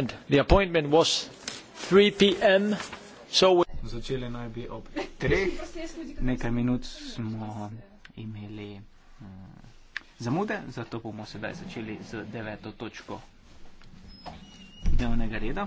appointment. The appointment was 3 p.m. So začeli naj bi ob 3. Nekaj minut smo imeli mm, zamude, zato bomo sedaj začeli z 9. točko dnevnega reda.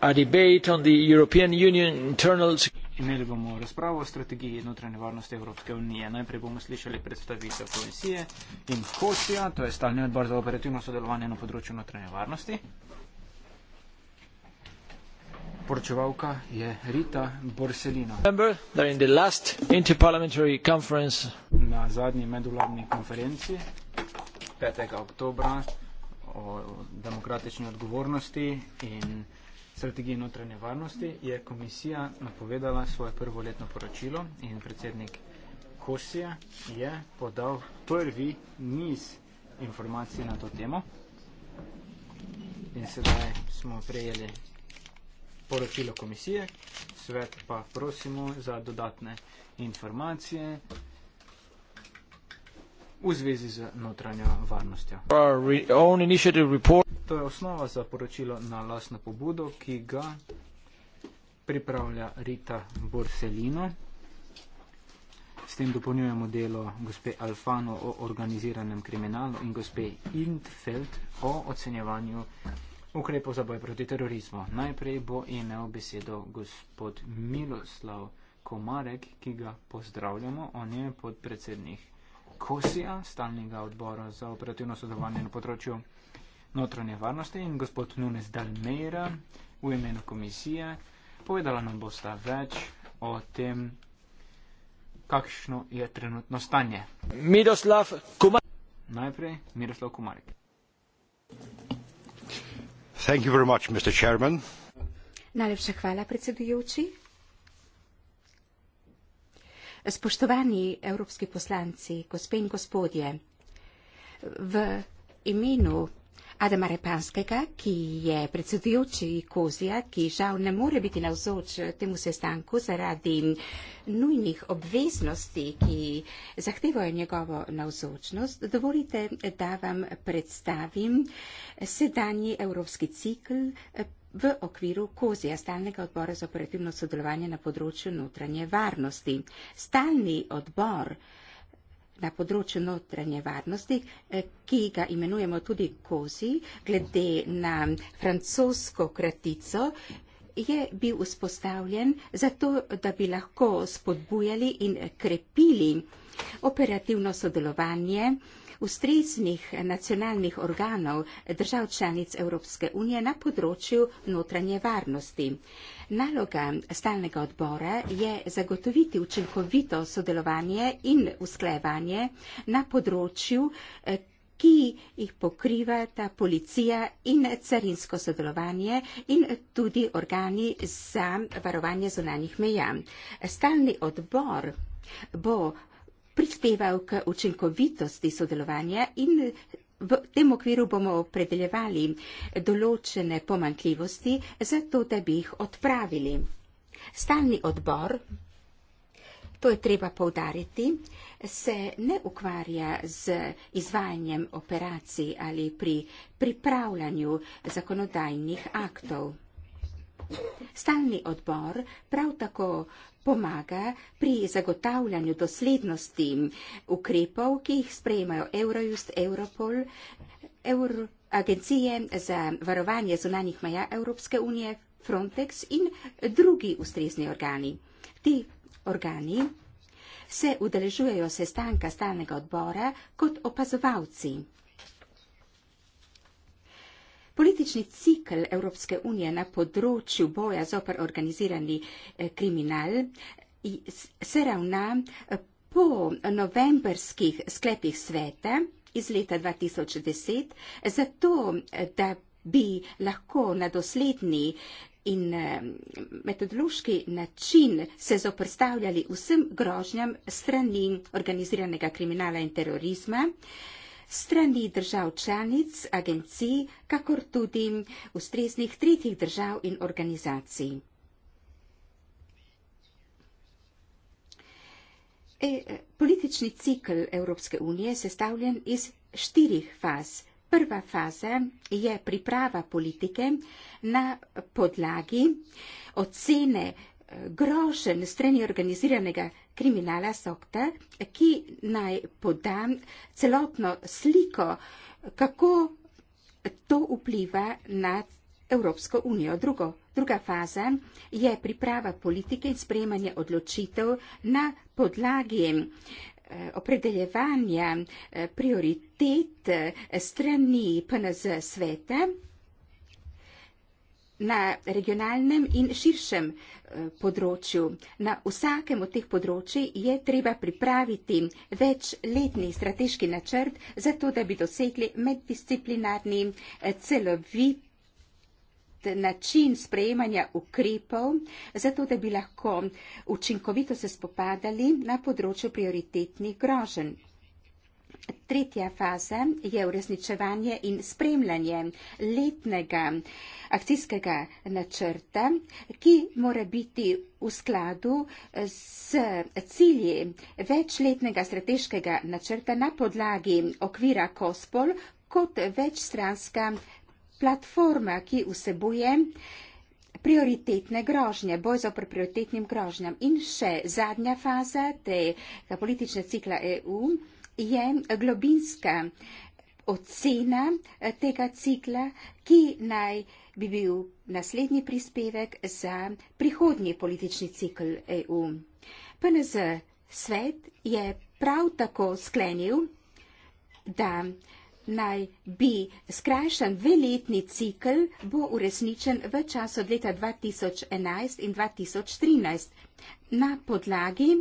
A debate on the European Union internal security. Imeli bomo razpravo o strategiji notranje varnosti Evropske unije. Najprej bomo slišali predstavitev komisije in Hosija, to je stalni odbor za operativno sodelovanje na področju notranje varnosti. Poročevalka je Rita Borselino. Na zadnji medvladni konferenci 5. oktobra o demokratični odgovornosti in strategiji notranje varnosti je komisija napovedala svoje prvoletno poročilo in predsednik Kosija je podal prvi niz informacij na to temo. In sedaj smo prejeli poročilo komisije, svet pa prosimo za dodatne informacije v zvezi z notranjo varnostjo. Our own initiative report. To je osnova za poročilo na lasno pobudo, ki ga pripravlja Rita Borselino. S tem dopolnjujemo delo gospe Alfano o organiziranem kriminalu in gospe Intfeld o ocenjevanju ukrepov za boj proti terorizmu. Najprej bo imel besedo gospod Miloslav Komarek, ki ga pozdravljamo. On je podpredsednik Kosija, stalnega odbora za operativno sodelovanje na področju notranje varnosti in gospod Nunes Dalmeira v imenu komisije. Povedala nam bosta več o tem, kakšno je trenutno stanje. Miroslav Kumar. Najprej Miroslav Kumar. Thank you very much, Mr. Chairman. Najlepša hvala, predsedujoči. Spoštovani evropski poslanci, gospe in gospodje, v imenu Adama Repanskega, ki je predsedujoči Kozija, ki žal ne more biti navzoč temu sestanku zaradi nujnih obveznosti, ki zahtevajo njegovo navzočnost. Dovolite, da vam predstavim sedanji evropski cikl eh, v okviru Kozija, stalnega odbora za operativno sodelovanje na področju notranje varnosti. Stalni odbor na področju notranje varnosti, eh, ki ga imenujemo tudi kozi, glede na francosko kratico, je bil vzpostavljen zato, da bi lahko spodbujali in krepili operativno sodelovanje ustreznih nacionalnih organov držav članic Evropske unije na področju notranje varnosti. Naloga stalnega odbora je zagotoviti učinkovito sodelovanje in usklajevanje na področju, eh, ki jih pokrivata policija in carinsko sodelovanje in tudi organi za varovanje zunanjih meja. Stalni odbor bo prispeval k učinkovitosti sodelovanja in V tem okviru bomo opredeljevali določene pomankljivosti, zato da bi jih odpravili. Stalni odbor, to je treba povdariti, se ne ukvarja z izvajanjem operacij ali pri pripravljanju zakonodajnih aktov. Stalni odbor prav tako pomaga pri zagotavljanju doslednosti ukrepov, ki jih sprejemajo Eurojust, Europol, Eur agencije za varovanje zunanjih meja Evropske unije, Frontex in drugi ustrezni organi. Ti organi se udeležujejo sestanka stalnega odbora kot opazovalci. Politični cikl Evropske unije na področju boja zoper organizirani eh, kriminal se ravna eh, po novembrskih sklepih sveta iz leta 2010, zato eh, da bi lahko na dosledni in metodološki način se zoprstavljali vsem grožnjam strani organiziranega kriminala in terorizma strani držav članic, agencij, kakor tudi ustreznih tretjih držav in organizacij. E, politični cikl Evropske unije je sestavljen iz štirih faz. Prva faza je priprava politike na podlagi ocene grošen strani organiziranega kriminala Sokta, ki naj poda celotno sliko, kako to vpliva na Evropsko unijo. Drugo, druga faza je priprava politike in sprejemanje odločitev na podlagi eh, opredeljevanja eh, prioritet eh, strani PNZ sveta na regionalnem in širšem eh, področju. Na vsakem od teh področji je treba pripraviti večletni strateški načrt, zato da bi dosegli meddisciplinarni eh, celovit način sprejemanja ukrepov, zato da bi lahko učinkovito se spopadali na področju prioritetnih groženj. Tretja faza je uresničevanje in spremljanje letnega akcijskega načrta, ki mora biti v skladu s cilji večletnega strateškega načrta na podlagi okvira Kospol kot večstranska platforma, ki vsebuje prioritetne grožnje, boj za prioritetnim grožnjam. In še zadnja faza tega političnega cikla EU je globinska ocena eh, tega cikla, ki naj bi bil naslednji prispevek za prihodnji politični cikl EU. PNZ svet je prav tako sklenil, da naj bi skrajšan dveletni cikl bo uresničen v času od leta 2011 in 2013 na podlagi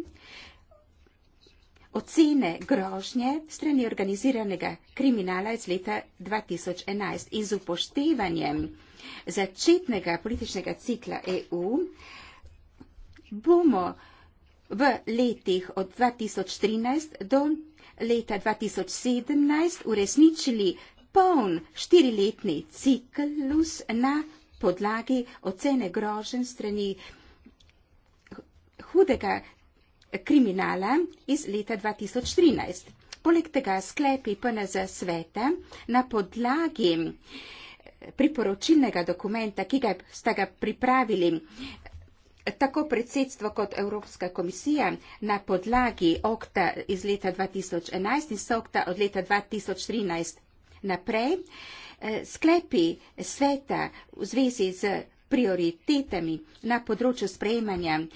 ocene grožnje strani organiziranega kriminala iz leta 2011 in z upoštevanjem začetnega političnega cikla EU bomo v letih od 2013 do leta 2017 uresničili poln štiriletni ciklus na podlagi ocene grožen strani hudega kriminala iz leta 2013. Poleg tega sklepi PNZ svete na podlagi eh, priporočilnega dokumenta, ki ga sta ga pripravili eh, tako predsedstvo kot Evropska komisija na podlagi okta iz leta 2011 in sokta od leta 2013 naprej, eh, sklepi sveta v zvezi z prioritetami na področju sprejemanja eh,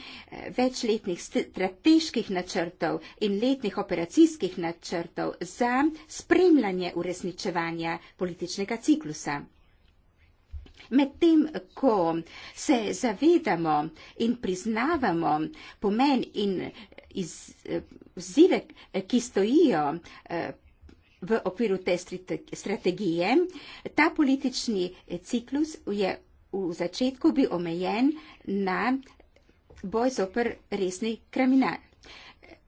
večletnih strateških načrtov in letnih operacijskih načrtov za spremljanje uresničevanja političnega ciklusa. Medtem, ko se zavedamo in priznavamo pomen in eh, eh, izzive, ki stojijo v okviru te strategije, ta politični ciklus je v začetku bil omejen na boj zoper resni kriminal.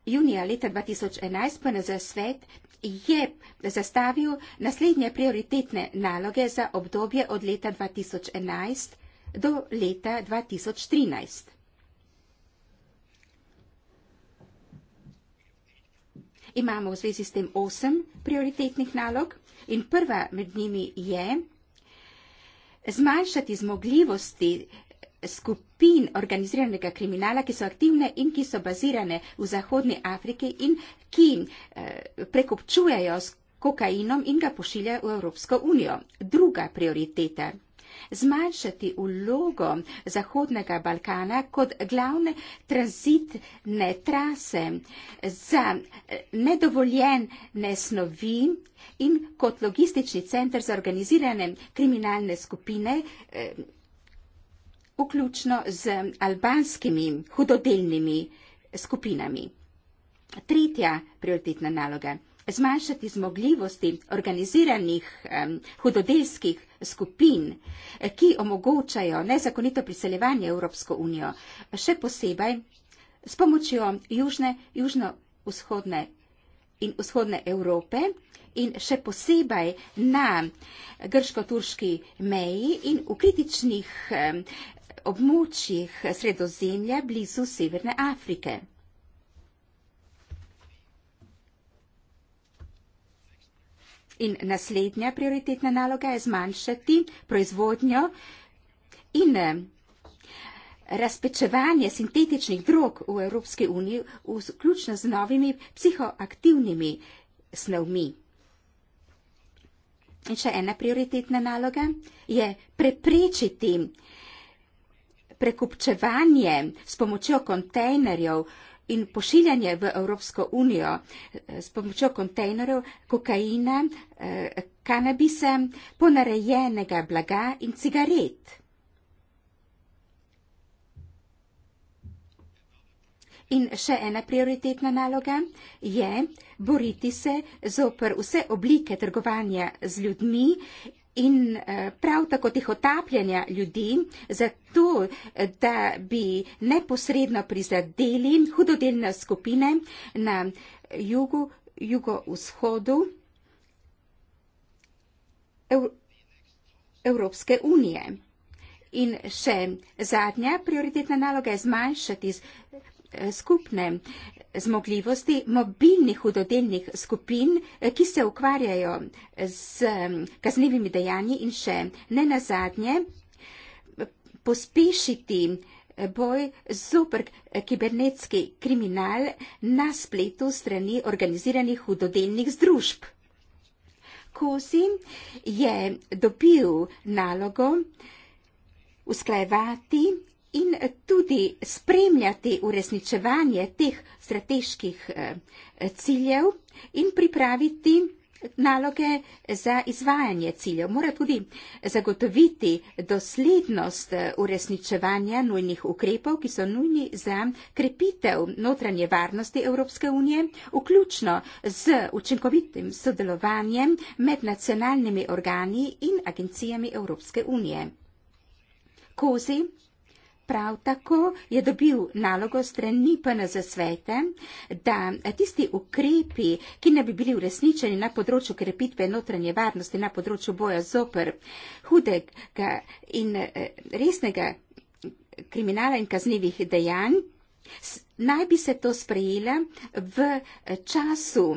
Junija leta 2011 pa na zasvet je zastavil naslednje prioritetne naloge za obdobje od leta 2011 do leta 2013. Imamo v zvezi s tem osem prioritetnih nalog in prva med njimi je zmanjšati zmogljivosti skupin organiziranega kriminala, ki so aktivne in ki so bazirane v Zahodni Afriki in ki eh, prekopčujejo s kokainom in ga pošiljajo v Evropsko unijo. Druga prioriteta zmanjšati vlogo Zahodnega Balkana kot glavne transitne trase za eh, nedovoljene snovi in kot logistični center za organizirane kriminalne skupine, eh, vključno z albanskimi hudodelnimi skupinami. Tretja prioritetna naloga zmanjšati zmogljivosti organiziranih hudodelskih skupin, eh, ki omogočajo nezakonito priseljevanje Evropsko unijo, še posebej s pomočjo južne, južno-vzhodne in vzhodne Evrope in še posebej na grško-turški meji in v kritičnih območjih sredozemlja blizu Severne Afrike. In naslednja prioritetna naloga je zmanjšati proizvodnjo in eh, razpečevanje sintetičnih drog v Evropski uniji, vključno z novimi psihoaktivnimi snovmi. In še ena prioritetna naloga je preprečiti prekupčevanje s pomočjo kontejnerjev, in pošiljanje v Evropsko unijo eh, s pomočjo kontejnerjev kokaina, eh, kanabisa, ponarejenega blaga in cigaret. In še ena prioritetna naloga je boriti se zoper vse oblike trgovanja z ljudmi in eh, prav tako tihotapljanja ljudi, zato eh, da bi neposredno prizadeli hudodelne skupine na jugu, jugovzhodu Evropske unije. In še zadnja prioritetna naloga je zmanjšati Eh, skupne zmogljivosti mobilnih hudodelnih skupin, eh, ki se ukvarjajo z mm, kaznevimi dejanji in še ne nazadnje eh, pospešiti boj zoper kibernetski kriminal na spletu strani organiziranih hudodelnih združb. Kosi je dobil nalogo usklajevati in tudi spremljati uresničevanje teh strateških eh, ciljev in pripraviti naloge za izvajanje ciljev. Mora tudi zagotoviti doslednost eh, uresničevanja nujnih ukrepov, ki so nujni za krepitev notranje varnosti Evropske unije, vključno z učinkovitim sodelovanjem med nacionalnimi organi in agencijami Evropske unije. Kozi, Prav tako je dobil nalogo strani PN za svete, da tisti ukrepi, ki ne bi bili uresničeni na področju krepitve notranje varnosti, na področju boja zoper hudega in eh, resnega kriminala in kaznevih dejanj, naj bi se to sprejela v eh, času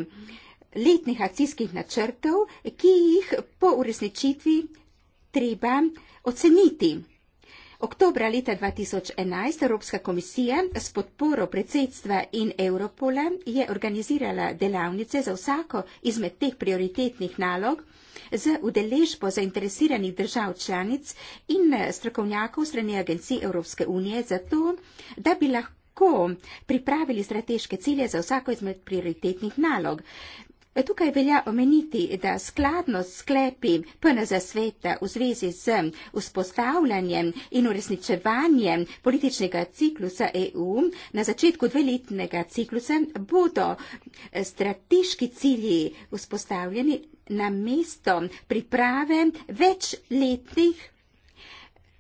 letnih akcijskih načrtov, ki jih po uresničitvi treba oceniti. Oktobra leta 2011 Evropska komisija s podporo predsedstva in Europola je organizirala delavnice za vsako izmed teh prioritetnih nalog z udeležbo zainteresiranih držav članic in eh, strokovnjakov strani Agencije Evropske unije za to, da bi lahko pripravili strateške cilje za vsako izmed prioritetnih nalog. Tukaj velja omeniti, da skladno s sklepi PNZ sveta v zvezi z vzpostavljanjem in uresničevanjem političnega ciklusa EU na začetku dveletnega ciklusa bodo eh, strateški cilji vzpostavljeni na mesto priprave večletnih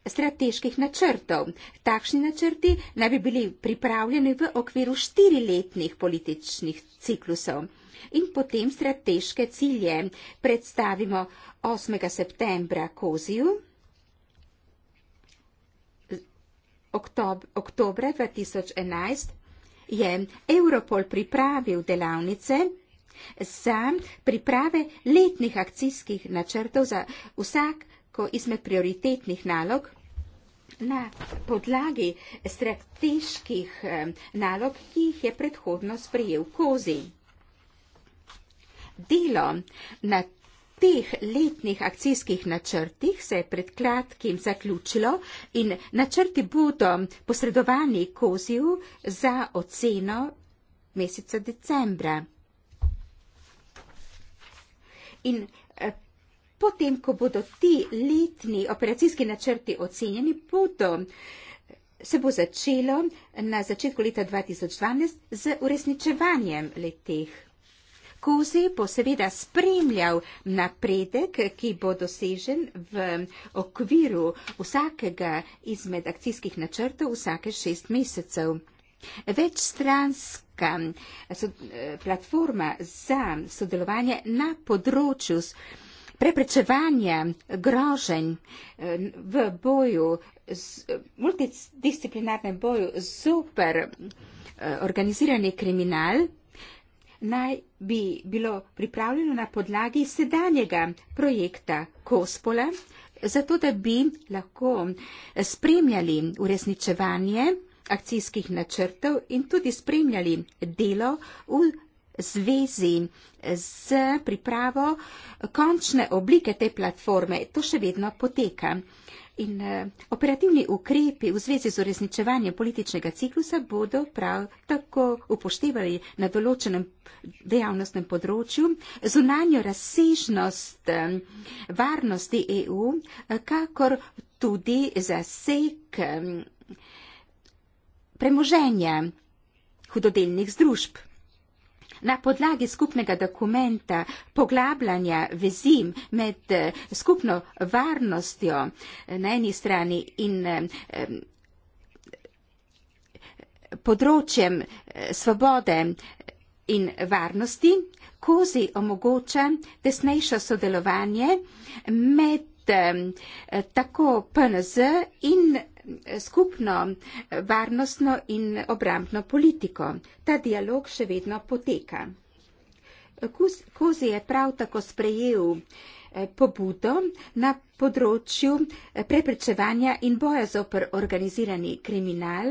eh, strateških načrtov. Takšni načrti naj bi bili pripravljeni v okviru štiriletnih političnih ciklusov in potem strateške cilje. Predstavimo 8. septembra Koziju, oktober 2011 je Europol pripravil delavnice za priprave letnih akcijskih načrtov za vsako izmed prioritetnih nalog na podlagi strateških eh, nalog, ki jih je predhodno sprijel Kozi delo na teh letnih akcijskih načrtih se je pred kratkim zaključilo in načrti bodo posredovani koziju za oceno meseca decembra. In eh, potem, ko bodo ti letni operacijski načrti ocenjeni, bodo, se bo začelo na začetku leta 2012 z uresničevanjem letih Kozi bo seveda spremljal napredek, ki bo dosežen v okviru vsakega izmed akcijskih načrtov vsake šest mesecev. Več stranska so, eh, platforma za sodelovanje na področju preprečevanja groženj eh, v boju, multidisciplinarnem boju zoper eh, organizirani kriminal naj bi bilo pripravljeno na podlagi sedanjega projekta Kospola, zato da bi lahko spremljali uresničevanje akcijskih načrtov in tudi spremljali delo v zvezi z pripravo končne oblike te platforme. To še vedno poteka. In eh, operativni ukrepi v zvezi z uresničevanjem političnega ciklusa bodo prav tako upoštevali na določenem dejavnostnem področju zunanjo razsežnost eh, varnosti EU, eh, kakor tudi zasek premoženja hudodelnih združb. Na podlagi skupnega dokumenta poglabljanja vezi med eh, skupno varnostjo eh, na eni strani in eh, področjem svobode in varnosti, kozi omogoča tesnejšo sodelovanje med Eh, tako PNZ in eh, skupno eh, varnostno in obrambno politiko. Ta dialog še vedno poteka. Kozi je prav tako sprejel pobudo na področju preprečevanja in boja zoper organizirani kriminal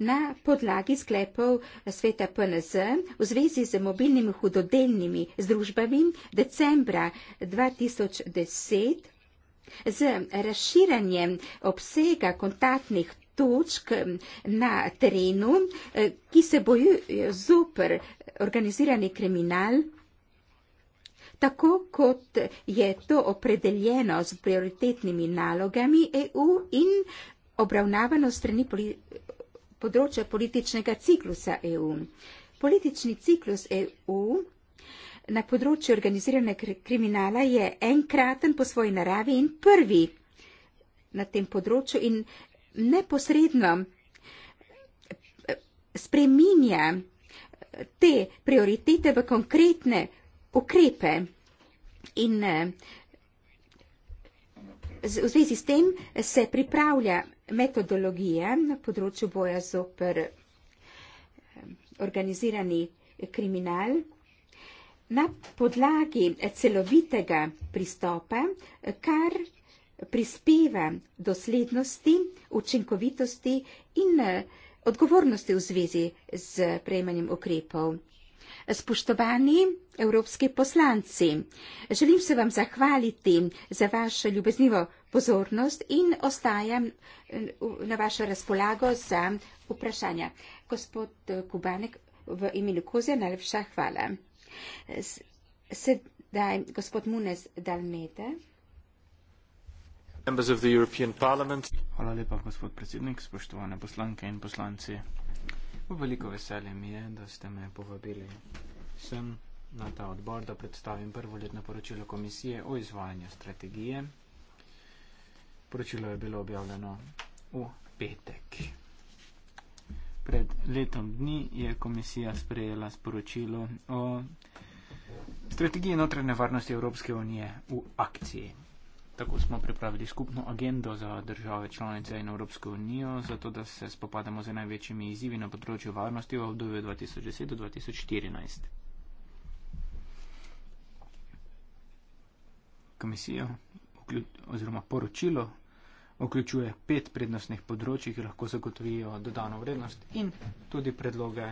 na podlagi sklepov sveta PNZ v zvezi z mobilnimi hudodelnimi združbami decembra 2010 Z razširanjem obsega kontaktnih točk na terenu, ki se bojujejo zoper organizirani kriminal, tako kot je to opredeljeno z prioritetnimi nalogami EU in obravnavano strani poli področja političnega ciklusa EU. Politični ciklus EU na področju organiziranega kriminala je enkraten po svoji naravi in prvi na tem področju in neposredno eh, spreminja eh, te prioritete v konkretne ukrepe. In eh, v zvezi s tem se pripravlja metodologija na področju boja zoper organizirani kriminal na podlagi celovitega pristopa, kar prispeva doslednosti, učinkovitosti in eh, odgovornosti v zvezi z prejemanjem ukrepov. Spoštovani evropski poslanci, želim se vam zahvaliti za vašo ljubeznivo pozornost in ostajam eh, na vašo razpolago za vprašanja. Gospod eh, Kubanek, v imenu Kozja najlepša hvala. Sedaj gospod Munes Dalmete. Hvala lepa, gospod predsednik, spoštovane poslanke in poslanci. Veliko veselje mi je, da ste me povabili sem na ta odbor, da predstavim prvo letno poročilo komisije o izvajanju strategije. Poročilo je bilo objavljeno v petek letom dni je komisija sprejela sporočilo o strategiji notranje varnosti Evropske unije v akciji. Tako smo pripravili skupno agendo za države članice in Evropsko unijo, zato da se spopadamo z največjimi izzivi na področju varnosti v obdobju 2010 do 2014. Komisijo, oziroma poročilo, vključuje pet prednostnih področji, ki lahko zagotovijo dodano vrednost in tudi predloge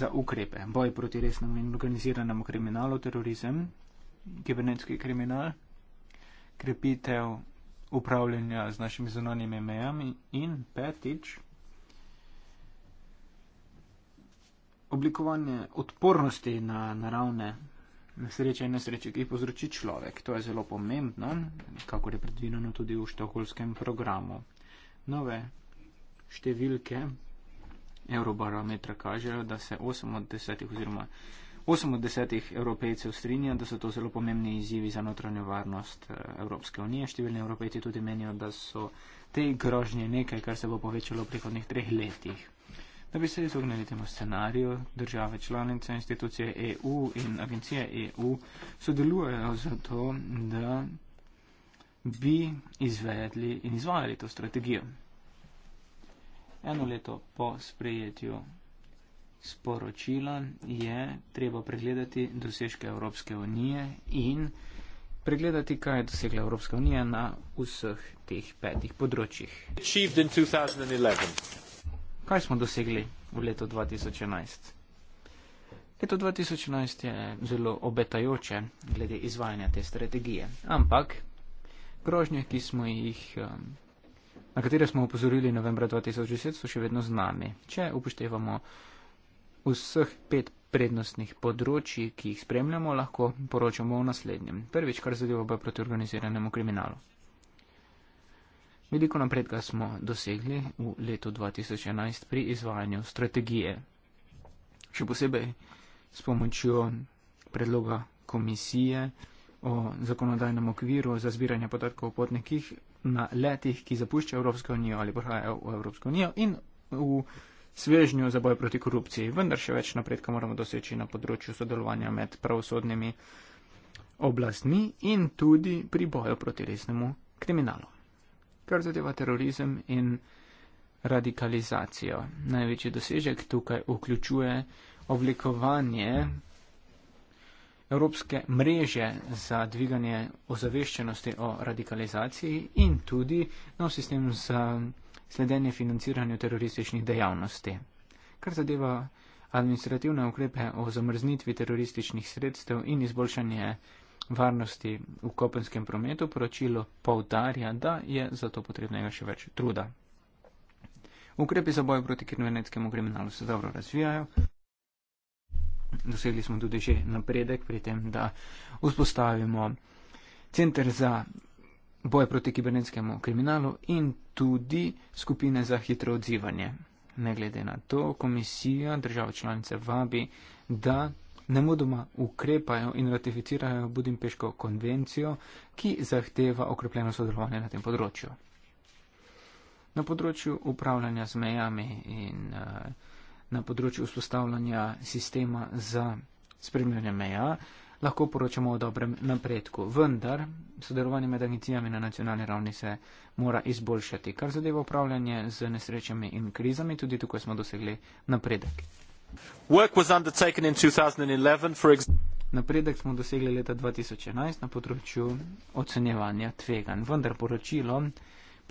za ukrepe. Boj proti resnemu in organiziranemu kriminalu, terorizem, kibernetski kriminal, krepitev upravljanja z našimi zunanjimi mejami in petič. Oblikovanje odpornosti na naravne Sreča in nesreče, ki jih povzroči človek. To je zelo pomembno, kako je predvideno tudi v štokholskem programu. Nove številke eurobarometra kažejo, da se 8 od 10 oziroma 8 od 10 evropejcev strinja, da so to zelo pomembni izzivi za notranjo varnost eh, Evropske unije. Številni evropejci tudi menijo, da so te grožnje nekaj, kar se bo povečalo v prihodnih treh letih da bi se izognili temu scenariju. Države članice, institucije EU in agencije EU sodelujejo za to, da bi izvedli in izvajali to strategijo. Eno leto po sprejetju sporočila je treba pregledati dosežke Evropske unije in pregledati, kaj je dosegla Evropska unija na vseh teh petih področjih. 2011 kaj smo dosegli v letu 2011? Leto 2011 je zelo obetajoče glede izvajanja te strategije, ampak grožnje, ki smo jih. Um, Na katere smo upozorili novembra 2010, so še vedno z nami, če upoštevamo vseh pet prednostnih področji, ki jih spremljamo, lahko poročamo o naslednjem. Prvič, kar zadeva boj proti organiziranemu kriminalu. Veliko napredka smo dosegli v letu 2011 pri izvajanju strategije, še posebej s pomočjo predloga komisije o zakonodajnem okviru za zbiranje podatkov o potnikih na letih, ki zapuščajo Evropsko unijo ali prihajajo v Evropsko unijo in v svežnju za boj proti korupciji. Vendar še več napredka moramo doseči na področju sodelovanja med pravosodnimi oblastmi in tudi pri boju proti resnemu kriminalu kar zadeva terorizem in radikalizacijo. Največji dosežek tukaj vključuje oblikovanje Evropske mreže za dviganje ozaveščenosti o radikalizaciji in tudi nov sistem za sledenje financiranju terorističnih dejavnosti. Kar zadeva administrativne ukrepe o zamrznitvi terorističnih sredstev in izboljšanje varnosti v kopenskem prometu poročilo povdarja, da je zato potrebnega še več truda. Ukrepi za boj proti kibernetskemu kriminalu se dobro razvijajo. Dosegli smo tudi že napredek pri tem, da vzpostavimo center za boj proti kibernetskemu kriminalu in tudi skupine za hitro odzivanje. Ne glede na to, komisija država članice vabi, da nemudoma ukrepajo in ratificirajo Budimpeško konvencijo, ki zahteva okrepljeno sodelovanje na tem področju. Na področju upravljanja z mejami in eh, na področju vzpostavljanja sistema za spremljanje meja lahko poročamo o dobrem napredku, vendar sodelovanje med agencijami na nacionalni ravni se mora izboljšati, kar zadeva upravljanje z nesrečami in krizami, tudi tukaj smo dosegli napredek. Napredek smo dosegli leta 2011 na področju ocenjevanja tvegan, vendar poročilo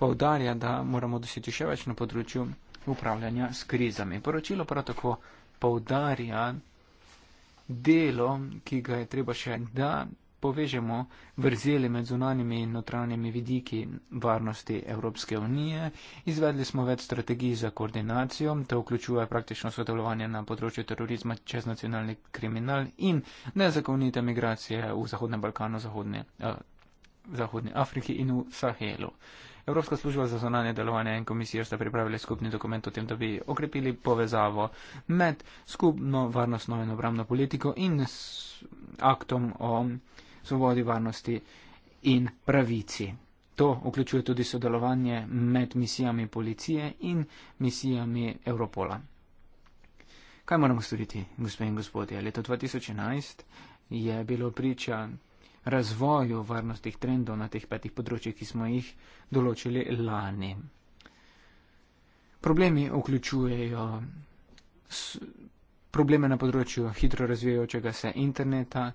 povdarja, da moramo doseči še več na področju upravljanja s krizami. Poročilo prav tako povdarja delo, ki ga je treba še da povežemo vrzeli med zunanjimi in notranjimi vidiki varnosti Evropske unije. Izvedli smo več strategij za koordinacijo, to vključuje praktično sodelovanje na področju terorizma čez nacionalni kriminal in nezakonite migracije v Zahodnem Balkanu, Zahodne, eh, Zahodne Afriki in v Sahelu. Evropska služba za zonanje delovanje in komisija sta pripravili skupni dokument o tem, da bi okrepili povezavo med skupno varnostno in obramno politiko in s aktom o svobodi, varnosti in pravici. To vključuje tudi sodelovanje med misijami policije in misijami Europola. Kaj moramo storiti, gospe in gospodje? Leto 2011 je bilo priča razvoju varnostnih trendov na teh petih področjih, ki smo jih določili lani. Problemi vključujejo probleme na področju hitro razvijajočega se interneta,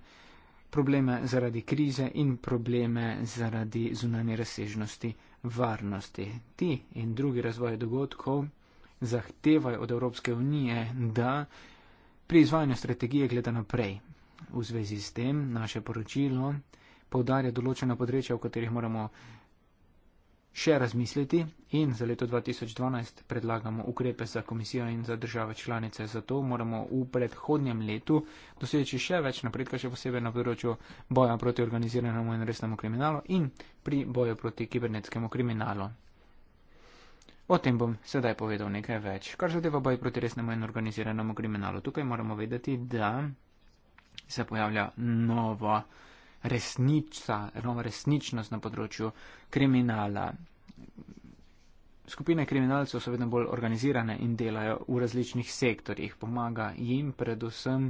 probleme zaradi krize in probleme zaradi zunanje razsežnosti varnosti. Ti in drugi razvoj dogodkov zahtevajo od Evropske unije, da pri izvajanju strategije gleda naprej. V zvezi s tem naše poročilo povdarja določena področja, v katerih moramo še razmisliti in za leto 2012 predlagamo ukrepe za komisijo in za države članice. Zato moramo v predhodnjem letu doseči še več napredka, še posebej na področju boja proti organiziranemu in resnemu kriminalu in pri boju proti kibernetskemu kriminalu. O tem bom sedaj povedal nekaj več. Kar zadeva boj proti resnemu in organiziranemu kriminalu, tukaj moramo vedeti, da se pojavlja novo resnica, resničnost na področju kriminala. Skupine kriminalcev so vedno bolj organizirane in delajo v različnih sektorjih. Pomaga jim predvsem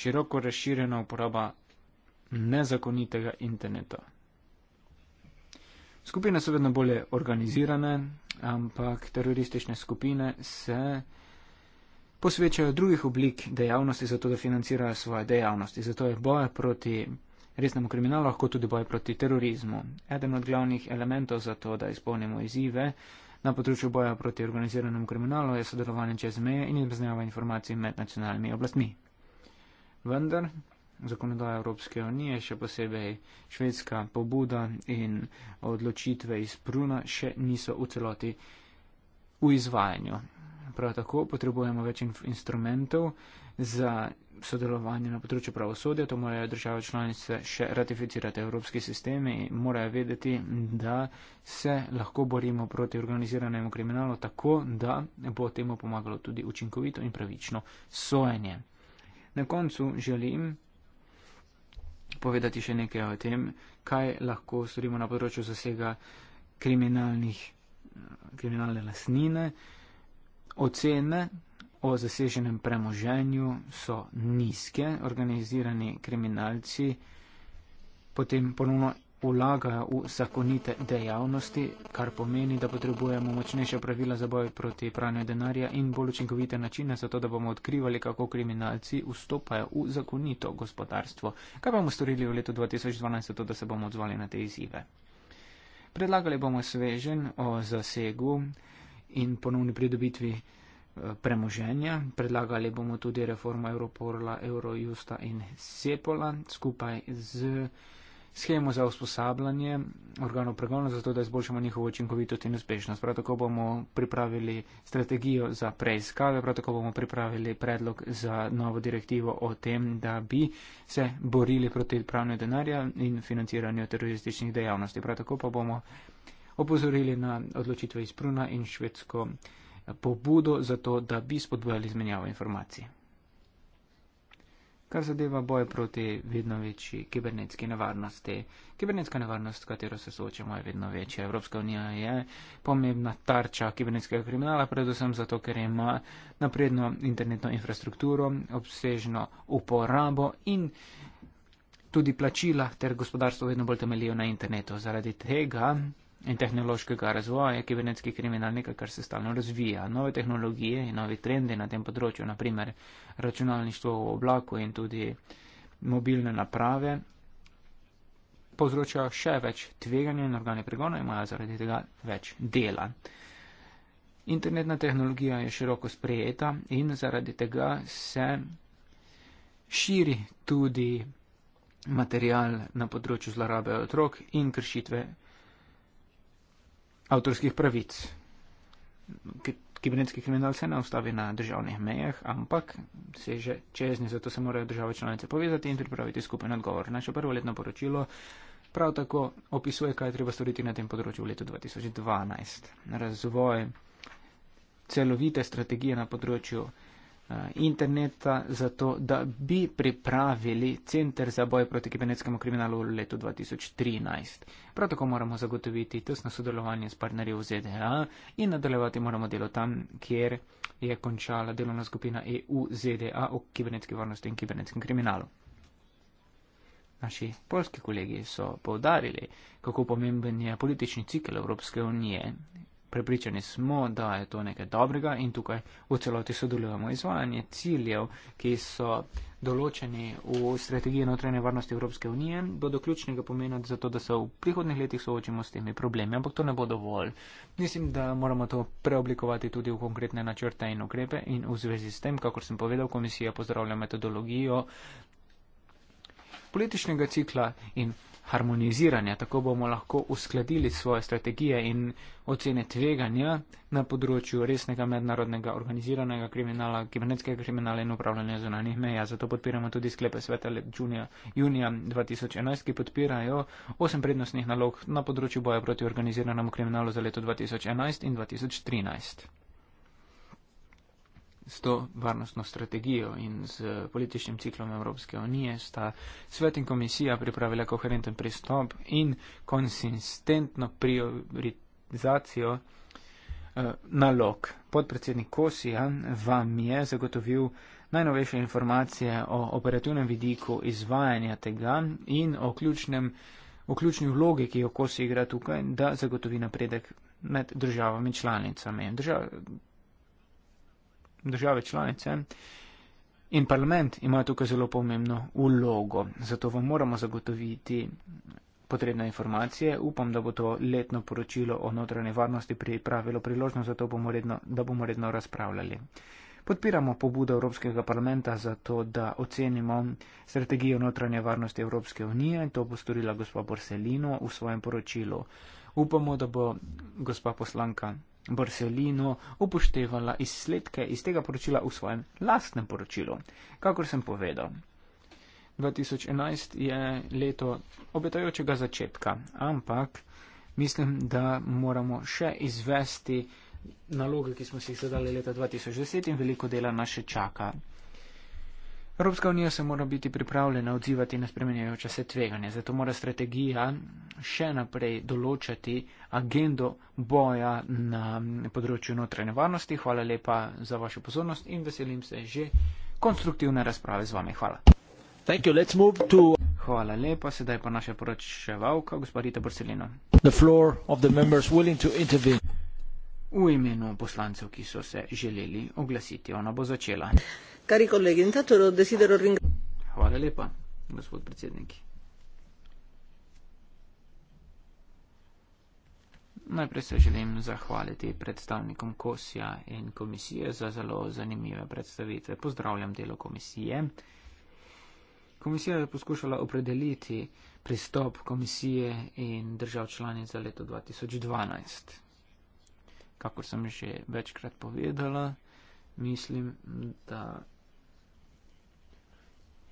široko razširjena uporaba nezakonitega interneta. Skupine so vedno bolje organizirane, ampak teroristične skupine se posvečajo drugih oblik dejavnosti, zato da financirajo svoje dejavnosti. Zato je boje proti resnemu kriminalu lahko tudi boje proti terorizmu. Eden od glavnih elementov za to, da izpolnimo izzive na področju boja proti organiziranemu kriminalu, je sodelovanje čez meje in izmeznjava informacij med nacionalnimi oblastmi. Vendar zakonodaja Evropske unije, še posebej švedska pobuda in odločitve iz Pruna še niso v celoti v izvajanju prav tako potrebujemo več in instrumentov za sodelovanje na področju pravosodja. To morajo države članice še ratificirati evropski sistemi in morajo vedeti, da se lahko borimo proti organiziranemu kriminalu tako, da bo temu pomagalo tudi učinkovito in pravično sojenje. Na koncu želim povedati še nekaj o tem, kaj lahko storimo na področju zasega eh, kriminalne lasnine ocene o zaseženem premoženju so nizke, organizirani kriminalci potem ponovno vlagajo v zakonite dejavnosti, kar pomeni, da potrebujemo močnejša pravila za boj proti pranju denarja in bolj učinkovite načine za to, da bomo odkrivali, kako kriminalci vstopajo v zakonito gospodarstvo. Kaj bomo storili v letu 2012 za to, da se bomo odzvali na te izzive? Predlagali bomo svežen o zasegu in ponovni pridobitvi eh, premoženja. Predlagali bomo tudi reformo Europola, Eurojusta in Sepola skupaj z schemo za usposabljanje organov pregona, zato da izboljšamo njihovo učinkovitost in uspešnost. Prav tako bomo pripravili strategijo za preiskave, prav tako bomo pripravili predlog za novo direktivo o tem, da bi se borili proti pranju denarja in financiranju terorističnih dejavnosti. Prav tako pa bomo opozorili na odločitve iz Pruna in švedsko pobudo za to, da bi spodbojali izmenjavo informacij. Kar zadeva boj proti vedno večji kibernetski nevarnosti. Kibernetska nevarnost, s katero se soočamo, je vedno večja. Evropska unija je pomembna tarča kibernetskega kriminala, predvsem zato, ker ima napredno internetno infrastrukturo, obsežno uporabo in tudi plačila ter gospodarstvo vedno bolj temeljijo na internetu. Zaradi tega in tehnološkega razvoja kibernetske kriminalnike, kar se stalno razvija. Nove tehnologije in novi trendi na tem področju, naprimer računalništvo v oblaku in tudi mobilne naprave, povzročajo še več tveganja in organe pregona imajo zaradi tega več dela. Internetna tehnologija je široko sprejeta in zaradi tega se širi tudi material na področju zlorabe otrok in kršitve avtorskih pravic. Kibernetski kriminal se ne ustavi na državnih mejah, ampak se že čez nje, zato se morajo države članice povezati in pripraviti skupen odgovor. Naše prvo letno poročilo prav tako opisuje, kaj treba storiti na tem področju v letu 2012. Razvoj celovite strategije na področju Eh, interneta, zato da bi pripravili centr za boj proti kibernetskemu kriminalu v letu 2013. Prav tako moramo zagotoviti tesno sodelovanje s partnerji v ZDA in nadaljevati moramo delo tam, kjer je končala delovna skupina EU-ZDA o kibernetski varnosti in kibernetskem kriminalu. Naši polski kolegi so povdarili, kako pomemben je politični cikl Evropske unije prepričani smo, da je to nekaj dobrega in tukaj v celoti sodelujemo. Izvajanje ciljev, ki so določeni v strategiji notranje varnosti Evropske unije, bodo ključnega pomena za to, da se v prihodnih letih soočimo s temi problemi, ampak to ne bo dovolj. Mislim, da moramo to preoblikovati tudi v konkretne načrte in ukrepe in v zvezi s tem, kako sem povedal, komisija pozdravlja metodologijo političnega cikla in harmoniziranja. Tako bomo lahko uskladili svoje strategije in ocene tveganja na področju resnega mednarodnega organiziranega kriminala, kibernetskega kriminala in upravljanja zunanih meja. Zato podpiramo tudi sklepe sveta let junija, junija 2011, ki podpirajo osem prednostnih nalog na področju boja proti organiziranemu kriminalu za leto 2011 in 2013 s to varnostno strategijo in z političnim ciklom Evropske unije sta svet in komisija pripravila koherenten pristop in konsistentno prioritizacijo eh, nalog. Podpredsednik Kosija vam je zagotovil najnovejše informacije o operativnem vidiku izvajanja tega in o ključnem v ključni vlogi, ki jo Kosi igra tukaj, da zagotovi napredek med državami članicami. Država, države članice in parlament imajo tukaj zelo pomembno ulogo. Zato vam moramo zagotoviti potrebne informacije. Upam, da bo to letno poročilo o notranje varnosti pripravilo priložnost, zato bomo redno, da bomo redno razpravljali. Podpiramo pobudo Evropskega parlamenta za to, da ocenimo strategijo notranje varnosti Evropske unije. To bo storila gospa Borselino v svojem poročilu. Upamo, da bo gospa poslanka Barcelino upoštevala izsledke iz tega poročila v svojem lastnem poročilu. Kakor sem povedal, 2011 je leto obetajočega začetka, ampak mislim, da moramo še izvesti naloge, ki smo si jih zadali leta 2010 in veliko dela nas še čaka. Evropska unija se mora biti pripravljena odzivati na spremenjajoče se tveganje, zato mora strategija še naprej določati agendo boja na področju notranje varnosti. Hvala lepa za vašo pozornost in veselim se že konstruktivne razprave z vami. Hvala. Thank you, let's move to... Hvala lepa, sedaj pa naša poročevalka, gospodita Borselino. V imenu poslancev, ki so se želeli oglasiti, ona bo začela. Kari kolegi, in tatoro desidero ringrazio. Hvala lepa, gospod predsednik. Najprej se želim zahvaliti predstavnikom Kosja in komisije za zelo zanimive predstavitve. Pozdravljam delo komisije. Komisija je poskušala opredeliti pristop komisije in držav članic za leto 2012. Kakor sem že večkrat povedala, mislim, da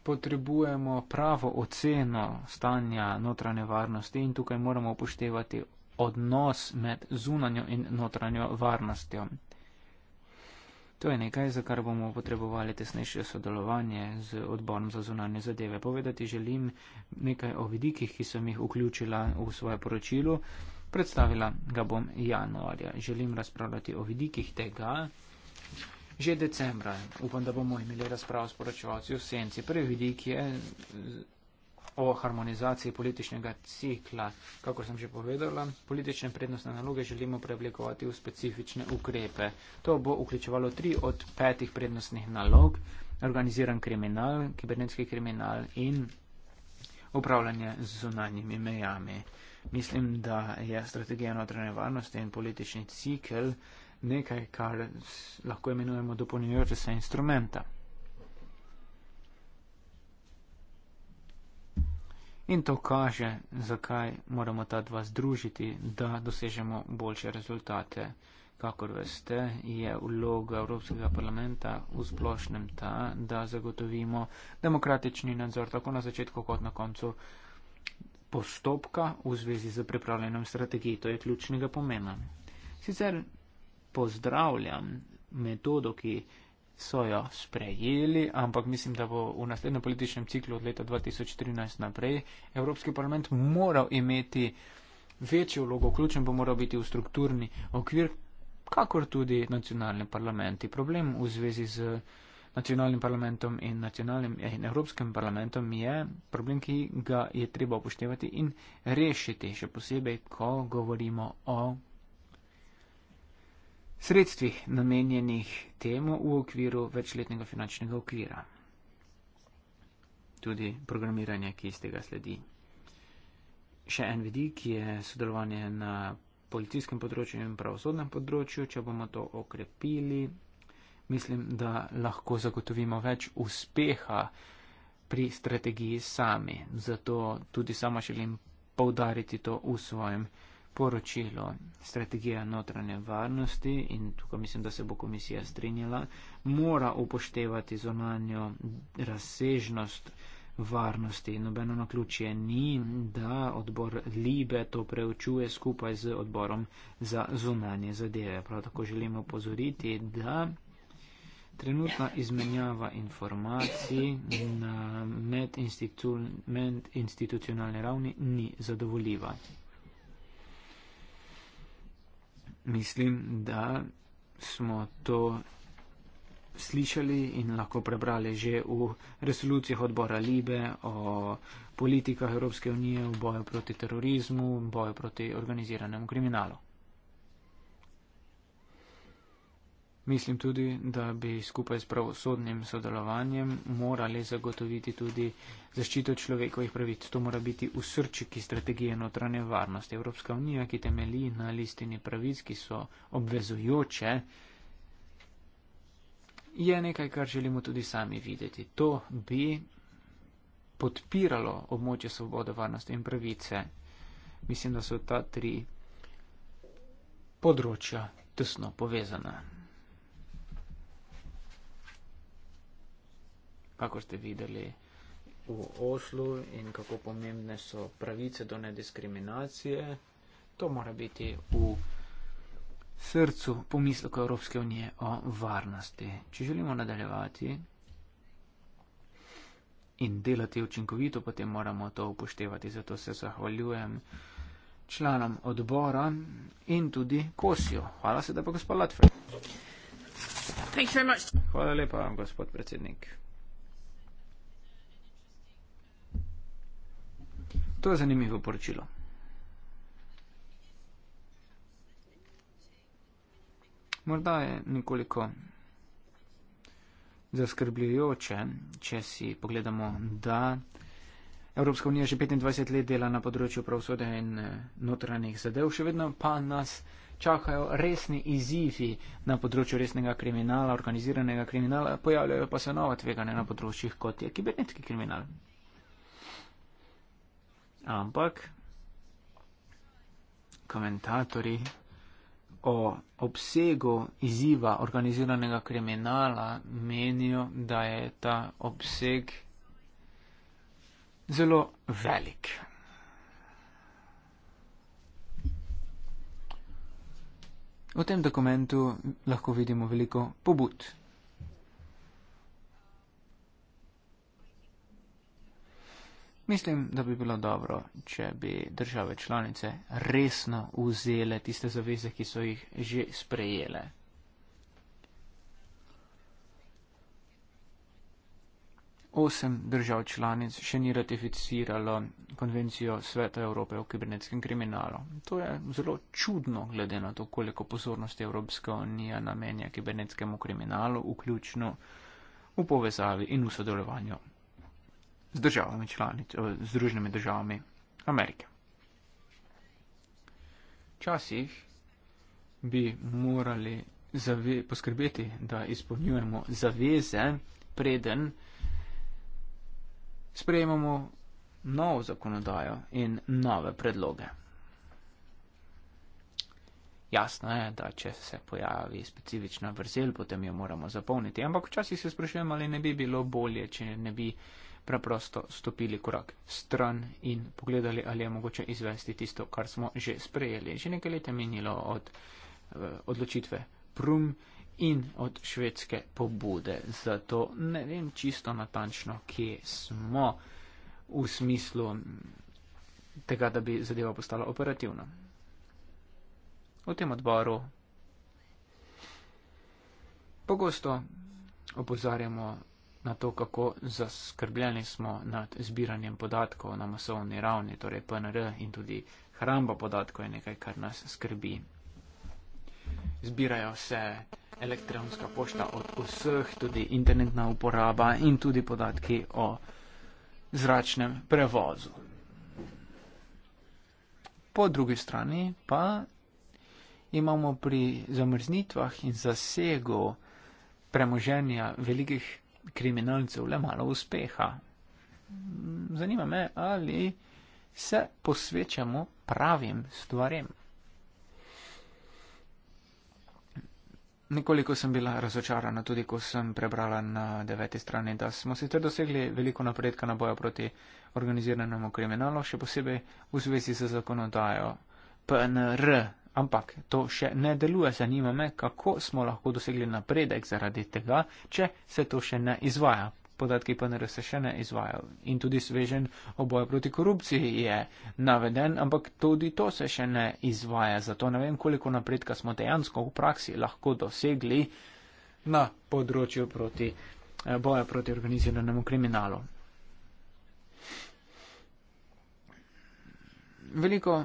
potrebujemo pravo oceno stanja notranje varnosti in tukaj moramo upoštevati odnos med zunanjo in notranjo varnostjo. To je nekaj, za kar bomo potrebovali tesnejše sodelovanje z odborom za zunanje zadeve. Povedati želim nekaj o vidikih, ki sem jih vključila v svoje poročilo. Predstavila ga bom januarja. Želim razpravljati o vidikih tega, že decembra. Upam, da bomo imeli razpravo s poročevalci v senci. Prvi vidik je o harmonizaciji političnega cikla. Kako sem že povedala, politične prednostne naloge želimo preoblikovati v specifične ukrepe. To bo vključevalo tri od petih prednostnih nalog. Organiziran kriminal, kibernetski kriminal in upravljanje z zunanjimi mejami. Mislim, da je strategija notranje varnosti in politični cikl eh, nekaj, kar lahko imenujemo dopolnjujoče se instrumenta. In to kaže, zakaj moramo ta dva združiti, da dosežemo boljše rezultate. Kakor veste, je vloga Evropskega parlamenta v splošnem ta, da zagotovimo demokratični nadzor tako na začetku kot na koncu postopka v zvezi z pripravljenom strategiji. To je ključnega pomena. Sicer pozdravljam metodo, ki so jo sprejeli, ampak mislim, da bo v naslednjem političnem ciklu od leta 2013 naprej Evropski parlament moral imeti večjo vlogo, vključen bo moral biti v strukturni okvir, kakor tudi nacionalni parlamenti. Problem v zvezi z nacionalnim parlamentom in, nacionalnim, eh, in Evropskim parlamentom je problem, ki ga je treba upoštevati in rešiti, še posebej, ko govorimo o sredstvih namenjenih temu v okviru večletnega finančnega okvira. Tudi programiranje, ki iz tega sledi. Še en vidik je sodelovanje na policijskem področju in pravosodnem področju. Če bomo to okrepili, mislim, da lahko zagotovimo več uspeha pri strategiji sami. Zato tudi sama želim poudariti to v svojem poročilo strategija notranje varnosti in tukaj mislim, da se bo komisija strinjala, mora upoštevati zonanjo razsežnost varnosti. Nobeno na ključje ni, da odbor Libe to preučuje skupaj z odborom za zonanje zadeve. Prav tako želimo pozoriti, da trenutna izmenjava informacij na medinstitucionalni ravni ni zadovoljiva mislim, da smo to slišali in lahko prebrali že v resolucijah odbora Libe o politikah Evropske unije v boju proti terorizmu, boju proti organiziranemu kriminalu. Mislim tudi, da bi skupaj s pravosodnim sodelovanjem morali zagotoviti tudi zaščito človekovih pravic. To mora biti v srčiki strategije notranje varnosti. Evropska unija, ki temelji na listini pravic, ki so obvezujoče, je nekaj, kar želimo tudi sami videti. To bi podpiralo območje svobode, varnosti in pravice. Mislim, da so ta tri področja tesno povezana. kakor ste videli v Oslu in kako pomembne so pravice do nediskriminacije. To mora biti v srcu pomisloka Evropske unije o varnosti. Če želimo nadaljevati in delati učinkovito, potem moramo to upoštevati. Zato se zahvaljujem članom odbora in tudi Kosijo. Hvala se, da pa gospod Latvej. Hvala lepa, gospod predsednik. To je zanimivo poročilo. Morda je nekoliko zaskrbljujoče, če si pogledamo, da Evropska unija že 25 let dela na področju pravosodja in eh, notranjih zadev, še vedno pa nas čakajo resni izzivi na področju resnega kriminala, organiziranega kriminala, pojavljajo pa se nova tveganja na področjih, kot je kibernetski kriminal. Ampak komentatorji o obsegu izziva organiziranega kriminala menijo, da je ta obseg zelo velik. V tem dokumentu lahko vidimo veliko pobud. Mislim, da bi bilo dobro, če bi države članice resno vzele tiste zaveze, ki so jih že sprejele. Osem držav članic še ni ratificiralo konvencijo Sveta Evrope o kibernetskem kriminalu. To je zelo čudno, glede na to, koliko pozornosti Evropska unija namenja kibernetskemu kriminalu, vključno v povezavi in v sodelovanju z državami članic, eh, z družnimi državami Amerike. Včasih bi morali zave, poskrbeti, da izpolnjujemo zaveze, preden sprejemamo novo zakonodajo in nove predloge. Jasno je, da če se pojavi specifična vrzel, potem jo moramo zapolniti, ampak včasih se sprašujem, ali ne bi bilo bolje, če ne bi preprosto stopili korak stran in pogledali, ali je mogoče izvesti tisto, kar smo že sprejeli. Že nekaj let je minilo od eh, odločitve Prum in od švedske pobude. Zato ne vem čisto natančno, kje smo v smislu mm, tega, da bi zadeva postala operativna. V tem odboru pogosto opozarjamo na to, kako zaskrbljeni smo nad zbiranjem podatkov na masovni ravni, torej PNR in tudi hramba podatkov je nekaj, kar nas skrbi. Zbirajo se elektronska pošta od vseh, tudi internetna uporaba in tudi podatki o zračnem prevozu. Po drugi strani pa imamo pri zamrznitvah in zasegu premoženja velikih kriminalcev le malo uspeha. Zanima me, ali se posvečamo pravim stvarem. Nekoliko sem bila razočarana, tudi ko sem prebrala na deveti strani, da smo sicer dosegli veliko napredka na boju proti organiziranemu kriminalu, še posebej v zvezi z zakonodajo PNR, Ampak to še ne deluje, zanima me, kako smo lahko dosegli napredek zaradi tega, če se to še ne izvaja. Podatki pa NRS še ne izvajajo. In tudi svežen oboje proti korupciji je naveden, ampak tudi to se še ne izvaja. Zato ne vem, koliko napredka smo dejansko v praksi lahko dosegli na področju proti, eh, boja proti organiziranemu kriminalu. Veliko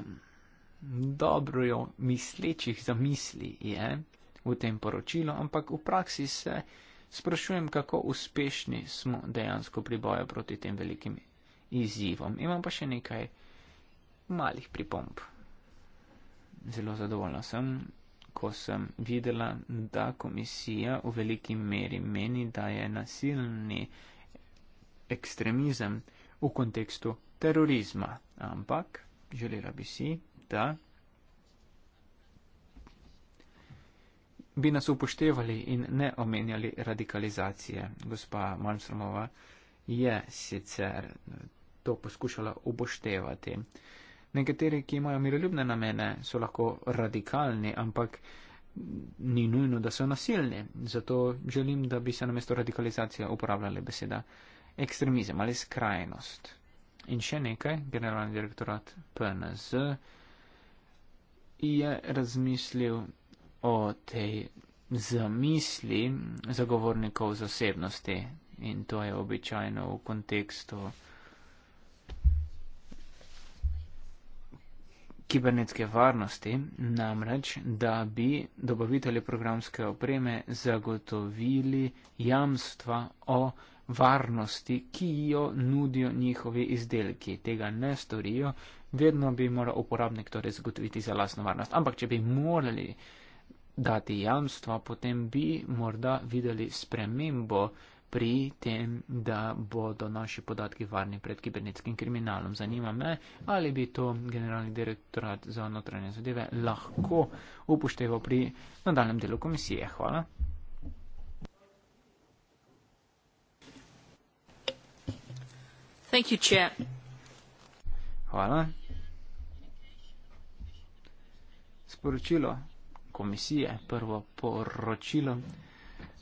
dobro jo mislečih zamisli je v tem poročilu, ampak v praksi se sprašujem, kako uspešni smo dejansko pri boju proti tem velikim izzivom. Imam pa še nekaj malih pripomp. Zelo zadovoljna sem, ko sem videla, da komisija v veliki meri meni, da je nasilni ekstremizem v kontekstu terorizma. Ampak želela bi si, da bi nas upoštevali in ne omenjali radikalizacije. Gospa Malmstromova je sicer to poskušala upoštevati. Nekateri, ki imajo miroljubne namene, so lahko radikalni, ampak ni nujno, da so nasilni. Zato želim, da bi se namesto radikalizacije uporabljali beseda ekstremizem ali skrajnost. In še nekaj, generalni direktorat PNZ je razmislil o tej zamisli zagovornikov zasebnosti in to je običajno v kontekstu kibernetske varnosti, namreč, da bi dobavitelji programske opreme zagotovili jamstva o varnosti, ki jo nudijo njihovi izdelki. Tega ne storijo, vedno bi moral uporabnik torej zagotoviti za lasno varnost. Ampak, če bi morali dati jamstva, potem bi morda videli spremembo pri tem, da bodo naši podatki varni pred kibernetskim kriminalom. Zanima me, ali bi to generalni direktorat za notranje zadeve lahko upošteval pri nadaljem delu komisije. Hvala. Thank you, Chair. Hvala. Sporočilo komisije, prvo poročilo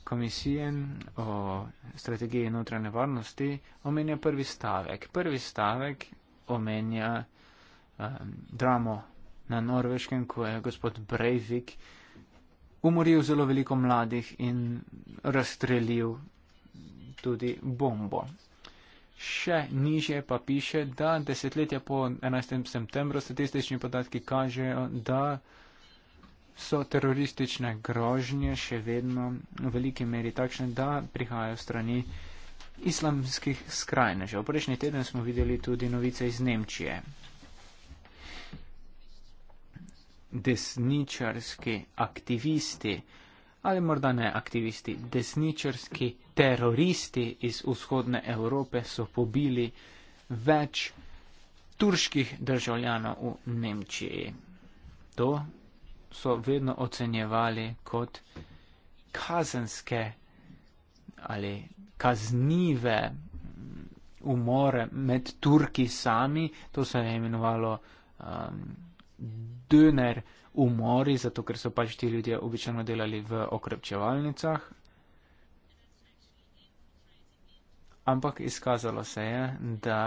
komisije o strategiji notranje varnosti omenja prvi stavek. Prvi stavek omenja um, dramo na norveškem, ko je gospod Breivik umoril zelo veliko mladih in razstrelil tudi bombo. Še nižje pa piše, da desetletja po 11. septembru statistični podatki kažejo, da so teroristične grožnje še vedno v veliki meri takšne, da prihajajo strani islamskih skrajnežev. Prejšnji teden smo videli tudi novice iz Nemčije. Desničarski aktivisti ali morda ne aktivisti, desničarski teroristi iz vzhodne Evrope so pobili več turških državljanov v Nemčiji. To so vedno ocenjevali kot kazenske ali kaznive umore med Turki sami, to se je imenovalo um, döner umori, zato ker so pač ti ljudje običajno delali v okrepčevalnicah. Ampak izkazalo se je, da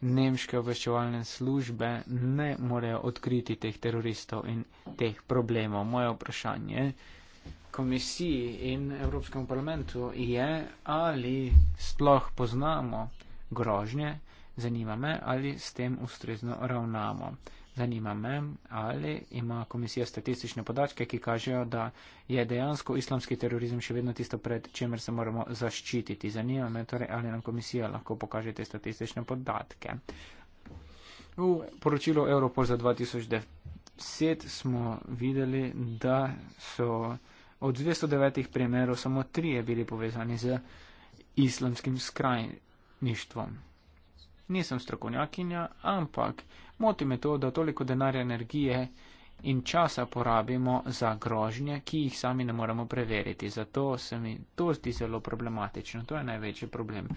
nemške obveščevalne službe ne morejo odkriti teh teroristov in teh problemov. Moje vprašanje komisiji in Evropskemu parlamentu je, ali sploh poznamo grožnje, zanima me, ali s tem ustrezno ravnamo. Zanima me, ali ima komisija statistične podatke, ki kažejo, da je dejansko islamski terorizem še vedno tisto, pred čemer se moramo zaščititi. Zanima me torej, ali nam komisija lahko pokaže te statistične podatke. V poročilu Europol za 2010 smo videli, da so od 209 primerov samo trije bili povezani z islamskim skrajništvom nisem strokovnjakinja, ampak moti me to, da toliko denarja, energije in časa porabimo za grožnje, ki jih sami ne moremo preveriti. Zato se mi to zdi zelo problematično. To je največji problem.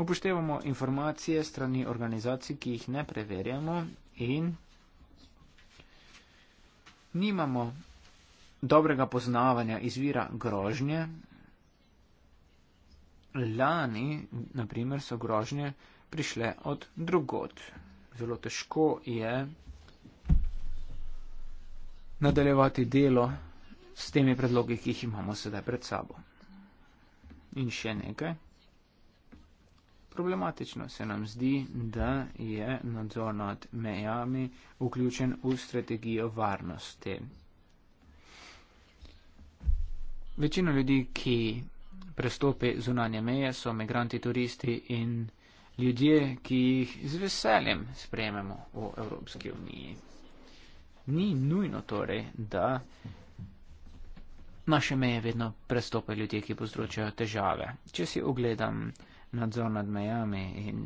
Upoštevamo informacije strani organizacij, ki jih ne preverjamo in nimamo dobrega poznavanja izvira grožnje. Lani, naprimer, so grožnje prišle od drugot. Zelo težko je nadaljevati delo s temi predlogi, ki jih imamo sedaj pred sabo. In še nekaj. Problematično se nam zdi, da je nadzor nad mejami vključen v strategijo varnosti. Večina ljudi, ki prestopi zunanje meje, so migranti, turisti in turisti ljudje, ki jih z veseljem sprejmemo v Evropski uniji. Ni nujno torej, da naše meje vedno prestopajo ljudje, ki povzročajo težave. Če si ogledam nadzor nad mejami in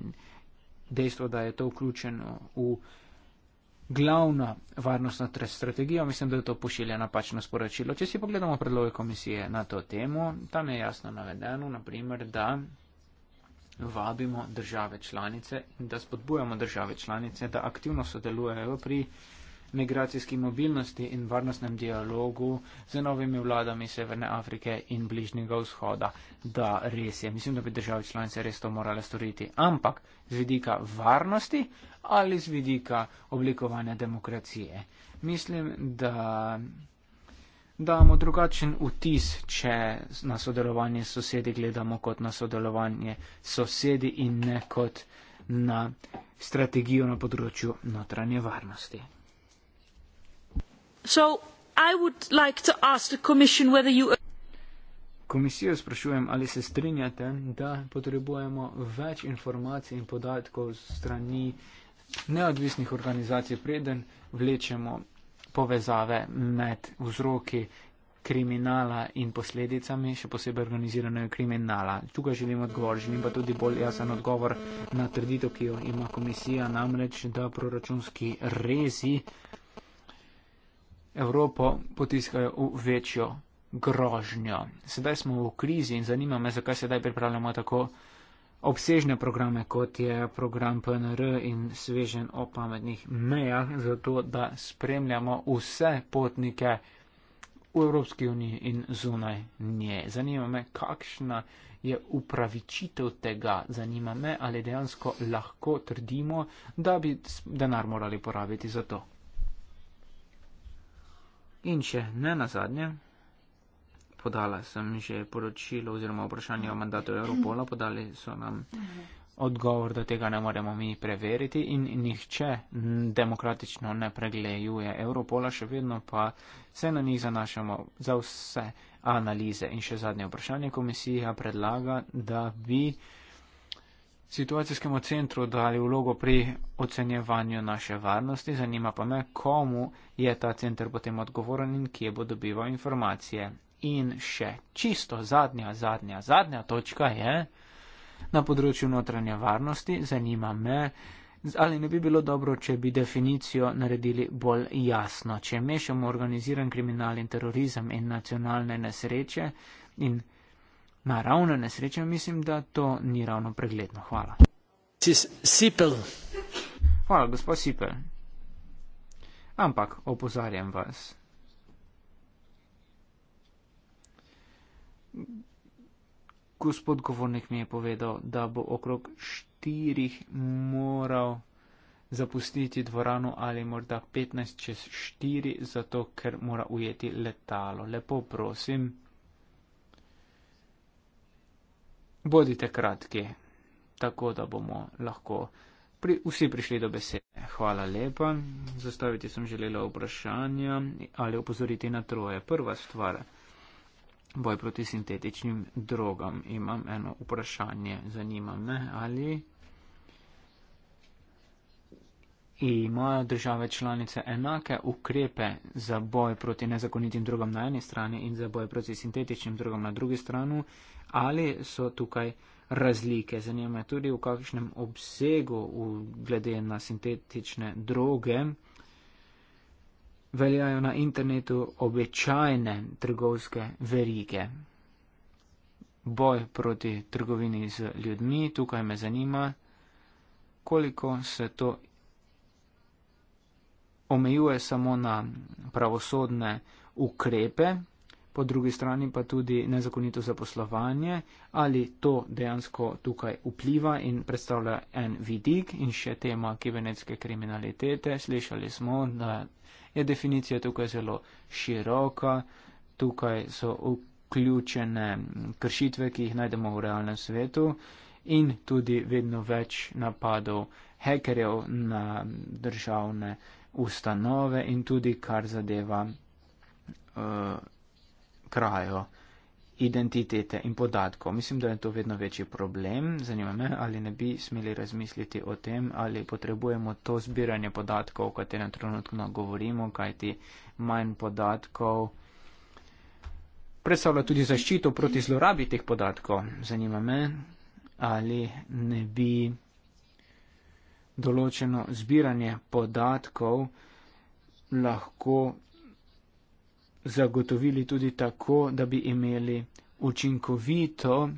dejstvo, da je to vključeno v glavno varnostno strategijo, mislim, da je to pošilja napačno sporočilo. Če si pogledamo predloge komisije na to temo, tam je jasno navedeno, naprimer, da vabimo države članice in da spodbujamo države članice, da aktivno sodelujejo pri migracijski mobilnosti in varnostnem dialogu z novimi vladami Severne Afrike in Bližnjega vzhoda. Da, res je, mislim, da bi države članice res to morale storiti. Ampak z vidika varnosti ali z vidika oblikovanja demokracije. Mislim, da damo drugačen vtis, če na sodelovanje s sosedi gledamo kot na sodelovanje s sosedi in ne kot na strategijo na področju notranje varnosti. Like you... Komisijo sprašujem, ali se strinjate, da potrebujemo več informacij in podatkov strani neodvisnih organizacij, preden vlečemo povezave med vzroki kriminala in posledicami, še posebej organiziranega kriminala. Tukaj želim odgovor, želim pa tudi bolj jasen odgovor na trditev, ki jo ima komisija, namreč, da proračunski rezi Evropo potiskajo v večjo grožnjo. Sedaj smo v krizi in zanima me, zakaj sedaj pripravljamo tako obsežne programe, kot je program PNR in svežen o pametnih mejah, zato da spremljamo vse potnike v Evropski uniji in zunaj nje. Zanima me, kakšna je upravičitev tega. Zanima me, ali dejansko lahko trdimo, da bi denar morali porabiti za to. In še ne na zadnje podala sem že poročilo oziroma vprašanje o mandatu Europola, podali so nam odgovor, da tega ne moremo mi preveriti in nihče demokratično ne pregleduje Europola, še vedno pa se na njih zanašamo za vse analize. In še zadnje vprašanje komisija predlaga, da bi situacijskemu centru dali vlogo pri ocenjevanju naše varnosti. Zanima pa me, komu je ta center potem odgovoren in kje bo dobival informacije. In še čisto zadnja, zadnja, zadnja točka je na področju notranje varnosti, zanima me, ali ne bi bilo dobro, če bi definicijo naredili bolj jasno. Če mešamo organiziran kriminal in terorizem in nacionalne nesreče in naravne nesreče, mislim, da to ni ravno pregledno. Hvala. Hvala, gospod Sipel. Ampak opozarjam vas. gospod govornik mi je povedal, da bo okrog štirih moral zapustiti dvorano ali morda 15 čez 4, zato ker mora ujeti letalo. Lepo prosim, bodite kratki, tako da bomo lahko pri, vsi prišli do besede. Hvala lepa. Zastaviti sem želela vprašanja ali opozoriti na troje. Prva stvar boj proti sintetičnim drogam. Imam eno vprašanje, zanima me, ali imajo države članice enake ukrepe za boj proti nezakonitim drogam na eni strani in za boj proti sintetičnim drogam na drugi strani, ali so tukaj razlike. Zanima me tudi, v kakšnem obsegu v, glede na sintetične droge veljajo na internetu običajne trgovske verige. Boj proti trgovini z ljudmi, tukaj me zanima, koliko se to omejuje samo na pravosodne ukrepe, po drugi strani pa tudi nezakonito zaposlovanje, ali to dejansko tukaj vpliva in predstavlja en vidik in še tema kibernetske kriminalitete. Slišali smo, da je definicija tukaj zelo široka, tukaj so vključene kršitve, ki jih najdemo v realnem svetu in tudi vedno več napadov hekerjev na državne ustanove in tudi kar zadeva uh, krajo identitete in podatkov. Mislim, da je to vedno večji problem. Zanima me, ali ne bi smeli razmisliti o tem, ali potrebujemo to zbiranje podatkov, o katerem trenutno govorimo, kajti manj podatkov predstavlja tudi zaščito proti zlorabi teh podatkov. Zanima me, ali ne bi določeno zbiranje podatkov lahko zagotovili tudi tako, da bi imeli učinkovito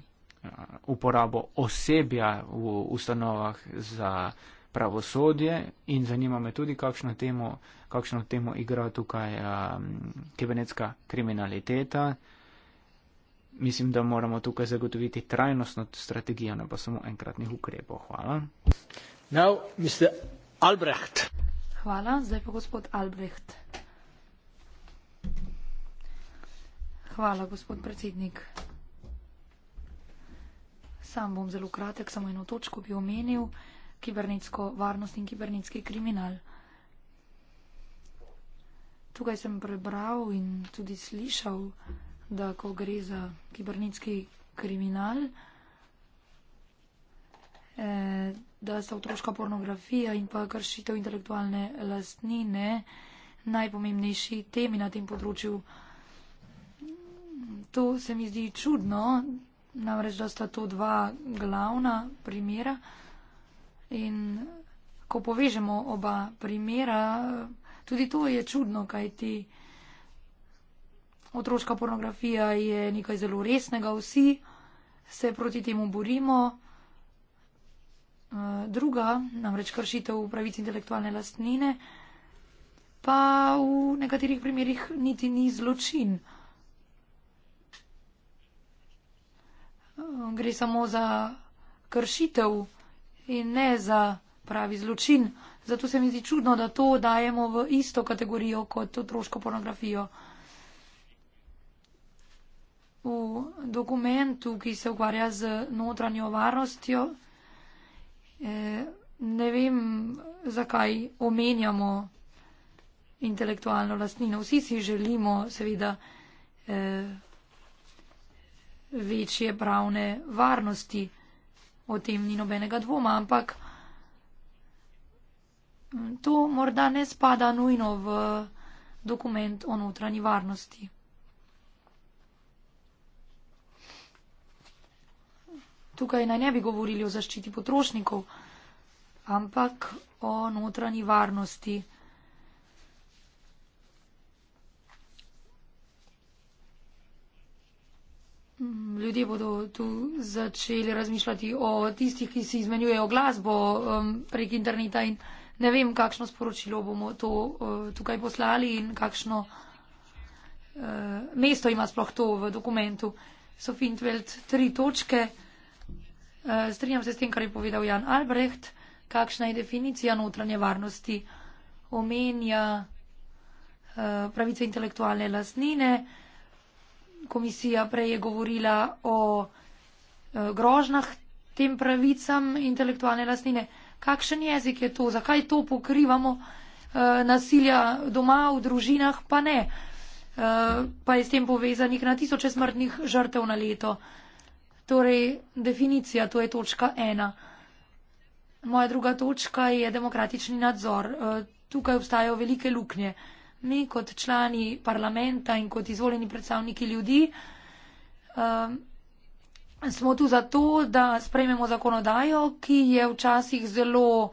uporabo osebja v ustanovah za pravosodje in zanima me tudi, kakšno temo, kakšno temo igra tukaj um, kibernetska kriminaliteta. Mislim, da moramo tukaj zagotoviti trajnostno strategijo, ne pa samo enkratnih ukrepov. Hvala. Now, Hvala, zdaj pa gospod Albrecht. Hvala, gospod predsednik. Sam bom zelo kratek, samo eno točko bi omenil. Kibernetsko varnost in kibernetski kriminal. Tukaj sem prebral in tudi slišal, da ko gre za kibernetski kriminal, eh, da sta otroška pornografija in pa kršitev intelektualne lastnine najpomembnejši temi na tem področju. To se mi zdi čudno, namreč da sta to dva glavna primera. In ko povežemo oba primera, tudi to je čudno, kaj ti otroška pornografija je nekaj zelo resnega, vsi se proti temu borimo. Eh, druga, namreč kršitev pravic intelektualne lastnine, pa v nekaterih primerjih niti ni zločin. gre samo za kršitev in ne za pravi zločin. Zato se mi zdi čudno, da to dajemo v isto kategorijo kot otroško pornografijo. V dokumentu, ki se ukvarja z notranjo varnostjo, eh, ne vem, zakaj omenjamo intelektualno lastnino. Vsi si želimo, seveda, eh, večje pravne varnosti. O tem ni nobenega dvoma, ampak mm, to morda ne spada nujno v dokument o notranji varnosti. Tukaj naj ne bi govorili o zaščiti potrošnikov, ampak o notranji varnosti. Mm, ljudje bodo tu začeli razmišljati o tistih, ki si izmenjujejo glasbo um, prek interneta in ne vem, kakšno sporočilo bomo to uh, tukaj poslali in kakšno uh, mesto ima sploh to v dokumentu. Sofintveld, tri točke. Uh, strinjam se s tem, kar je povedal Jan Albrecht. Kakšna je definicija notranje varnosti? Omenja uh, pravice intelektualne lasnine. Uh, komisija prej je govorila o e, grožnah tem pravicam intelektualne lastnine. Kakšen jezik je to? Zakaj to pokrivamo e, nasilja doma v družinah, pa ne? E, pa je s tem povezanih na tisoče smrtnih žrtev na leto. Torej, definicija, to je točka ena. Moja druga točka je demokratični nadzor. Tukaj obstajajo velike luknje mi kot člani parlamenta in kot izvoljeni predstavniki ljudi um, smo tu zato, da sprejmemo zakonodajo, ki je včasih zelo uh,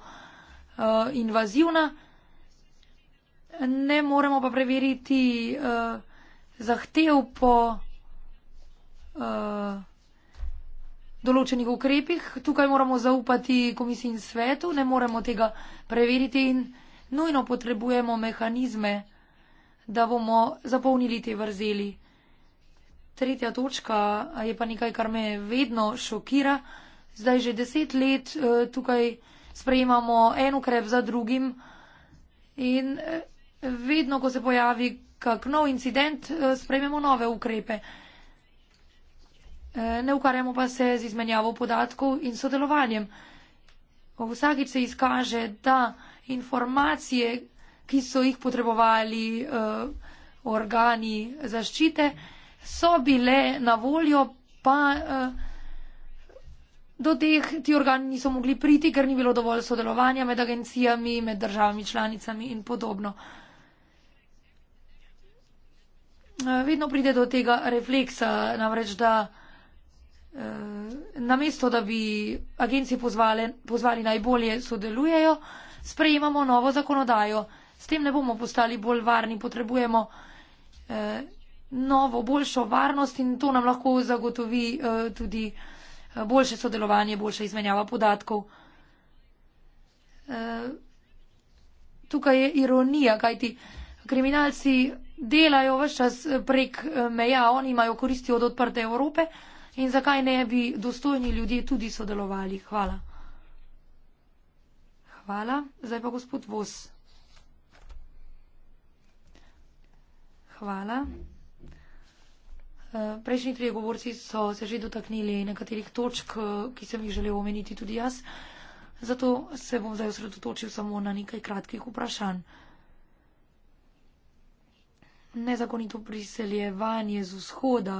invazivna. Ne moremo pa preveriti uh, zahtev po uh, določenih ukrepih. Tukaj moramo zaupati komisiji in svetu, ne moremo tega preveriti in nujno potrebujemo mehanizme da bomo zapolnili te vrzeli. Tretja točka je pa nekaj, kar me vedno šokira. Zdaj že deset let eh, tukaj sprejemamo en ukrep za drugim in eh, vedno, ko se pojavi kak nov incident, eh, sprejmemo nove ukrepe. Ne ukvarjamo pa se z izmenjavo podatkov in sodelovanjem. Vsakič se izkaže, da informacije, ki so jih potrebovali uh, organi zaščite, so bile na voljo, pa uh, do teh ti organi niso mogli priti, ker ni bilo dovolj sodelovanja med agencijami, med državami članicami in podobno. Eh, vedno pride do tega refleksa, namreč da na mesto, da bi agencije pozvali najbolje sodelujejo, sprejemamo novo zakonodajo. S tem ne bomo postali bolj varni, potrebujemo eh, novo, boljšo varnost in to nam lahko zagotovi eh, tudi eh, boljše sodelovanje, boljša izmenjava podatkov. Eh, tukaj je ironija, kajti kriminalci delajo vse čas eh, prek eh, meja, oni imajo koristi od odprte Evrope in zakaj ne bi dostojni ljudje tudi sodelovali. Hvala. Hvala. Zdaj pa gospod Vos. Hvala. Eh, prejšnji trije govorci so se že dotaknili nekaterih točk, eh, ki sem jih želel omeniti tudi jaz, zato se bom zdaj osredotočil samo na nekaj kratkih vprašanj. Nezakonito priseljevanje z vzhoda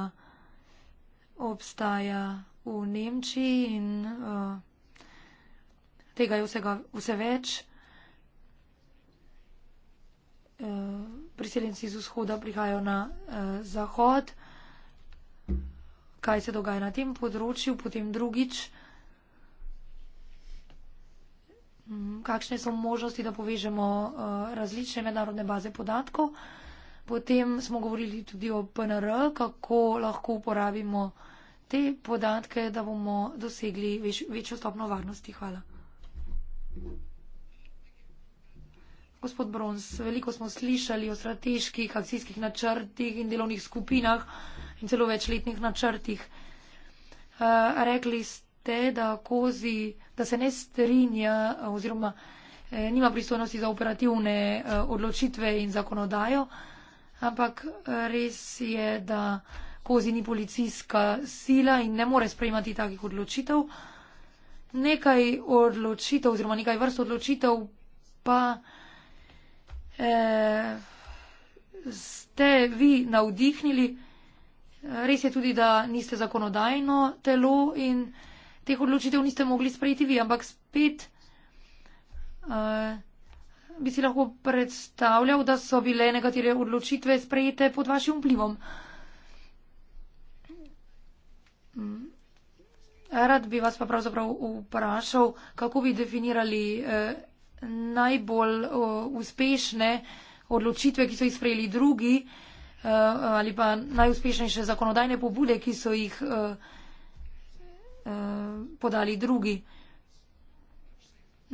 obstaja v Nemčiji in uh, tega je vsega, vse več. Uh, priseljenci iz vzhoda prihajajo na uh, zahod, kaj se dogaja na tem področju, potem drugič, um, kakšne so možnosti, da povežemo uh, različne mednarodne baze podatkov. Potem smo govorili tudi o PNR, kako lahko uporabimo te podatke, da bomo dosegli več, večjo stopno varnosti. Hvala. Thank you. Gospod Brons, veliko smo slišali o strateških akcijskih načrtih in delovnih skupinah in celo večletnih načrtih. E, rekli ste, da kozi, da se ne strinja oziroma e, nima pristojnosti za operativne e, odločitve in zakonodajo, ampak res je, da kozi ni policijska sila in ne more sprejmati takih odločitev. Nekaj odločitev oziroma nekaj vrst odločitev pa. Eh, ste vi navdihnili. Res je tudi, da niste zakonodajno telo in teh odločitev niste mogli sprejeti vi, ampak spet eh, bi si lahko predstavljal, da so bile nekatere odločitve sprejete pod vašim vplivom. Rad bi vas pa pravzaprav vprašal, kako bi definirali eh, najbolj uspešne odločitve, ki so jih sprejeli drugi, e, ali pa najuspešnejše zakonodajne pobude, ki so jih e, e, podali drugi.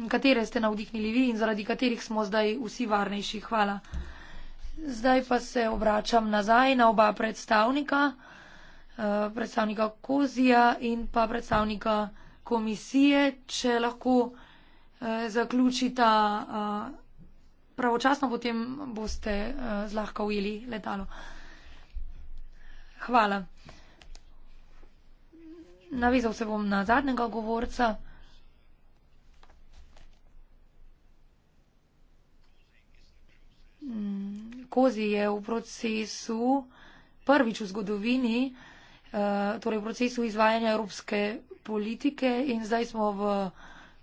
Katere ste navdihnili vi in zaradi katerih smo zdaj vsi varnejši? Hvala. Zdaj pa se obračam nazaj na oba predstavnika, predstavnika Kozija in pa predstavnika komisije, če lahko. Eh, zaključita, eh, pravočasno potem boste eh, zlahka ujeli letalo. Hvala. Navezal se bom na zadnjega govorca. Mm, Kozi je v procesu, prvič v zgodovini, torej v procesu izvajanja evropske politike in zdaj smo v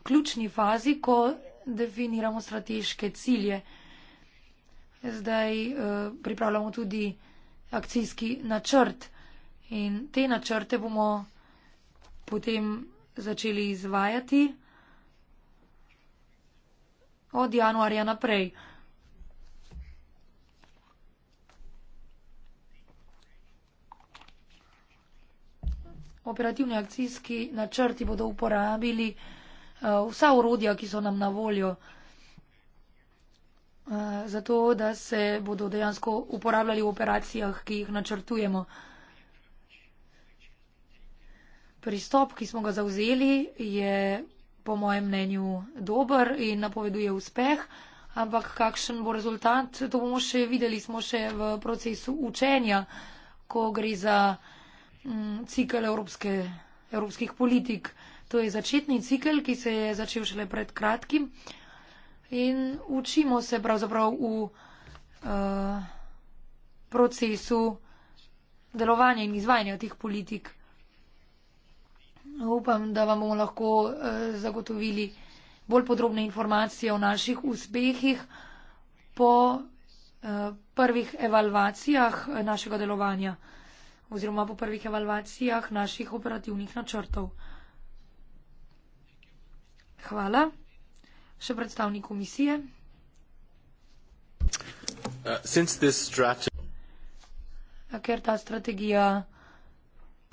ključni fazi, ko definiramo strateške cilje. Zdaj eh, pripravljamo tudi akcijski načrt in te načrte bomo potem začeli izvajati od januarja naprej. Operativni akcijski načrti bodo uporabili Eh, vsa urodja, ki so nam na voljo, eh, zato da se bodo dejansko uporabljali v operacijah, ki jih načrtujemo. Pristop, ki smo ga zauzeli, je po mojem mnenju dober in napoveduje uspeh, ampak kakšen bo rezultat, to bomo še videli, smo še v procesu učenja, ko gre za mm, cikel evropskih politik. To je začetni cikl, ki se je začel šele pred kratkim in učimo se pravzaprav v uh, procesu delovanja in izvajanja teh politik. Upam, da vam bomo lahko uh, zagotovili bolj podrobne informacije o naših uspehih po uh, prvih evalvacijah našega delovanja oziroma po prvih evalvacijah naših operativnih načrtov. Hvala. Še predstavnik komisije. Uh, Ker ta strategija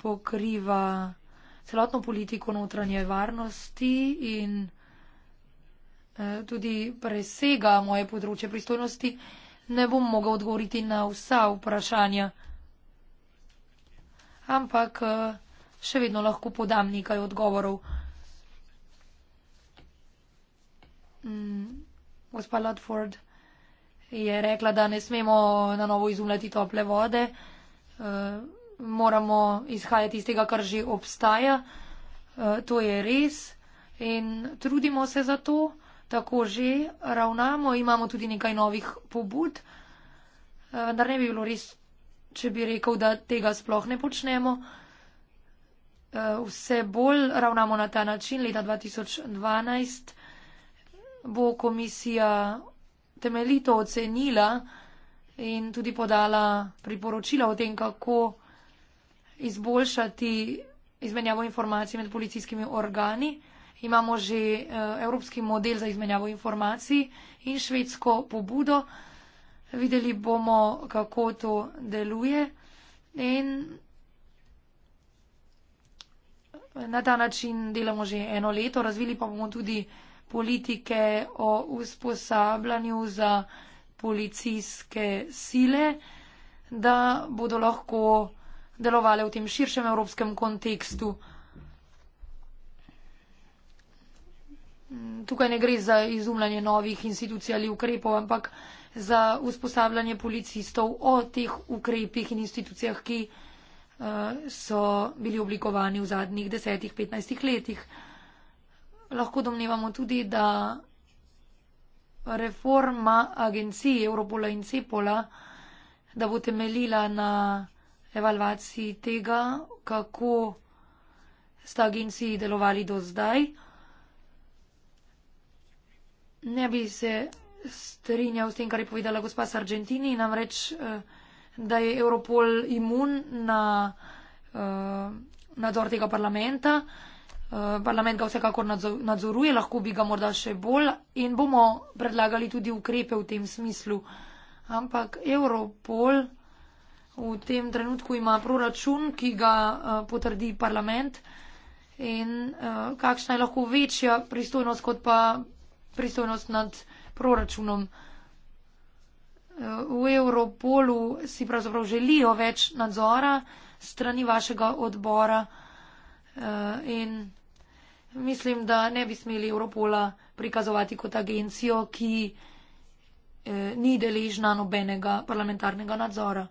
pokriva celotno politiko notranje varnosti in eh, tudi presega moje področje pristojnosti, ne bom mogel odgovoriti na vsa vprašanja. Ampak eh, še vedno lahko podam nekaj odgovorov. Mm, gospa Ludford je rekla, da ne smemo na novo izumljati tople vode. Eh, moramo izhajati iz tega, kar že obstaja. Eh, to je res in trudimo se za to, tako že ravnamo, imamo tudi nekaj novih pobud, eh, vendar ne bi bilo res, če bi rekel, da tega sploh ne počnemo. Vse bolj ravnamo na ta način. Leta 2012 bo komisija temeljito ocenila in tudi podala priporočila o tem, kako izboljšati izmenjavo informacij med policijskimi organi. Imamo že eh, evropski model za izmenjavo informacij in švedsko pobudo. Videli bomo, kako to deluje in na ta način delamo že eno leto, razvili pa bomo tudi politike o usposabljanju za policijske sile, da bodo lahko delovali v tem širšem evropskem kontekstu. Tukaj ne gre za izumljanje novih institucij ali ukrepov, ampak za usposabljanje policistov o teh ukrepih in institucijah, ki uh, so bili oblikovani v zadnjih 10-15 letih. Uh, lahko domnevamo tudi, da reforma agencij Europola in Cepola, da bo temeljila na evalvaciji tega, kako sta agenciji delovali do zdaj. Ne bi se strinjal s tem, kar je povedala gospa s Argentini, namreč, eh, da je Europol imun na uh, nadzor tega parlamenta. Eh, parlament ga vsekakor nadzoruje, lahko bi ga morda še bolj in bomo predlagali tudi ukrepe v tem smislu. Ampak Europol v tem trenutku ima proračun, ki ga eh, potrdi parlament in eh, kakšna je lahko večja pristojnost kot pa pristojnost nad proračunom. V Europolu si pravzaprav želijo več nadzora strani vašega odbora. Eh, in mislim, da ne bi smeli Europola prikazovati kot agencijo, ki eh, ni deležna nobenega parlamentarnega nadzora.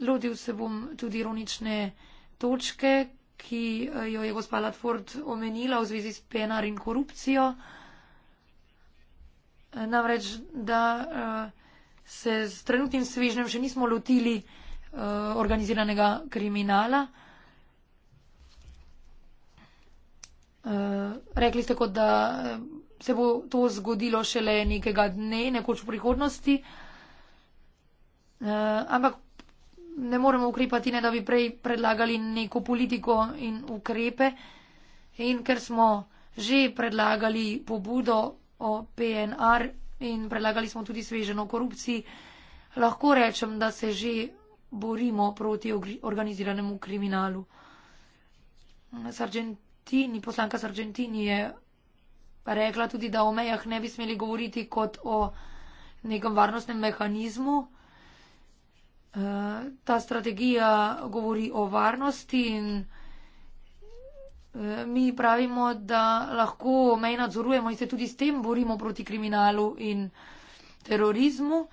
Lotil se bom tudi ironične točke, ki eh, jo je gospa Latford omenila v zvezi s penar in korupcijo. Namreč, da se s trenutnim svežnjem še nismo lotili Eh, organiziranega kriminala. Eh, rekli ste, da eh, se bo to zgodilo šele nekega dne, nekoč v prihodnosti, ampak ne moremo ukrepati, ne da bi prej predlagali neko politiko in ukrepe. In ker smo že predlagali pobudo o PNR in predlagali smo tudi sveženo korupciji, lahko rečem, da se že borimo proti organiziranemu kriminalu. Sargentini, poslanka Sargentini je rekla tudi, da o mejah ne bi smeli govoriti kot o nekem varnostnem mehanizmu. Eh, ta strategija govori o varnosti in eh, mi pravimo, da lahko mej nadzorujemo in se tudi s tem borimo proti kriminalu in terorizmu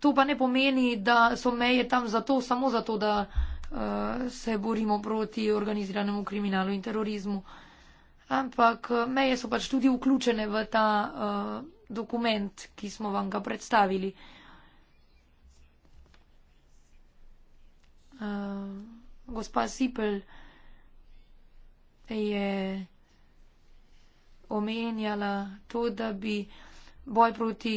to pa ne pomeni, da so meje tam zato, samo zato, da uh, se borimo proti organiziranemu kriminalu in terorizmu. Ampak eh, meje so pač tudi vključene v ta uh, dokument, ki smo vam ga predstavili. Uh, gospa Sipel je omenjala to, da bi boj proti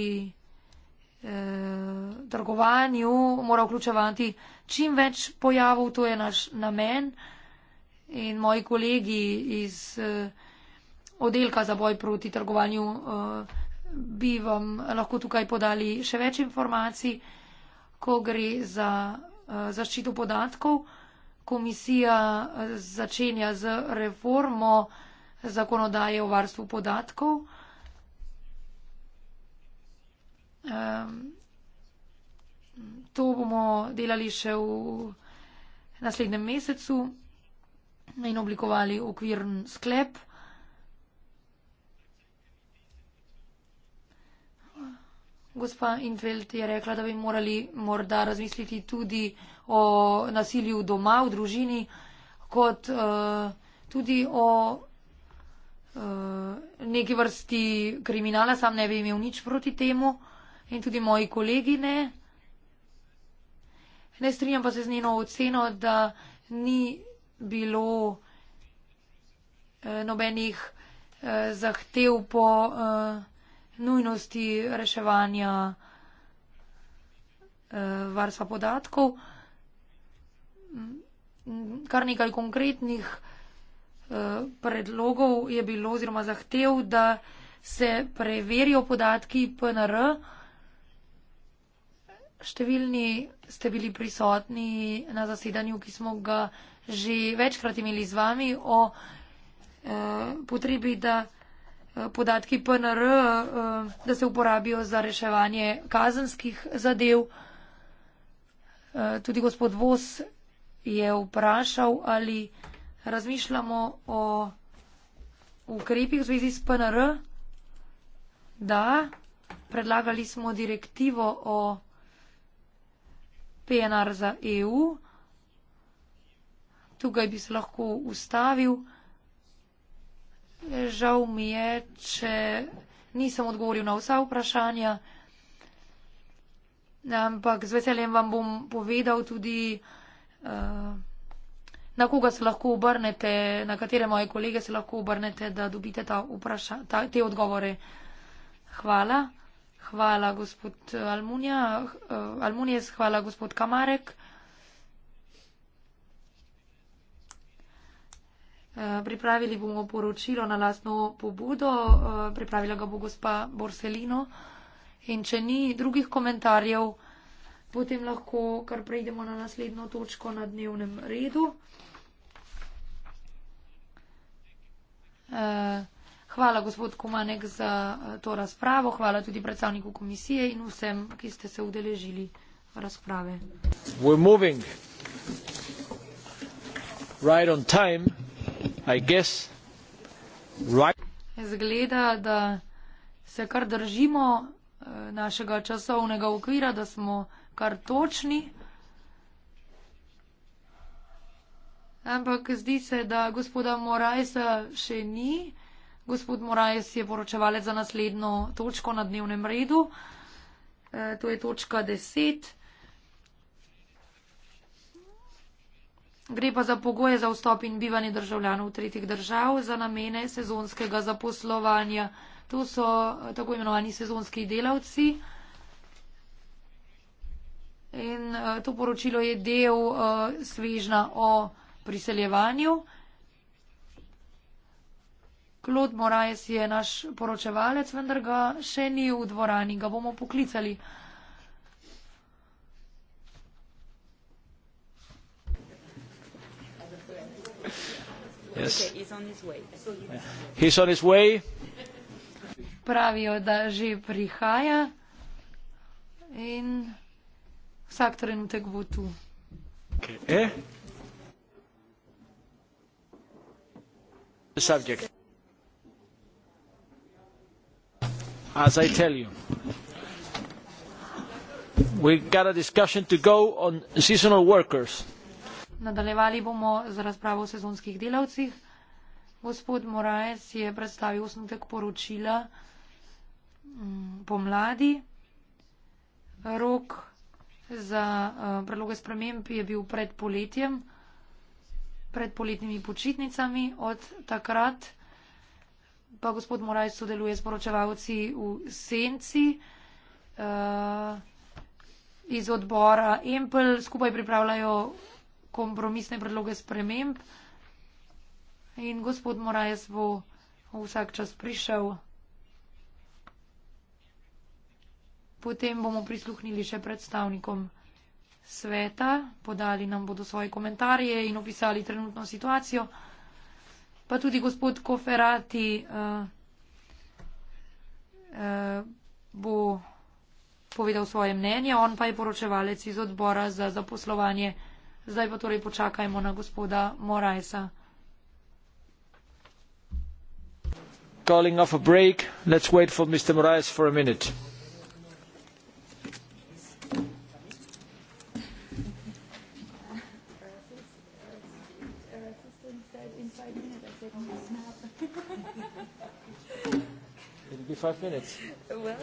eh, trgovanju, mora vključevati čim več pojavov, to je naš namen. In moji kolegi iz eh, oddelka za boj proti trgovanju eh, bi vam lahko tukaj podali še več informacij, ko gre za eh, zaščito podatkov. Komisija eh, začenja z reformo zakonodaje o varstvu podatkov. Um, to bomo delali še v naslednjem mesecu in oblikovali okvirn sklep. Gospa Intveld je rekla, da bi morali morda razmisliti tudi o nasilju doma, v družini, kot uh, tudi o uh, neki vrsti kriminala. Sam ne bi imel nič proti temu. Uh, in tudi moji kolegi ne. Ne strinjam pa se z njeno oceno, da ni bilo eh, nobenih eh, zahtev po eh, nujnosti reševanja varstva podatkov. Kar nekaj konkretnih predlogov je bilo oziroma zahtev, da se preverijo podatki PNR številni ste bili prisotni na zasedanju, ki smo ga že večkrat imeli z vami o e, potrebi, da eh, podatki PNR, e, eh, da se uporabijo za reševanje kazenskih zadev. E, tudi gospod Vos je vprašal, ali razmišljamo o ukrepih v zvezi s PNR. Da, predlagali smo direktivo o PNR za EU. Tukaj bi se lahko ustavil. Žal mi je, če nisem odgovoril na vsa vprašanja, ampak z veseljem vam bom povedal tudi, eh, na koga se lahko obrnete, na katere moje kolege se lahko obrnete, da dobite ta vpraša, ta, te odgovore. Hvala. Hvala, gospod eh, Almunija. Eh, Almunijes, hvala, gospod Kamarek. Eh, pripravili bomo poročilo na lastno pobudo, pripravila ga bo gospa Borselino. In če ni drugih komentarjev, potem lahko kar prejdemo na naslednjo točko na dnevnem redu. Uh, Hvala, gospod Kumanek, za eh, to razpravo. Hvala tudi predstavniku komisije in vsem, ki ste se udeležili razprave. Right on time, I guess. Right. Zgleda, da se kar držimo eh, našega časovnega okvira, da smo kar točni. Ampak zdi se, da gospoda Morajsa še ni. Gospod Morajes je poročevalec za naslednjo točko na dnevnem redu. E, to je točka 10. Gre pa za pogoje za vstop in bivanje državljanov tretjih držav za namene sezonskega zaposlovanja. To so tako imenovani sezonski delavci. In uh, to poročilo je del uh, svežna o priseljevanju. Uh, Klod Morajes je naš poročevalec, vendar ga še ni v dvorani, ga bomo poklicali. Yes. Okay, he's on his way. He's on his way. Pravijo, da že prihaja in vsak trenutek bo tu. Okay. Eh? The subject. as I tell you. We got a discussion to go on seasonal workers. Nadaljevali bomo z razpravo o sezonskih delavcih. Gospod Moraes je predstavil osnutek poročila mm, pomladi. Rok za eh, predloge sprememb je bil pred poletjem, pred poletnimi počitnicami. Od takrat pa gospod Morajc sodeluje s poročevalci v Senci uh, iz odbora Empel, skupaj pripravljajo kompromisne predloge sprememb in gospod Morajc bo vsak čas prišel. Potem bomo prisluhnili še predstavnikom sveta, podali nam bodo svoje komentarje in opisali trenutno situacijo pa tudi gospod Koferati eh, eh, bo povedal svoje mnenje, on pa je poročevalec iz odbora za zaposlovanje. Zdaj pa torej počakajmo na gospoda Morajsa. Calling off a break, let's wait for Mr. Morais for a minute. me five minutes. Wow.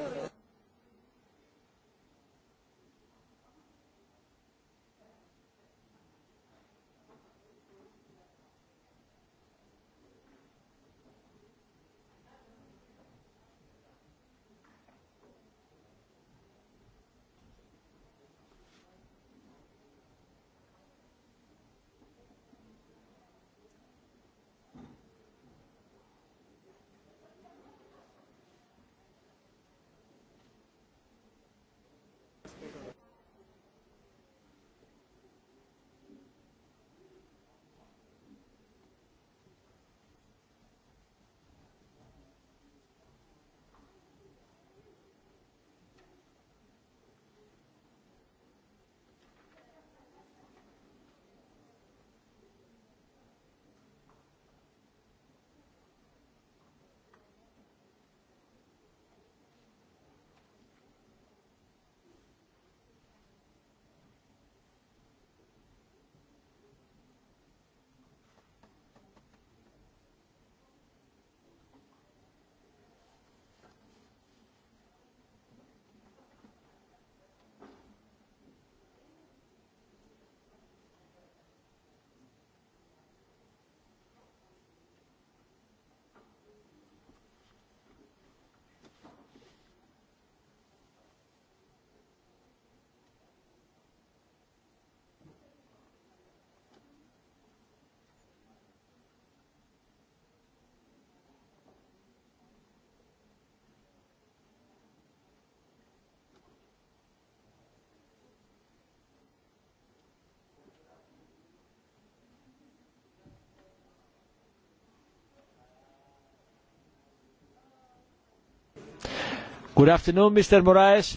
Good afternoon, Mr. Moraes.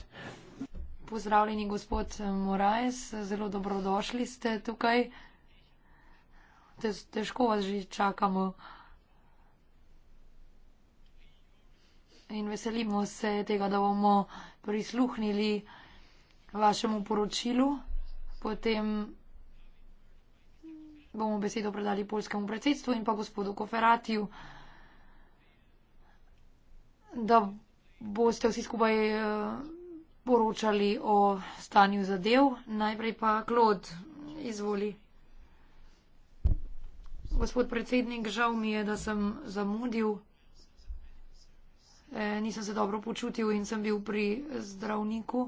Pozdravljeni, gospod eh, Moraes, zelo dobrodošli ste tukaj. Težko vas že čakamo. In veselimo se tega, da bomo prisluhnili vašemu poročilu. Potem bomo besedo predali polskemu predsedstvu in pa gospodu Koferatiju, da boste vsi skupaj eh, poročali o stanju zadev. Najprej pa Klod, izvoli. Gospod predsednik, žal mi je, da sem zamudil. E, nisem se dobro počutil in sem bil pri zdravniku.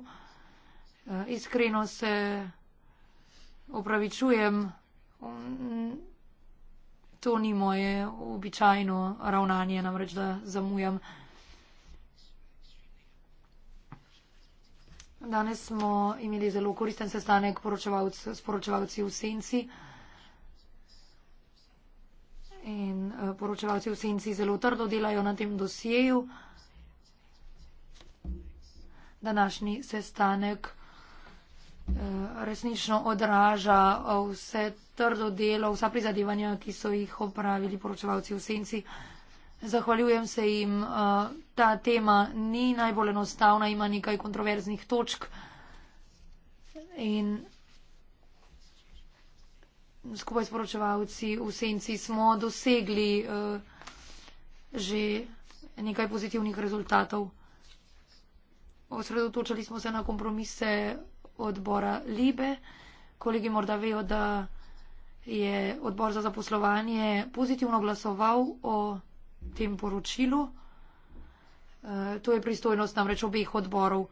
E, iskreno se opravičujem. To ni moje običajno ravnanje, namreč da zamujam. Danes smo imeli zelo koristen sestanek s poročevalci v Senci. In eh, poročevalci v Senci zelo trdo delajo na tem dosjeju. Današnji sestanek eh, resnično odraža eh, vse trdo delo, vsa prizadevanja, ki so jih opravili poročevalci v Senci. Zahvaljujem se jim. Eh, ta tema ni najbolj enostavna, ima nekaj kontroverznih točk. In skupaj s poročevalci v senci smo dosegli eh, že nekaj pozitivnih rezultatov. Osredotočali smo se na kompromise odbora Libe. Kolegi morda vejo, da je odbor za zaposlovanje pozitivno glasoval o tem poročilu. E, to je pristojnost namreč obeh odborov.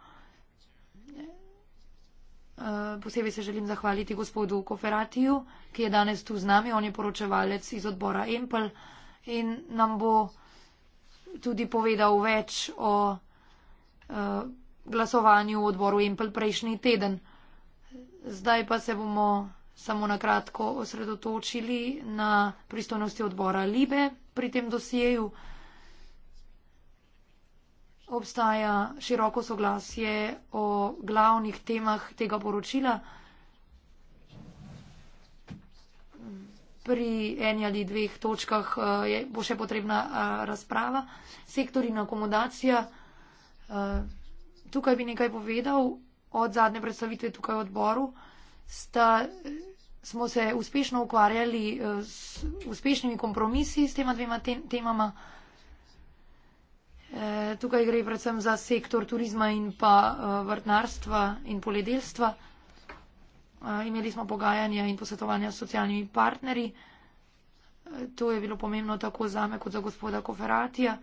E, posebej se želim zahvaliti gospodu Koferatiju, ki je danes tu z nami. On je poročevalec iz odbora Empel in nam bo tudi povedal več o e, glasovanju v odboru Empel prejšnji teden. Zdaj pa se bomo samo na kratko osredotočili na pristojnosti odbora Libe pri tem dosjeju obstaja široko soglasje o glavnih temah tega poročila. Pri eni ali dveh točkah eh, je, bo še potrebna eh, razprava. Sektor in akomodacija. Eh, tukaj bi nekaj povedal od zadnje predstavitve tukaj v odboru. Sta smo se uspešno ukvarjali eh, s uspešnimi kompromisi s tema dvema te temama. E, tukaj gre predvsem za sektor turizma in pa e, vrtnarstva in poljedelstva. E, imeli smo pogajanja in posvetovanja s socialnimi partnerji. E, to je bilo pomembno tako za me kot za gospoda Koferatija.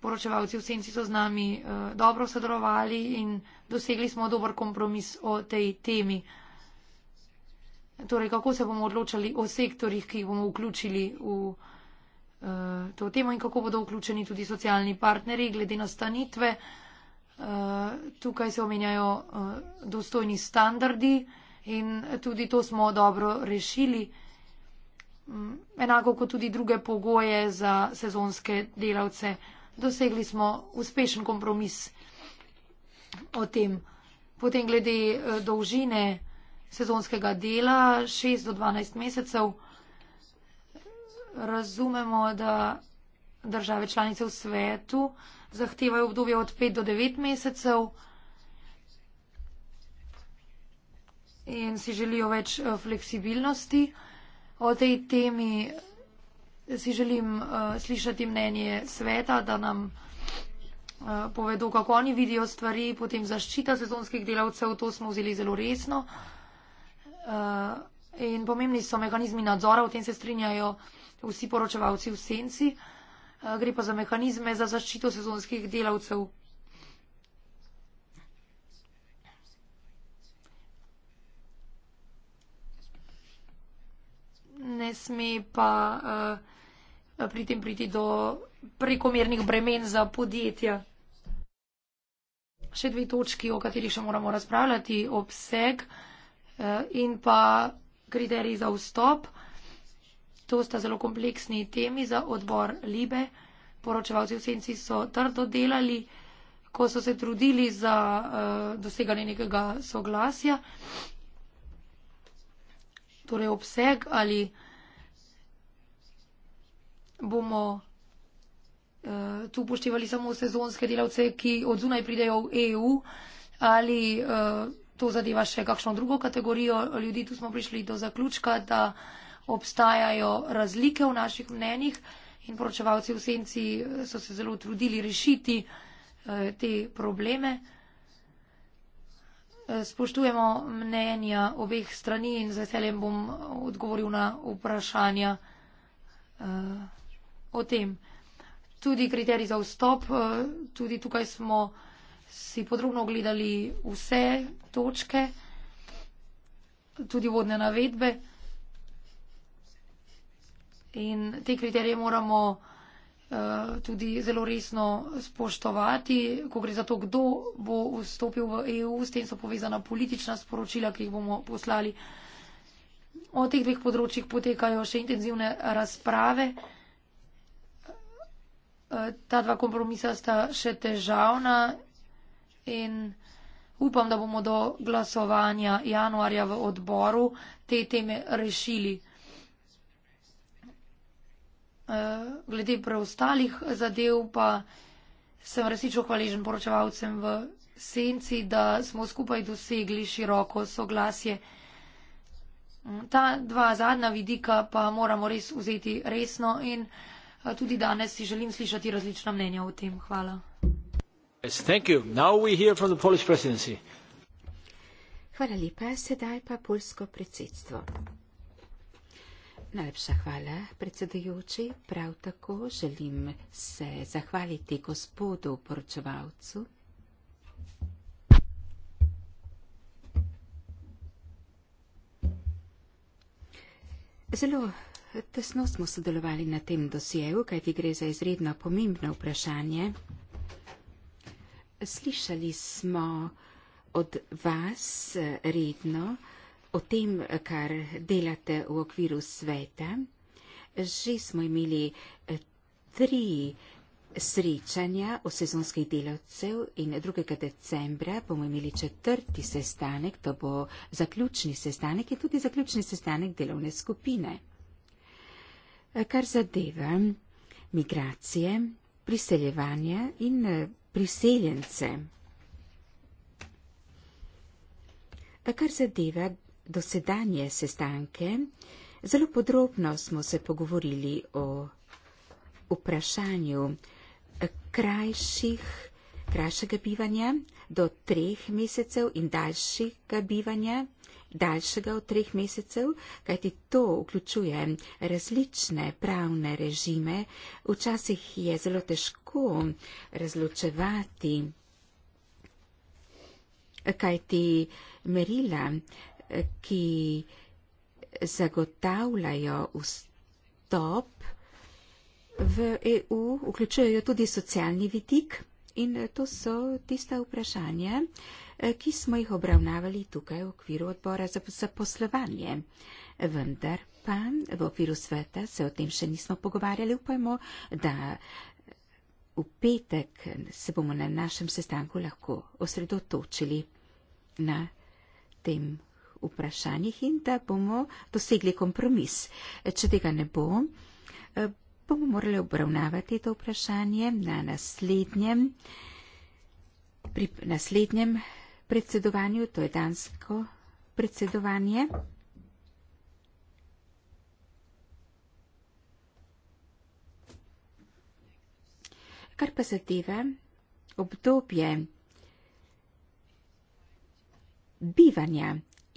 Poročevalci v senci so z nami e, dobro sodelovali in dosegli smo dober kompromis o tej temi. E, Torej, kako se bomo odločali o sektorjih, ki jih bomo vključili v uh, to temo in kako bodo vključeni tudi socialni partneri glede na stanitve. Uh, tukaj se omenjajo uh, dostojni standardi in tudi to smo dobro rešili. Um, enako kot tudi druge pogoje za sezonske delavce. Dosegli smo uspešen kompromis o tem. Potem glede uh, dolžine sezonskega dela, 6 do 12 mesecev. Razumemo, da države članice v svetu zahtevajo obdobje od 5 do 9 mesecev in si želijo več eh, fleksibilnosti. O tej temi si želim uh, slišati mnenje sveta, da nam eh, povedo, kako oni vidijo stvari, potem zaščita sezonskih delavcev, to smo vzeli zelo resno. Uh, uh, in pomembni so mehanizmi nadzora, o tem se strinjajo vsi poročevalci v senci. Uh, gre pa za mehanizme za zaščito sezonskih delavcev. Ne sme pa uh, pri tem priti do prekomernih bremen za podjetja. Še dve točki, o katerih še moramo razpravljati, obseg. Uh, in pa kriteriji za vstop. To sta zelo kompleksni temi za odbor Libe. Poročevalci v senci so trdo delali, ko so se trudili za uh, doseganje nekega soglasja. Torej obseg ali bomo uh, tu upoštevali samo sezonske delavce, ki odzunaj pridejo v EU ali uh, to zadeva še kakšno drugo kategorijo ljudi, tu smo prišli do zaključka, da obstajajo razlike v naših mnenjih in poročevalci v senci so se zelo trudili rešiti eh, te probleme. Eh, spoštujemo mnenja obeh strani in z veseljem bom odgovoril na vprašanja eh, o tem. Tudi kriterij za vstop, tudi tukaj smo si podrobno ogledali vse točke, tudi vodne navedbe. In te kriterije moramo uh, tudi zelo resno spoštovati, ko gre za to, kdo bo vstopil v EU, s tem so povezana politična sporočila, ki jih bomo poslali. O teh dveh področjih potekajo še intenzivne razprave. Uh, ta dva kompromisa sta še težavna in upam, da bomo do glasovanja januarja v odboru te teme rešili. Eh, glede preostalih zadev pa sem resnično hvaležen poročevalcem v senci, da smo skupaj dosegli široko soglasje. Mm, ta dva zadnja vidika pa moramo res vzeti resno in eh, tudi danes si želim slišati različna mnenja o tem. Hvala. Hvala lepa, sedaj pa polsko predsedstvo. Najlepša hvala, predsedujoči. Prav tako želim se zahvaliti gospodu poročevalcu. Zelo tesno smo sodelovali na tem dosjeju, kajti gre za izredno pomembno vprašanje. Slišali smo od vas eh, redno o tem, kar delate v okviru sveta. Že smo imeli eh, tri srečanja o sezonskih delavcev in 2. decembra bomo imeli četrti sestanek, to bo zaključni sestanek in tudi zaključni sestanek delovne skupine. Eh, kar zadeva migracije, priseljevanja in priseljence. Kar zadeva dosedanje sestanke, zelo podrobno smo se pogovorili o vprašanju krajših, krajšega bivanja do treh mesecev in daljšega bivanja daljšega od treh mesecev, kajti to vključuje različne pravne režime. Včasih je zelo težko razločevati, kajti merila, ki zagotavljajo vstop v EU, vključujejo tudi socialni vidik in to so tista vprašanja, Eh, ki smo jih obravnavali tukaj v okviru odbora za zaposlovanje. Vendar pa v okviru sveta se o tem še nismo pogovarjali. Upajmo, da v petek se bomo na našem sestanku lahko osredotočili na tem vprašanjih in da bomo dosegli kompromis. Če tega ne bo, eh, bomo morali obravnavati to vprašanje na naslednjem, pri, naslednjem predsedovanju, to je dansko predsedovanje. Kar pa zadeva obdobje bivanja,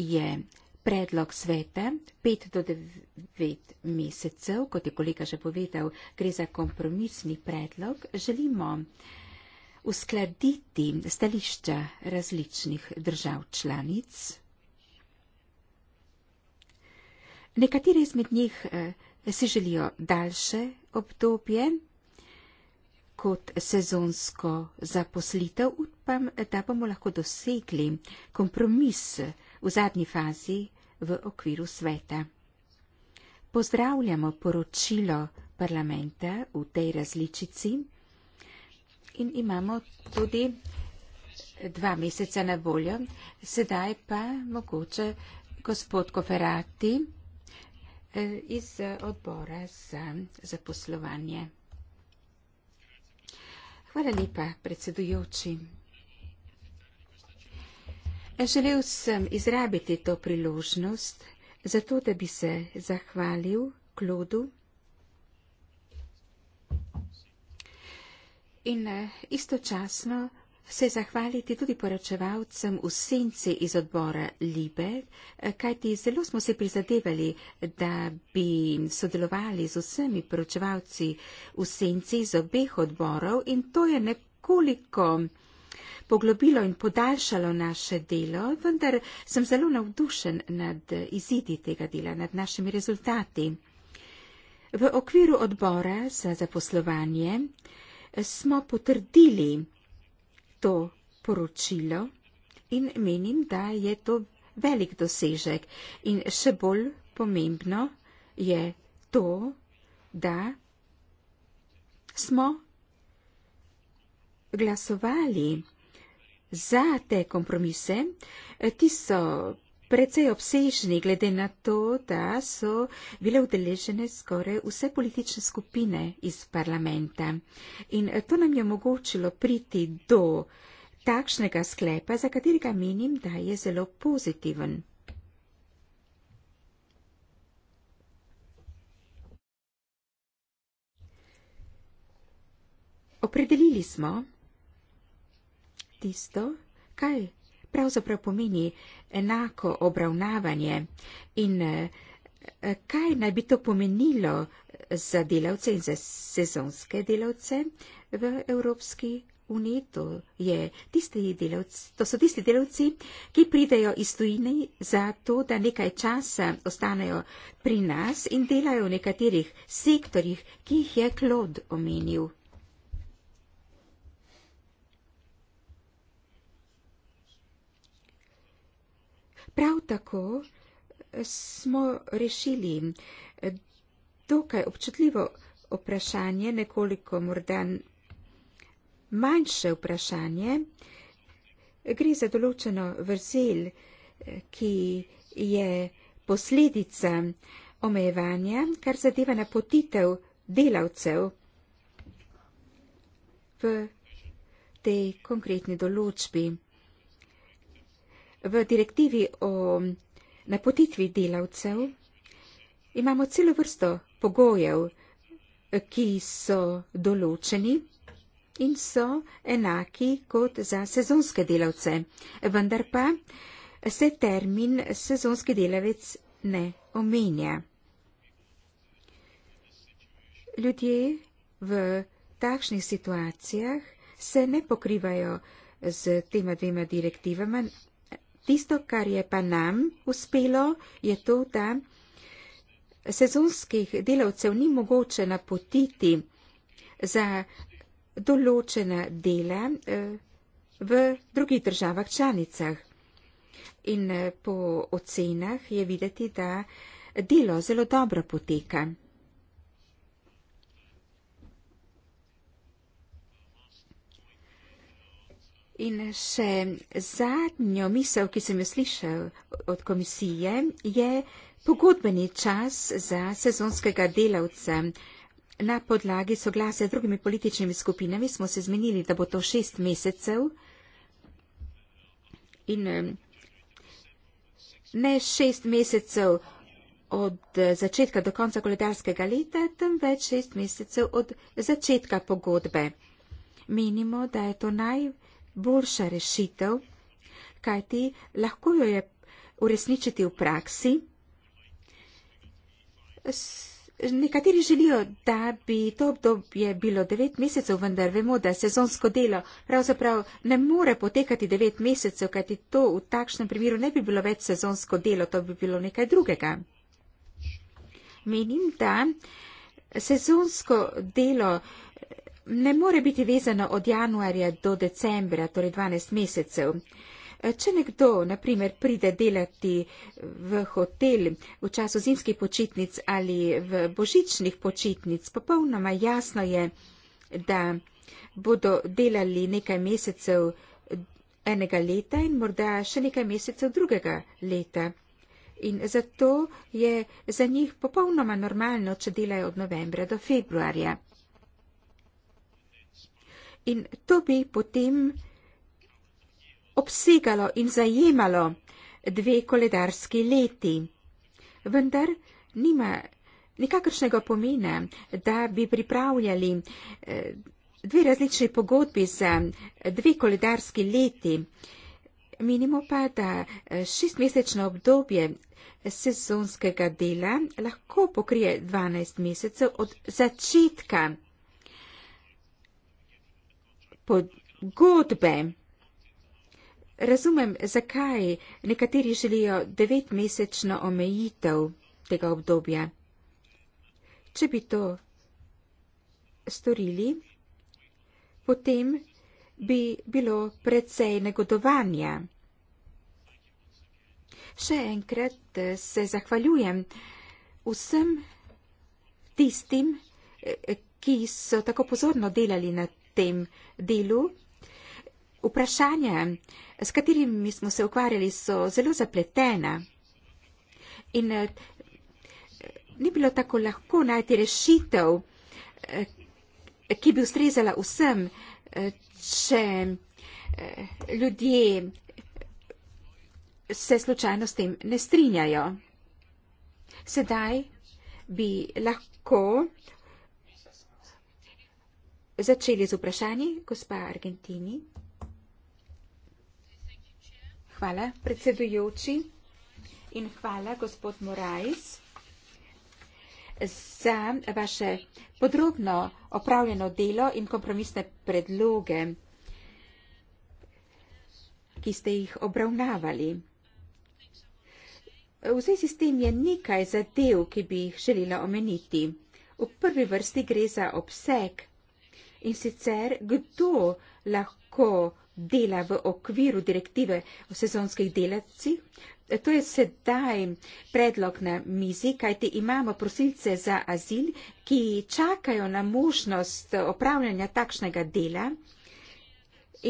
je predlog sveta 5 do 9 mesecev, kot je kolega že povedal, gre za kompromisni predlog. Želimo, da uskladiti stališča različnih držav članic. Nekatere izmed njih eh, si želijo daljše obdobje kot sezonsko zaposlitev. Upam, da bomo lahko dosegli kompromis v zadnji fazi v okviru sveta. Pozdravljamo poročilo parlamenta v tej različici in imamo tudi dva meseca na voljo. Sedaj pa mogoče gospod Koferati eh, iz odbora za zaposlovanje. Hvala lepa, predsedujoči. Želel sem izrabiti to priložnost, zato da bi se zahvalil Klodu. in eh, istočasno se zahvaliti tudi poročevalcem v senci iz odbora Libe, eh, kajti zelo smo se prizadevali, da bi sodelovali z vsemi poročevalci v senci iz obeh odborov in to je nekoliko poglobilo in podaljšalo naše delo, vendar sem zelo navdušen nad izidi tega dela, nad našimi rezultati. V okviru odbora za zaposlovanje smo potrdili to poročilo in menim, da je to velik dosežek. In še bolj pomembno je to, da smo glasovali za te kompromise. Ti so precej obsežni, glede na to, da so bile udeležene skoraj vse politične skupine iz parlamenta. In eh, to nam je omogočilo priti do takšnega sklepa, za katerega menim, da je zelo pozitiven. Opredelili smo tisto, kaj pravzaprav pomeni enako obravnavanje in eh, kaj naj bi to pomenilo za delavce in za sezonske delavce v Evropski uniji. To, je delavc, to so tisti delavci, ki pridejo iz tujine za to, da nekaj časa ostanejo pri nas in delajo v nekaterih sektorjih, ki jih je Klod omenil. Prav tako eh, smo rešili eh, dokaj občutljivo vprašanje, nekoliko morda manjše vprašanje. Gre za določeno vrzel, eh, ki je posledica omejevanja, kar zadeva napotitev delavcev v tej konkretni določbi v direktivi o napotitvi delavcev imamo celo vrsto pogojev, ki so določeni in so enaki kot za sezonske delavce. Vendar pa se termin sezonski delavec ne omenja. Ljudje v takšnih situacijah se ne pokrivajo z tema dvema direktivama, Tisto, kar je pa nam uspelo, je to, da sezonskih delavcev ni mogoče napotiti za določena dela eh, v drugih državah članicah. In eh, po ocenah je videti, da delo zelo dobro poteka. In še zadnjo misel, ki sem jo slišal od komisije, je pogodbeni čas za sezonskega delavca. Na podlagi soglasja drugimi političnimi skupinami smo se zmenili, da bo to šest mesecev in ne šest mesecev od začetka do konca koledarskega leta, temveč šest mesecev od začetka pogodbe. Menimo, da je to najbolj boljša rešitev, kajti lahko jo je uresničiti v praksi. Nekateri želijo, da bi to obdobje bilo devet mesecev, vendar vemo, da sezonsko delo pravzaprav ne more potekati devet mesecev, kajti to v takšnem primeru ne bi bilo več sezonsko delo, to bi bilo nekaj drugega. Menim, da sezonsko delo ne more biti vezano od januarja do decembra, torej 12 mesecev. E, če nekdo, na primer, pride delati v hotel v času zimskih počitnic ali v božičnih počitnic, popolnoma jasno je, da bodo delali nekaj mesecev enega leta in morda še nekaj mesecev drugega leta. In zato je za njih popolnoma normalno, če delajo od novembra do februarja in to bi potem obsegalo in zajemalo dve koledarski leti. Vendar nima nikakršnega pomena, da bi pripravljali eh, dve različni pogodbi za eh, dve koledarski leti. Minimo pa, da eh, šestmesečno obdobje sezonskega dela lahko pokrije 12 mesecev od začetka pogodbe. Razumem, zakaj nekateri želijo devetmesečno omejitev tega obdobja. Če bi to storili, potem bi bilo precej negodovanja. Še enkrat eh, se zahvaljujem vsem tistim, eh, ki so tako pozorno delali na tem delu. Vprašanja, s katerimi smo se ukvarjali, so zelo zapletena in eh, ni bilo tako lahko najti rešitev, eh, ki bi ustrezala vsem, eh, če ljudje se slučajno s tem ne strinjajo. Sedaj bi lahko začeli z vprašanji, gospa Argentini. Hvala, predsedujoči. In hvala, gospod Morais, za vaše podrobno opravljeno delo in kompromisne predloge, ki ste jih obravnavali. V zvezi s tem je nekaj zadev, ki bi jih želela omeniti. V prvi vrsti gre za obseg in sicer kdo lahko dela v okviru direktive o sezonskih delavcih. To je sedaj predlog na mizi, kajti imamo prosilce za azil, ki čakajo na možnost opravljanja takšnega dela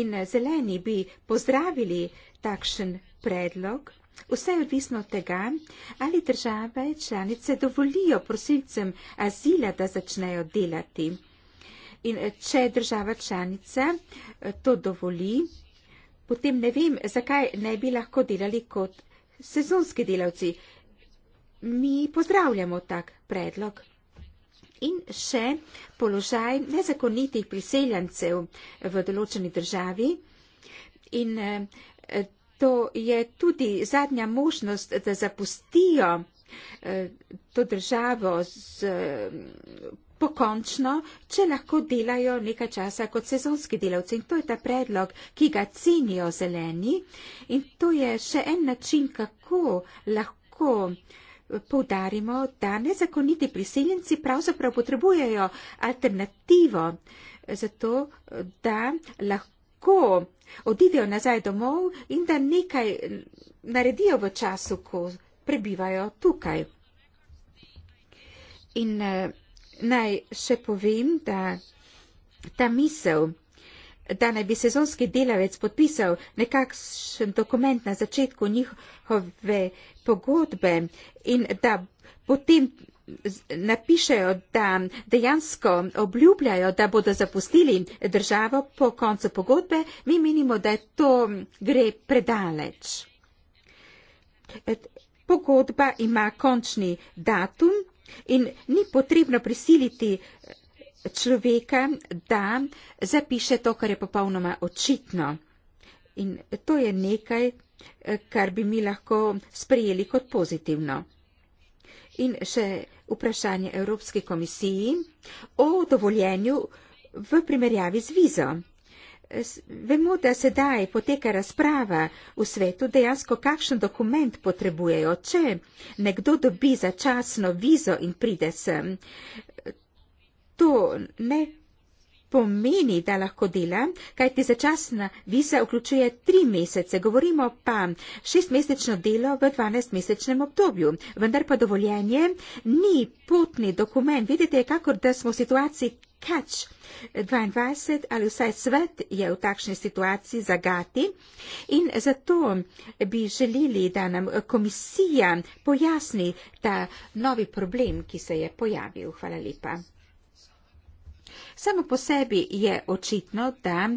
in zeleni bi pozdravili takšen predlog. Vse je odvisno od tega, ali države članice dovolijo prosilcem azila, da začnejo delati. In eh, če država članica eh, to dovoli, potem ne vem, zakaj ne bi lahko delali kot sezonski delavci. Mi pozdravljamo tak predlog. In še položaj nezakonitih priseljancev v določeni državi. In eh, to je tudi zadnja možnost, da zapustijo to državo z pokončno, če lahko delajo nekaj časa kot sezonski delavci. In to je ta predlog, ki ga cenijo zeleni. In to je še en način, kako lahko eh, poudarimo, da nezakoniti priseljenci pravzaprav potrebujejo alternativo za to, da lahko odidejo nazaj domov in da nekaj naredijo v času, ko prebivajo tukaj. In uh, naj še povem, da ta misel, da naj bi sezonski delavec podpisal nekakšen dokument na začetku njihove pogodbe in da potem napišejo, da dejansko obljubljajo, da bodo zapustili državo po koncu pogodbe, mi menimo, da to gre predaleč. Pogodba ima končni datum In ni potrebno prisiliti eh, človeka, da zapiše to, kar je popolnoma očitno. In to je nekaj, eh, kar bi mi lahko sprejeli kot pozitivno. In še vprašanje Evropske komisiji o dovoljenju v primerjavi z vizo vemo, da sedaj poteka razprava v svetu dejansko, kakšen dokument potrebujejo, če nekdo dobi začasno vizo in pride sem. To ne pomeni, da lahko dela, kajti začasna viza vključuje tri mesece, govorimo pa šestmesečno delo v dvanajstmesečnem obdobju, vendar pa dovoljenje ni potni dokument. Vidite, kakor da smo v situaciji catch 22 ali vsaj svet je v takšni situaciji zagati in zato bi želeli, da nam komisija pojasni ta novi problem, ki se je pojavil. Hvala lepa. Samo po sebi je očitno, da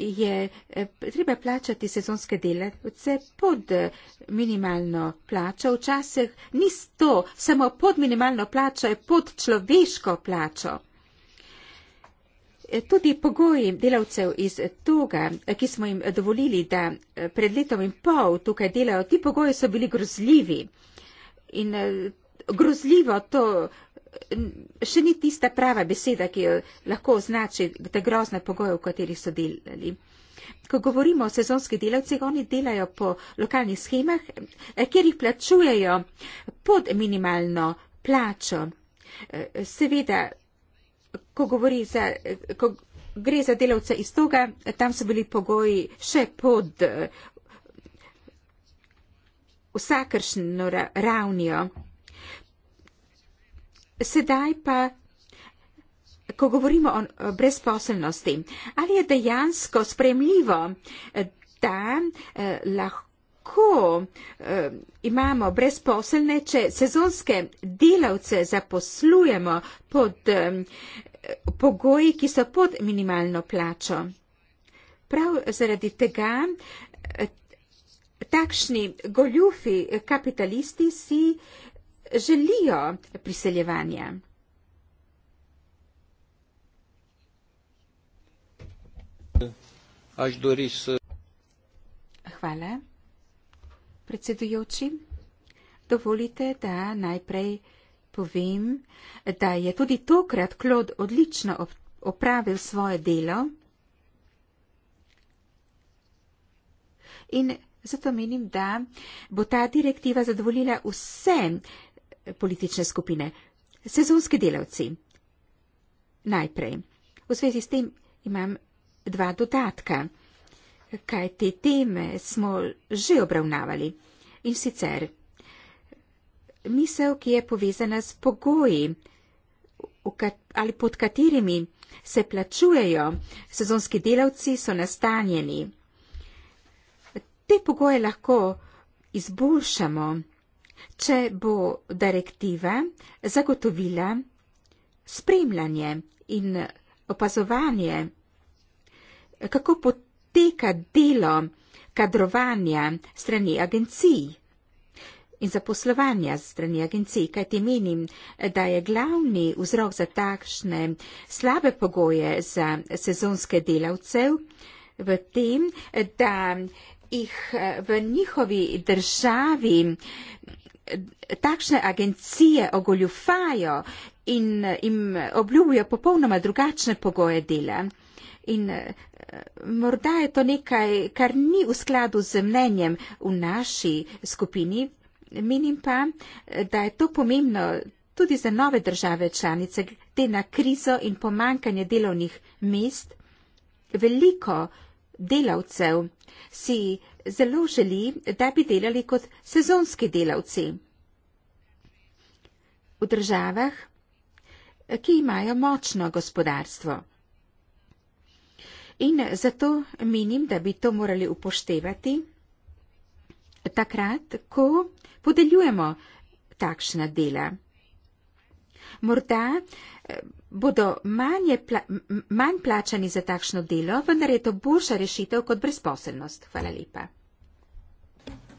je eh, treba plačati sezonske delavce pod eh, minimalno plačo. Včasih ni to, samo pod minimalno plačo je pod človeško plačo. Eh, tudi pogoji delavcev iz toga, ki smo jim dovolili, da pred letom in pol tukaj delajo, ti pogoji so bili grozljivi. In grozljivo to še ni tista prava beseda, ki jo lahko označi te grozne pogoje, v katerih so delali. Ko govorimo o sezonskih delavcih, oni delajo po lokalnih schemah, eh, kjer jih plačujejo pod minimalno plačo. Eh, seveda, ko, za, eh, ko gre za delavce iz toga, tam so bili pogoji še pod vsakršno ravnijo. Sedaj pa, ko govorimo o brezposelnosti, ali je dejansko spremljivo, da eh, lahko eh, imamo brezposelne, če sezonske delavce zaposlujemo pod eh, pogoji, ki so pod minimalno plačo. Prav zaradi tega takšni goljufi kapitalisti si eh, želijo priseljevanje. Hvala, predsedujoči. Dovolite, da najprej povem, da je tudi tokrat Klod odlično opravil svoje delo. In zato menim, da bo ta direktiva zadovoljila vse politične skupine, sezonski delavci. Najprej, v svezi s tem imam dva dodatka, kaj te teme smo že obravnavali. In sicer, misel, ki je povezana s pogoji kat ali pod katerimi se plačujejo sezonski delavci, so nastanjeni. Te pogoje lahko izboljšamo če bo direktiva zagotovila spremljanje in opazovanje, kako poteka delo kadrovanja strani agencij in zaposlovanja strani agencij, kaj ti menim, da je glavni vzrok za takšne slabe pogoje za sezonske delavcev v tem, da jih v njihovi državi takšne agencije ogoljufajo in eh, jim obljubijo popolnoma drugačne pogoje dela. In eh, morda je to nekaj, kar ni v skladu z mnenjem v naši skupini. Menim pa, eh, da je to pomembno tudi za nove države članice, glede na krizo in pomankanje delovnih mest. Veliko delavcev si zelo želi, da bi delali kot sezonski delavci. V državah, ki imajo močno gospodarstvo. In zato menim, da bi to morali upoštevati takrat, ko podeljujemo takšna dela. Morda eh, bodo manje pla manj plačani za takšno delo, vendar je to boljša rešitev kot brezposelnost. Hvala lepa.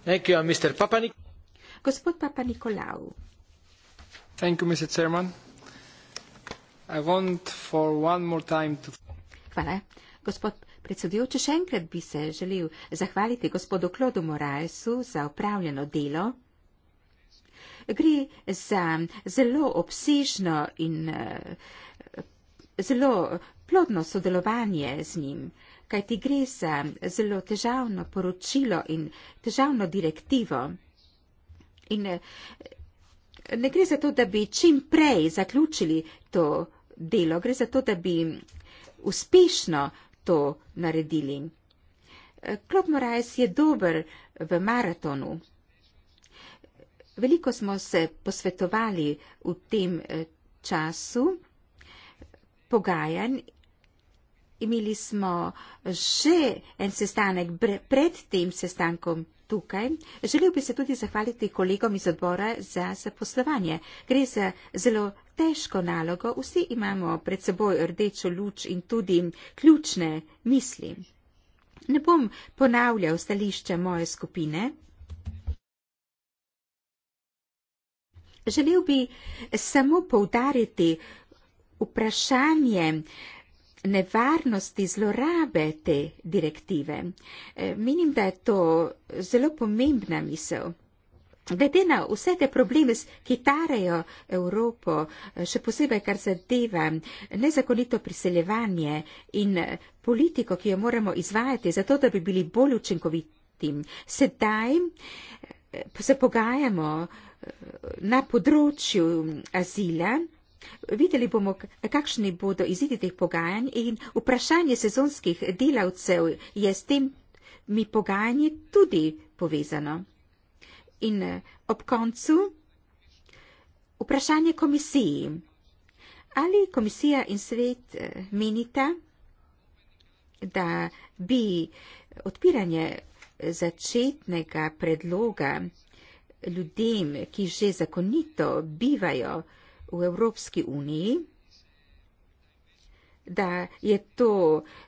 Thank you, Mr. Papanik- Gospod Papanikolaou. Thank you, Mr. Chairman. I want for one more time to... Hvala. Gospod predsedujoči, še enkrat bi se želel zahvaliti gospodu Klodu Moraesu za upravljeno delo. Gre za zelo obsežno in uh, zelo plodno sodelovanje z njim. Uh, kaj ti gre za zelo težavno poročilo in težavno direktivo. In eh, ne gre za to, da bi čim prej zaključili to delo, gre za to, da bi uspešno to naredili. Klop eh, Morajs je dober v maratonu. Veliko smo se posvetovali v tem eh, času pogajanj imeli smo še en sestanek bre, pred tem sestankom tukaj. Želel bi se tudi zahvaliti kolegom iz odbora za zaposlovanje. Gre za zelo težko nalogo. Vsi imamo pred seboj rdečo luč in tudi ključne misli. Ne bom ponavljal stališča moje skupine. Želel bi samo poudariti vprašanje, nevarnosti zlorabe te direktive. E, menim, da je to zelo pomembna misel. Glede na vse te probleme, ki tarejo Evropo, e, še posebej kar zadeva nezakonito priseljevanje in e, politiko, ki jo moramo izvajati, zato da bi bili bolj učinkoviti, sedaj se pogajamo na področju azila Videli bomo, kakšni bodo izidi teh pogajanj in vprašanje sezonskih delavcev je s tem mi pogajanji tudi povezano. In eh, ob koncu vprašanje komisiji. Ali komisija in svet eh, menita, da bi odpiranje eh, začetnega predloga ljudem, ki že zakonito bivajo, v Evropski uniji, da je to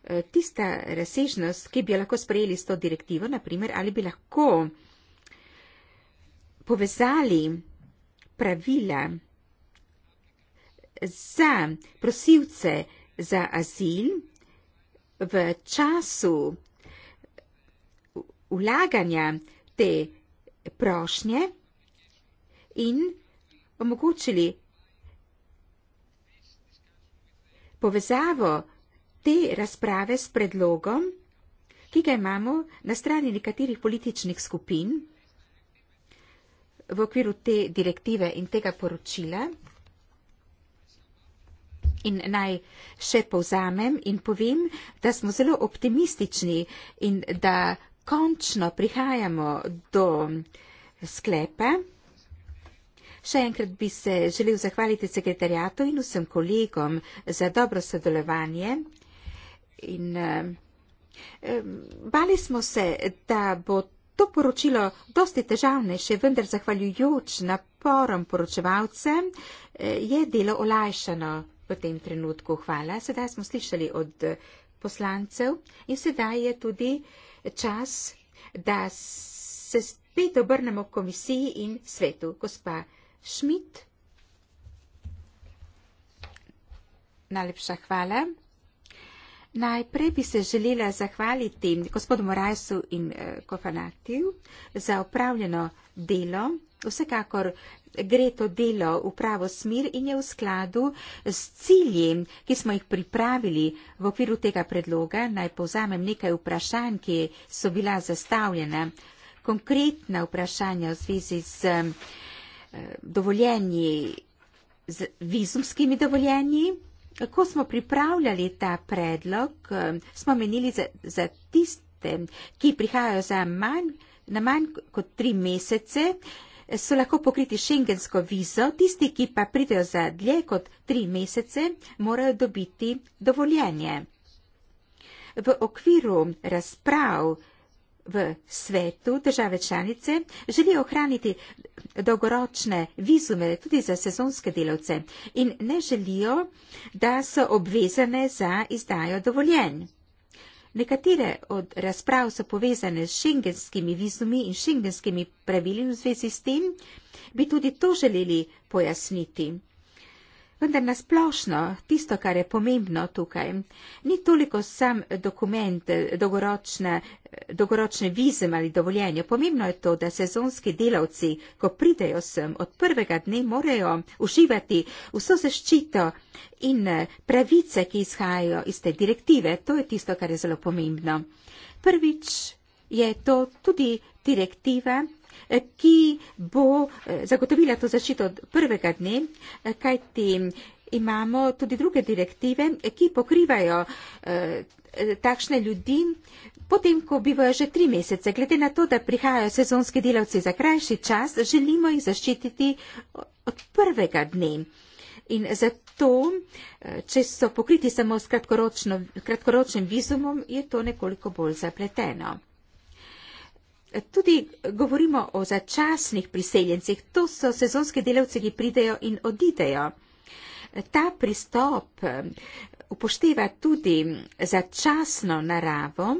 eh, tista razsežnost, ki bi lahko sprejeli s to direktivo, naprimer, ali bi lahko povezali pravila za prosilce za azil v času ulaganja te prošnje in omogočili povezavo te razprave s predlogom, ki ga imamo na strani nekaterih političnih skupin v okviru te direktive in tega poročila. In naj še povzamem in povem, da smo zelo optimistični in da končno prihajamo do sklepa, Še enkrat bi se želel zahvaliti sekretarjatu in vsem kolegom za dobro sodelovanje. In, um, bali smo se, da bo to poročilo dosti težavnejše, vendar zahvaljujoč naporom poročevalcem eh, je delo olajšano v tem trenutku. Hvala. Sedaj smo slišali od eh, poslancev in sedaj je tudi čas, da se spet obrnemo komisiji in svetu. Gospa Schmidt. Najlepša hvala. Najprej bi se želela zahvaliti gospodu Morajsu in eh, Kofanatiju za upravljeno delo. Vsekakor gre to delo v pravo smer in je v skladu s cilji, ki smo jih pripravili v okviru tega predloga. Naj povzamem nekaj vprašanj, ki so bila zastavljena. Konkretna vprašanja v zvezi z Eh, dovoljenji, z vizumskimi dovoljenji. Ko smo pripravljali ta predlog, eh, smo menili za, za tiste, ki prihajajo za manj, na manj kot tri mesece, eh, so lahko pokriti šengensko vizo, tisti, ki pa pridejo za dlje kot tri mesece, morajo dobiti dovoljenje. V okviru razprav v svetu države članice želijo ohraniti dolgoročne vizume tudi za sezonske delavce in ne želijo, da so obvezane za izdajo dovoljen. Nekatere od razprav so povezane s šengenskimi vizumi in šengenskimi pravili v zvezi s tem, bi tudi to želeli pojasniti vendar nasplošno tisto, kar je pomembno tukaj, ni toliko sam dokument, eh, dogoročne, eh, dogoročne vizem ali dovoljenje. Pomembno je to, da sezonski delavci, ko pridejo sem, od prvega dne morajo uživati vso zaščito in eh, pravice, ki izhajajo iz te direktive. To je tisto, kar je zelo pomembno. Prvič je to tudi direktiva ki bo eh, zagotovila to zaščito od prvega dne, eh, kajti imamo tudi druge direktive, eh, ki pokrivajo takšne ljudi, potem, ko bivajo že tri mesece. Glede na to, da prihajajo sezonski delavci za krajši čas, želimo jih zaščititi od prvega dne. In zato, če so pokriti samo s kratkoročnim vizumom, je to nekoliko bolj zapleteno tudi govorimo o začasnih priseljencih, to so sezonske delavce, ki pridejo in odidejo. Ta pristop eh, upošteva tudi začasno naravo,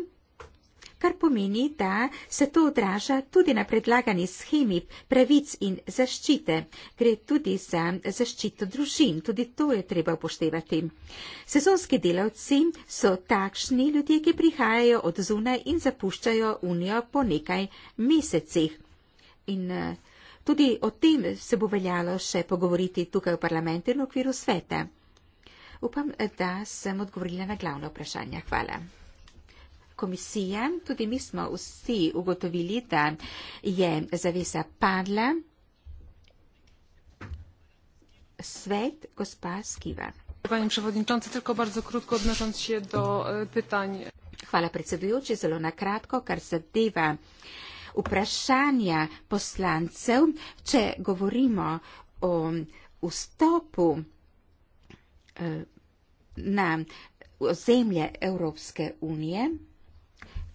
kar pomeni, da se to odraža tudi na predlagani schemi pravic in zaščite. Gre tudi za zaščito družin, tudi to je treba upoštevati. Sezonski delavci so takšni ljudje, ki prihajajo od zune in zapuščajo unijo po nekaj mesecih. In eh, tudi o tem se bo veljalo še pogovoriti tukaj v parlamentu in v okviru sveta. Upam, da sem odgovorila na glavno vprašanje. Hvala komisije, tudi mi smo vsi ugotovili, da je zavesa padla. Svet gospa Skiva. Panie przewodniczący, tylko bardzo krótko odnosząc się do e, pytań. Hvala predsedujoči, zelo na kratko, kar zadeva vprašanja poslancev. Če govorimo o vstopu e, na ozemlje Evropske unije,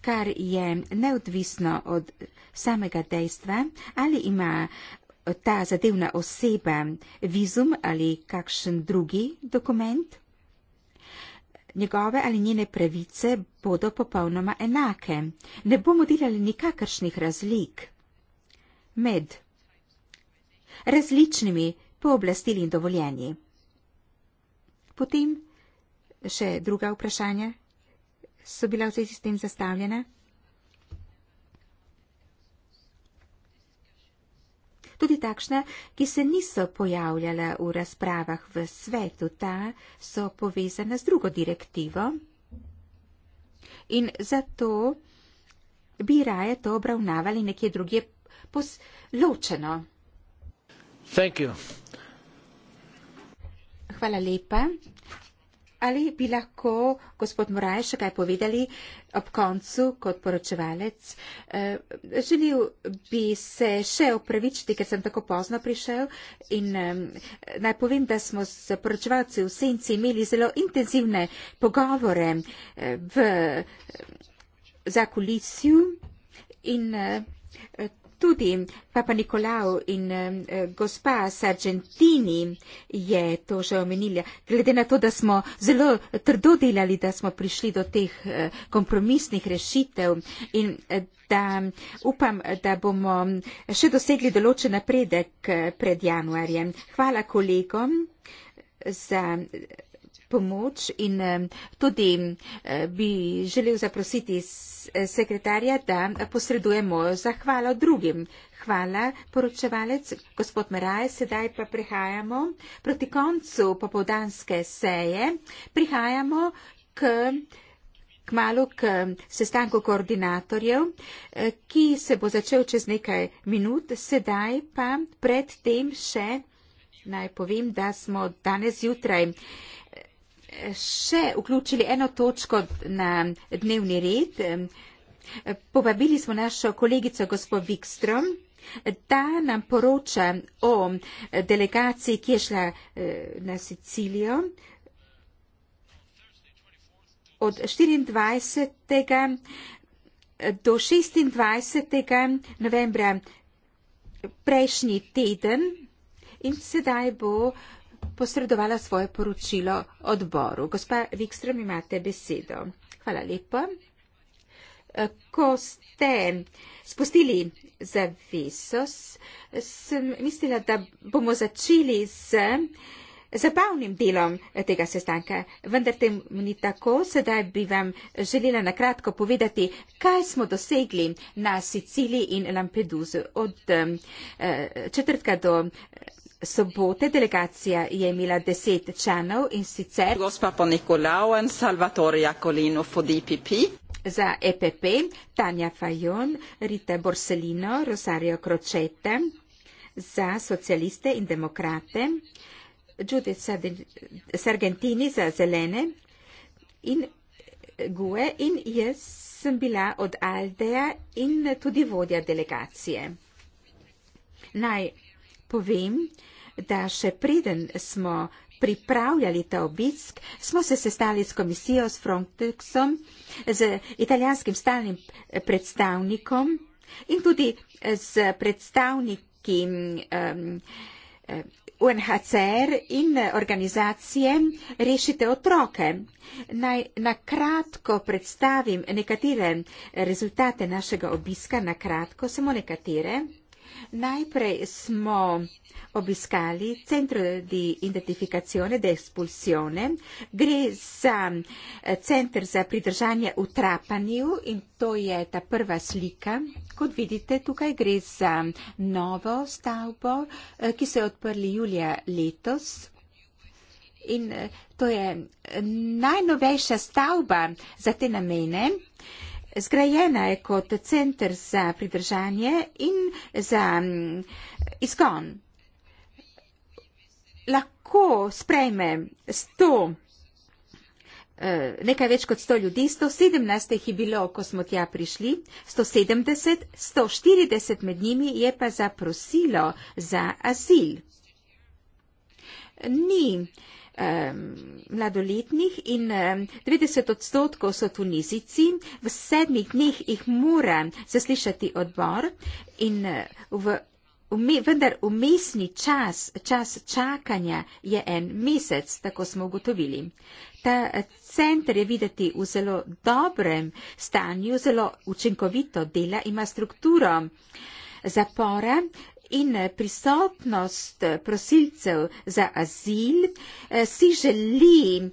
kar je neodvisno od samega dejstva, ali ima ta zadevna oseba vizum ali kakšen drugi dokument, njegove ali njene pravice bodo popolnoma enake. Ne bomo delali nikakršnih razlik med različnimi pooblastili in dovoljenji. Potem še druga vprašanja so bila v zvezi s tem zastavljena? Tudi takšna, ki se niso pojavljala v razpravah v svetu, ta so povezana z drugo direktivo in zato bi raje to obravnavali nekje druge posločeno. Hvala lepa. Ali bi lahko gospod Moraj še kaj povedali ob koncu kot poročevalec? Eh, Želil bi se še opravičiti, ker sem tako pozno prišel in naj povem, da smo s poročevalci v Senci imeli zelo intenzivne pogovore eh, v zakulisju in eh, tudi Papa Nikolao in eh, gospa Sargentini je to že omenila. Glede na to, da smo zelo trdo delali, da smo prišli do teh eh, kompromisnih rešitev in eh, da upam, da bomo še dosegli določen napredek eh, pred januarjem. Hvala kolegom za. Eh, pomoč in eh, tudi eh, bi želel zaprositi eh, sekretarja, da posreduje mojo zahvalo drugim. Hvala, poročevalec, gospod Meraj, sedaj pa prehajamo proti koncu popovdanske seje. Prihajamo k kmalo k sestanku koordinatorjev, ki se bo začel čez nekaj minut, sedaj pa predtem še naj povem, da smo danes jutraj še vključili eno točko na dnevni red. Povabili smo našo kolegico gospod Vikstrom, da nam poroča o delegaciji, ki je šla eh, na Sicilijo od 24. do 26. novembra prejšnji teden in sedaj bo posredovala svoje poročilo odboru. Gospa Vikström, imate besedo. Hvala lepa. Eh, ko ste spustili zaveso, sem mislila, da bomo začeli z zabavnim delom eh, tega sestanka. Vendar temu ni tako. Sedaj bi vam želela na kratko povedati, kaj smo dosegli na Siciliji in Lampeduzu od eh, četrtka do sobote delegacija je imela deset članov in sicer za EPP Tanja Fajon, Rita Borsellino, Rosario Crocete, za socialiste in demokrate Judith Sargentini za zelene in GUE in jaz sem bila od Aldeja in tudi vodja delegacije. Naj povem, da še preden smo pripravljali ta obisk, smo se sestali s komisijo, s Frontexom, z italijanskim stalnim predstavnikom in tudi z predstavniki um, UNHCR in organizacije Rešite otroke. Naj na kratko predstavim nekatere rezultate našega obiska, na kratko samo nekatere. Najprej smo obiskali centro di identifikacione de expulsione. Gre za eh, centr za pridržanje v trapanju in to je ta prva slika. Kot vidite, tukaj gre za novo stavbo, eh, ki so jo odprli julija letos. In eh, to je najnovejša stavba za te namene zgrajena je kot centr za pridržanje in za mm, izgon. Lahko sprejme sto, eh, nekaj več kot sto ljudi, 117 jih je bilo, ko smo tja prišli, 170, 140 med njimi je pa zaprosilo za azil. Ni. Uh, um, mladoletnih in um, 90 odstotkov so tunizici. V sedmih dneh jih mora zaslišati odbor in uh, v, ume, vendar umestni čas, čas čakanja je en mesec, tako smo ugotovili. Ta eh, center je videti v zelo dobrem stanju, zelo učinkovito dela, ima strukturo zapora, in prisotnost prosilcev za azil eh, si želi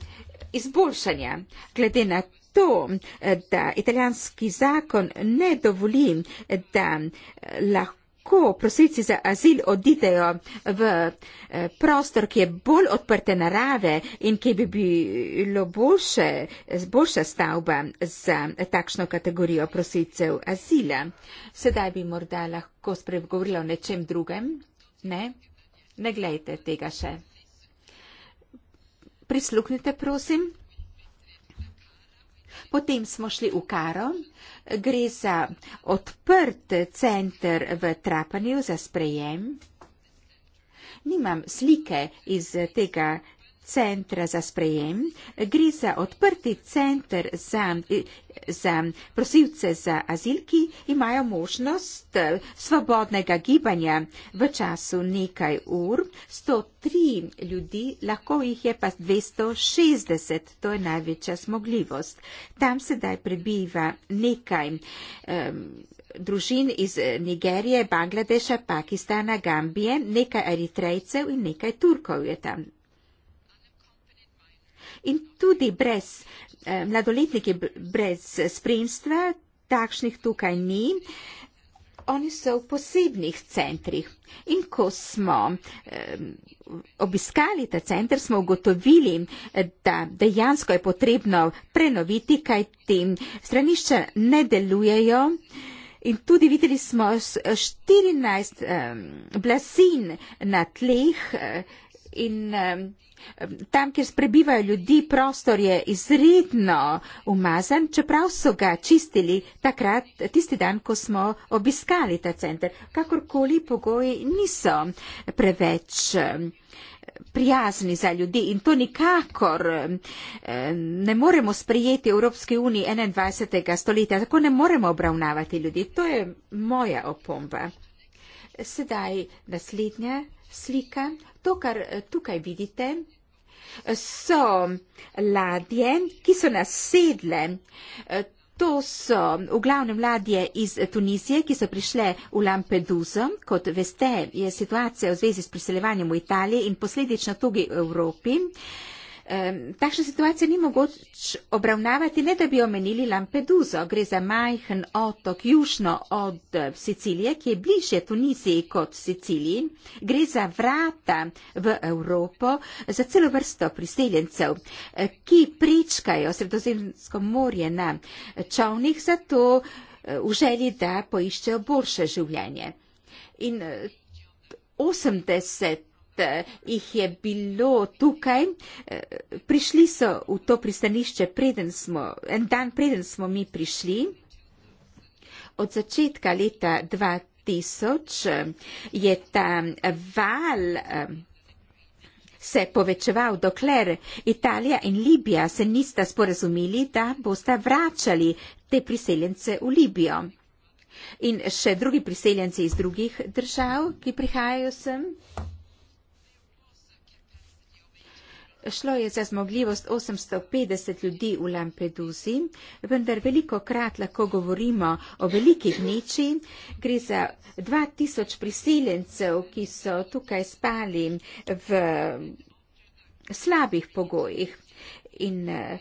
izboljšanja. Glede na to, eh, da italijanski zakon ne dovoli, eh, da lahko lahko prosilci za azil odidejo v eh, prostor, ki je bolj odprte narave in ki bi bilo boljše, boljša stavba za takšno kategorijo prosilcev azila. Sedaj bi morda lahko spregovorila o nečem drugem. Ne, ne gledajte tega še. Prisluhnite, prosim. Potem smo šli v Karo, gre za odprt center v Trapanju za sprejem. Nimam slike iz tega centra za sprejem, gre za odprti centr za, za prosilce za azil, ki imajo možnost eh, svobodnega gibanja v času nekaj ur. 103 ljudi, lahko jih je pa 260, to je največja zmogljivost. Tam sedaj prebiva nekaj. Um, družin iz eh, Nigerije, Bangladeša, Pakistana, Gambije, nekaj Eritrejcev in nekaj Turkov je tam In tudi brez, eh, mladoletniki brez spremstva, takšnih tukaj ni, oni so v posebnih centrih. In ko smo obiskali ta center, smo ugotovili, da dejansko je potrebno prenoviti, kaj tem stranišča ne delujejo. In tudi videli smo 14 blasin na tleh, in tam, kjer prebivajo ljudi, prostor je izredno umazan, čeprav so ga čistili takrat, tisti dan, ko smo obiskali ta center. Kakorkoli pogoji niso preveč prijazni za ljudi in to nikakor ne moremo sprijeti v Evropski uniji 21. stoletja, tako ne moremo obravnavati ljudi. To je moja opomba. Sedaj naslednja slika, to, kar eh, tukaj vidite, eh, so ladje, ki so nasedle. Eh, to so v glavnem ladje iz Tunizije, ki so prišle v Lampeduzo. Kot veste, je situacija v zvezi s priseljevanjem v Italiji in posledično tudi v Evropi. Uh, Takšna situacija ni mogoč obravnavati, ne da bi omenili Lampeduzo. Gre za majhen otok južno od eh, Sicilije, ki je bližje Tuniziji kot Siciliji. Gre za vrata v Evropo za celo vrsto priseljencev, eh, ki prečkajo Sredozemsko morje na čovnih zato eh, v želji, da poiščejo boljše življenje. In 80 Eh, jih je bilo tukaj. Eh, prišli so v to pristanišče, smo, en dan preden smo mi prišli. Od začetka leta 2000 eh, je ta val se povečeval, dokler Italija in Libija se nista sporazumili, da bosta vračali te priseljence v Libijo. In še drugi priseljenci iz drugih držav, ki prihajajo sem. Šlo je za zmogljivost 850 ljudi v Lampeduzi, vendar veliko krat lahko govorimo o velikih neči. Gre za 2000 priseljencev, ki so tukaj spali v slabih pogojih. In eh,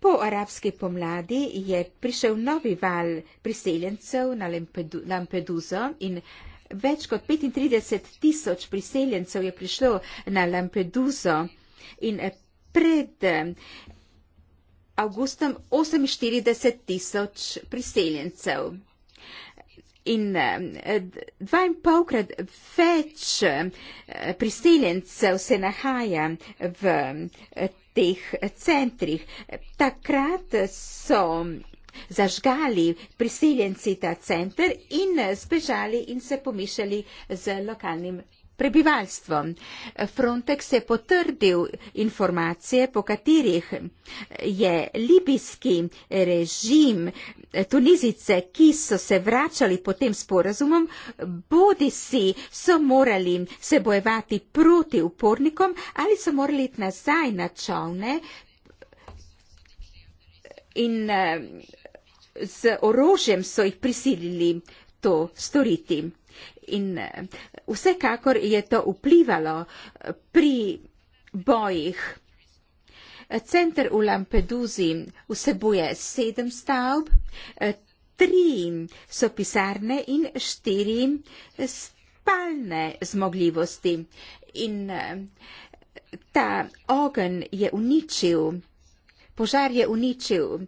po arabski pomladi je prišel novi val priseljencev na Lampeduzo in več kot 35 tisoč priseljencev je prišlo na Lampeduso in eh, pred eh, avgustom 48 tisoč priseljencev. In eh, dva in pol krat več priseljencev se nahaja v teh centrih. Takrat so zažgali priseljenci ta center in eh, zbežali in se pomišali z lokalnim prebivalstvom. Frontex je potrdil informacije, po katerih eh, je libijski režim eh, Tunizice, ki so se vračali po tem sporazumom, bodi si so morali se bojevati proti upornikom ali so morali iti nazaj na čovne in uh, z orožjem so jih prisilili to storiti. In eh, vsekakor je to vplivalo eh, pri bojih. Center v Lampeduzi vsebuje sedem stavb, eh, tri so pisarne in štiri spalne zmogljivosti. In ta ogen je uničil, požar je uničil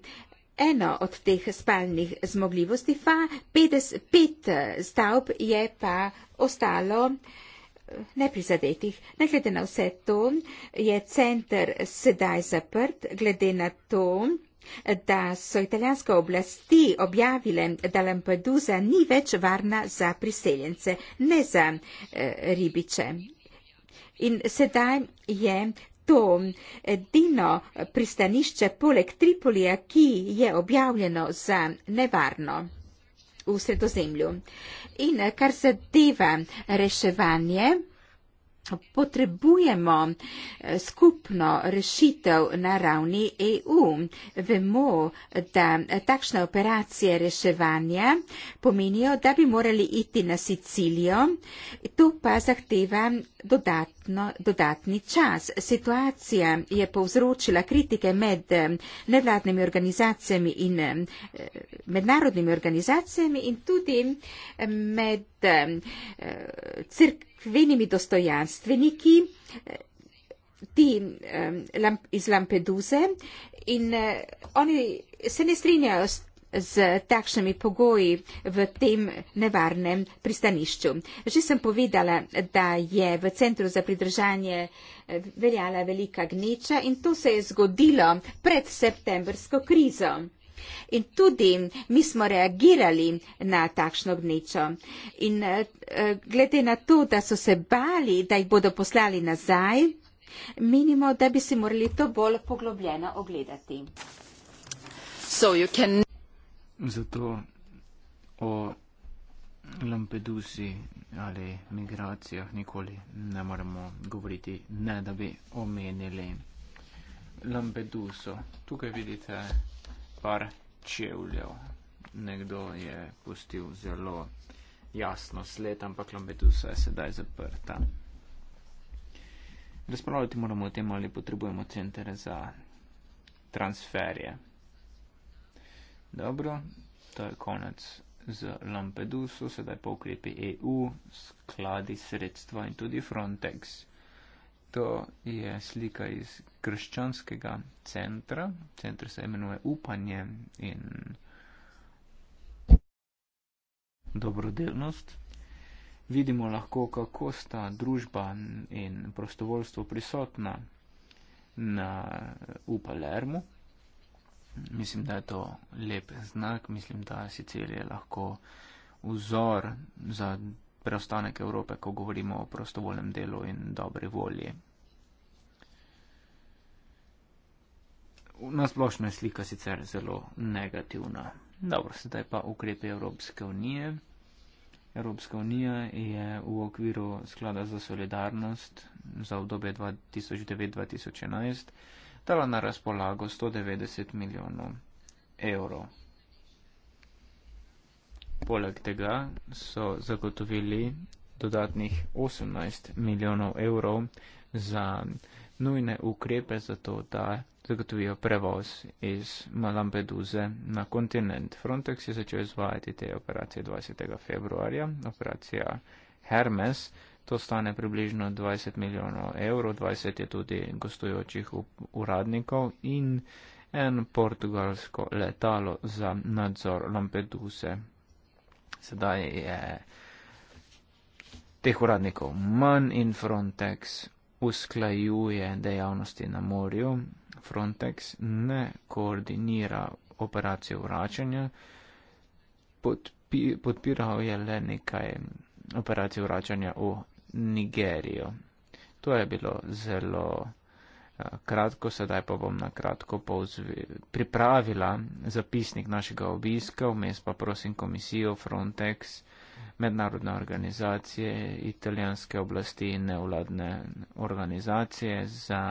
eno od teh spalnih zmogljivosti, pa 55 eh, stavb je pa ostalo eh, neprizadetih. Ne glede na vse to, je center sedaj zaprt, glede na to, da so italijanske oblasti objavile, da Lampedusa ni več varna za priseljence, ne za eh, ribiče. In sedaj je to edino pristanišče poleg Tripolija, ki je objavljeno za nevarno v sredozemlju. In kar zadeva reševanje, Potrebujemo eh, skupno rešitev na ravni EU. Vemo, da eh, takšne operacije reševanja pomenijo, da bi morali iti na Sicilijo, to pa zahteva dodatno, dodatni čas. Situacija je povzročila kritike med eh, nevladnimi organizacijami in mednarodnimi organizacijami in tudi med crkvami venimi dostojanstveniki eh, ti iz Lampeduze in eh, oni se ne strinjajo s, z takšnimi pogoji v tem nevarnem pristanišču. Že sem povedala, da je v centru za pridržanje eh, veljala velika gneča in to se je zgodilo pred septembrsko krizo. In tudi mi smo reagirali na takšno gnečo. In eh, glede na to, da so se bali, da jih bodo poslali nazaj, menimo, da bi si morali to bolj poglobljeno ogledati. Can... Zato o Lampedusi ali migracijah nikoli ne moremo govoriti, ne da bi omenili Lampeduso. Tukaj vidite par čevljev. Nekdo je pustil zelo jasno sled, ampak Lambedusa je sedaj zaprta. Razpravljati moramo o tem, ali potrebujemo center za transferje. Dobro, to je konec z Lampedusu, sedaj pa ukrepi EU, skladi sredstva in tudi Frontex. To je slika iz krščanskega centra. Centr se imenuje Upanje in dobrodelnost. Vidimo lahko, kako sta družba in prostovoljstvo prisotna na Upalermu. Mislim, da je to lep znak, mislim, da Sicilija lahko vzor za preostanek Evrope, ko govorimo o prostovoljnem delu in dobri volji. na splošno je slika sicer zelo negativna. Dobro, sedaj pa ukrepe Evropske unije. Evropska unija je v okviru sklada za solidarnost za obdobje 2009-2011 dala na razpolago 190 milijonov evrov. Poleg tega so zagotovili dodatnih 18 milijonov evrov za nujne ukrepe, zato da zagotovijo prevoz iz Malambeduze na kontinent. Frontex je začel izvajati te operacije 20. februarja, operacija Hermes. To stane približno 20 milijonov evrov, 20 je tudi gostujočih uradnikov in en portugalsko letalo za nadzor Lampeduse. Sedaj je teh uradnikov manj in Frontex usklajuje dejavnosti na morju. Frontex ne koordinira operacije vračanja, podpi, podpiral je le nekaj operacij vračanja v Nigerijo. To je bilo zelo eh, kratko, sedaj pa bom na kratko pripravila zapisnik našega obiska, vmes pa prosim komisijo Frontex, mednarodne organizacije, italijanske oblasti in nevladne organizacije za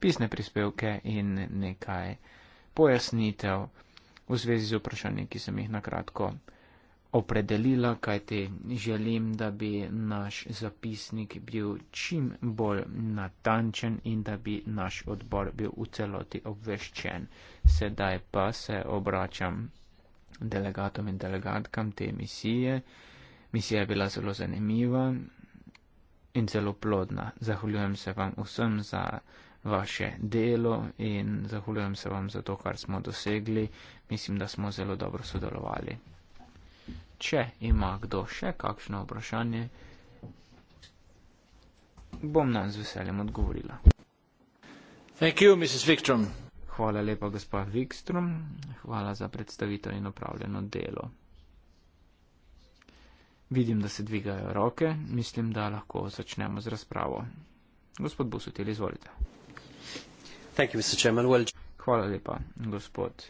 pisne prispevke in nekaj pojasnitev v zvezi z vprašanji, ki sem jih nakratko opredelila, kajti želim, da bi naš zapisnik bil čim bolj natančen in da bi naš odbor bil v celoti obveščen. Sedaj pa se obračam delegatom in delegatkam te misije. Misija je bila zelo zanimiva in zelo plodna. Zahvaljujem se vam vsem za vaše delo in zahvaljujem se vam za to, kar smo dosegli. Mislim, da smo zelo dobro sodelovali. Če ima kdo še kakšno vprašanje, bom nam z veseljem odgovorila. Thank you, Mrs. Wikstrom. Hvala lepa, gospod Wikstrom. Hvala za predstavitev in opravljeno delo. Vidim, da se dvigajo roke. Mislim, da lahko začnemo z razpravo. Gospod Busutil, izvolite. Thank you, Mr. Chairman. Well, Hvala lepa, gospod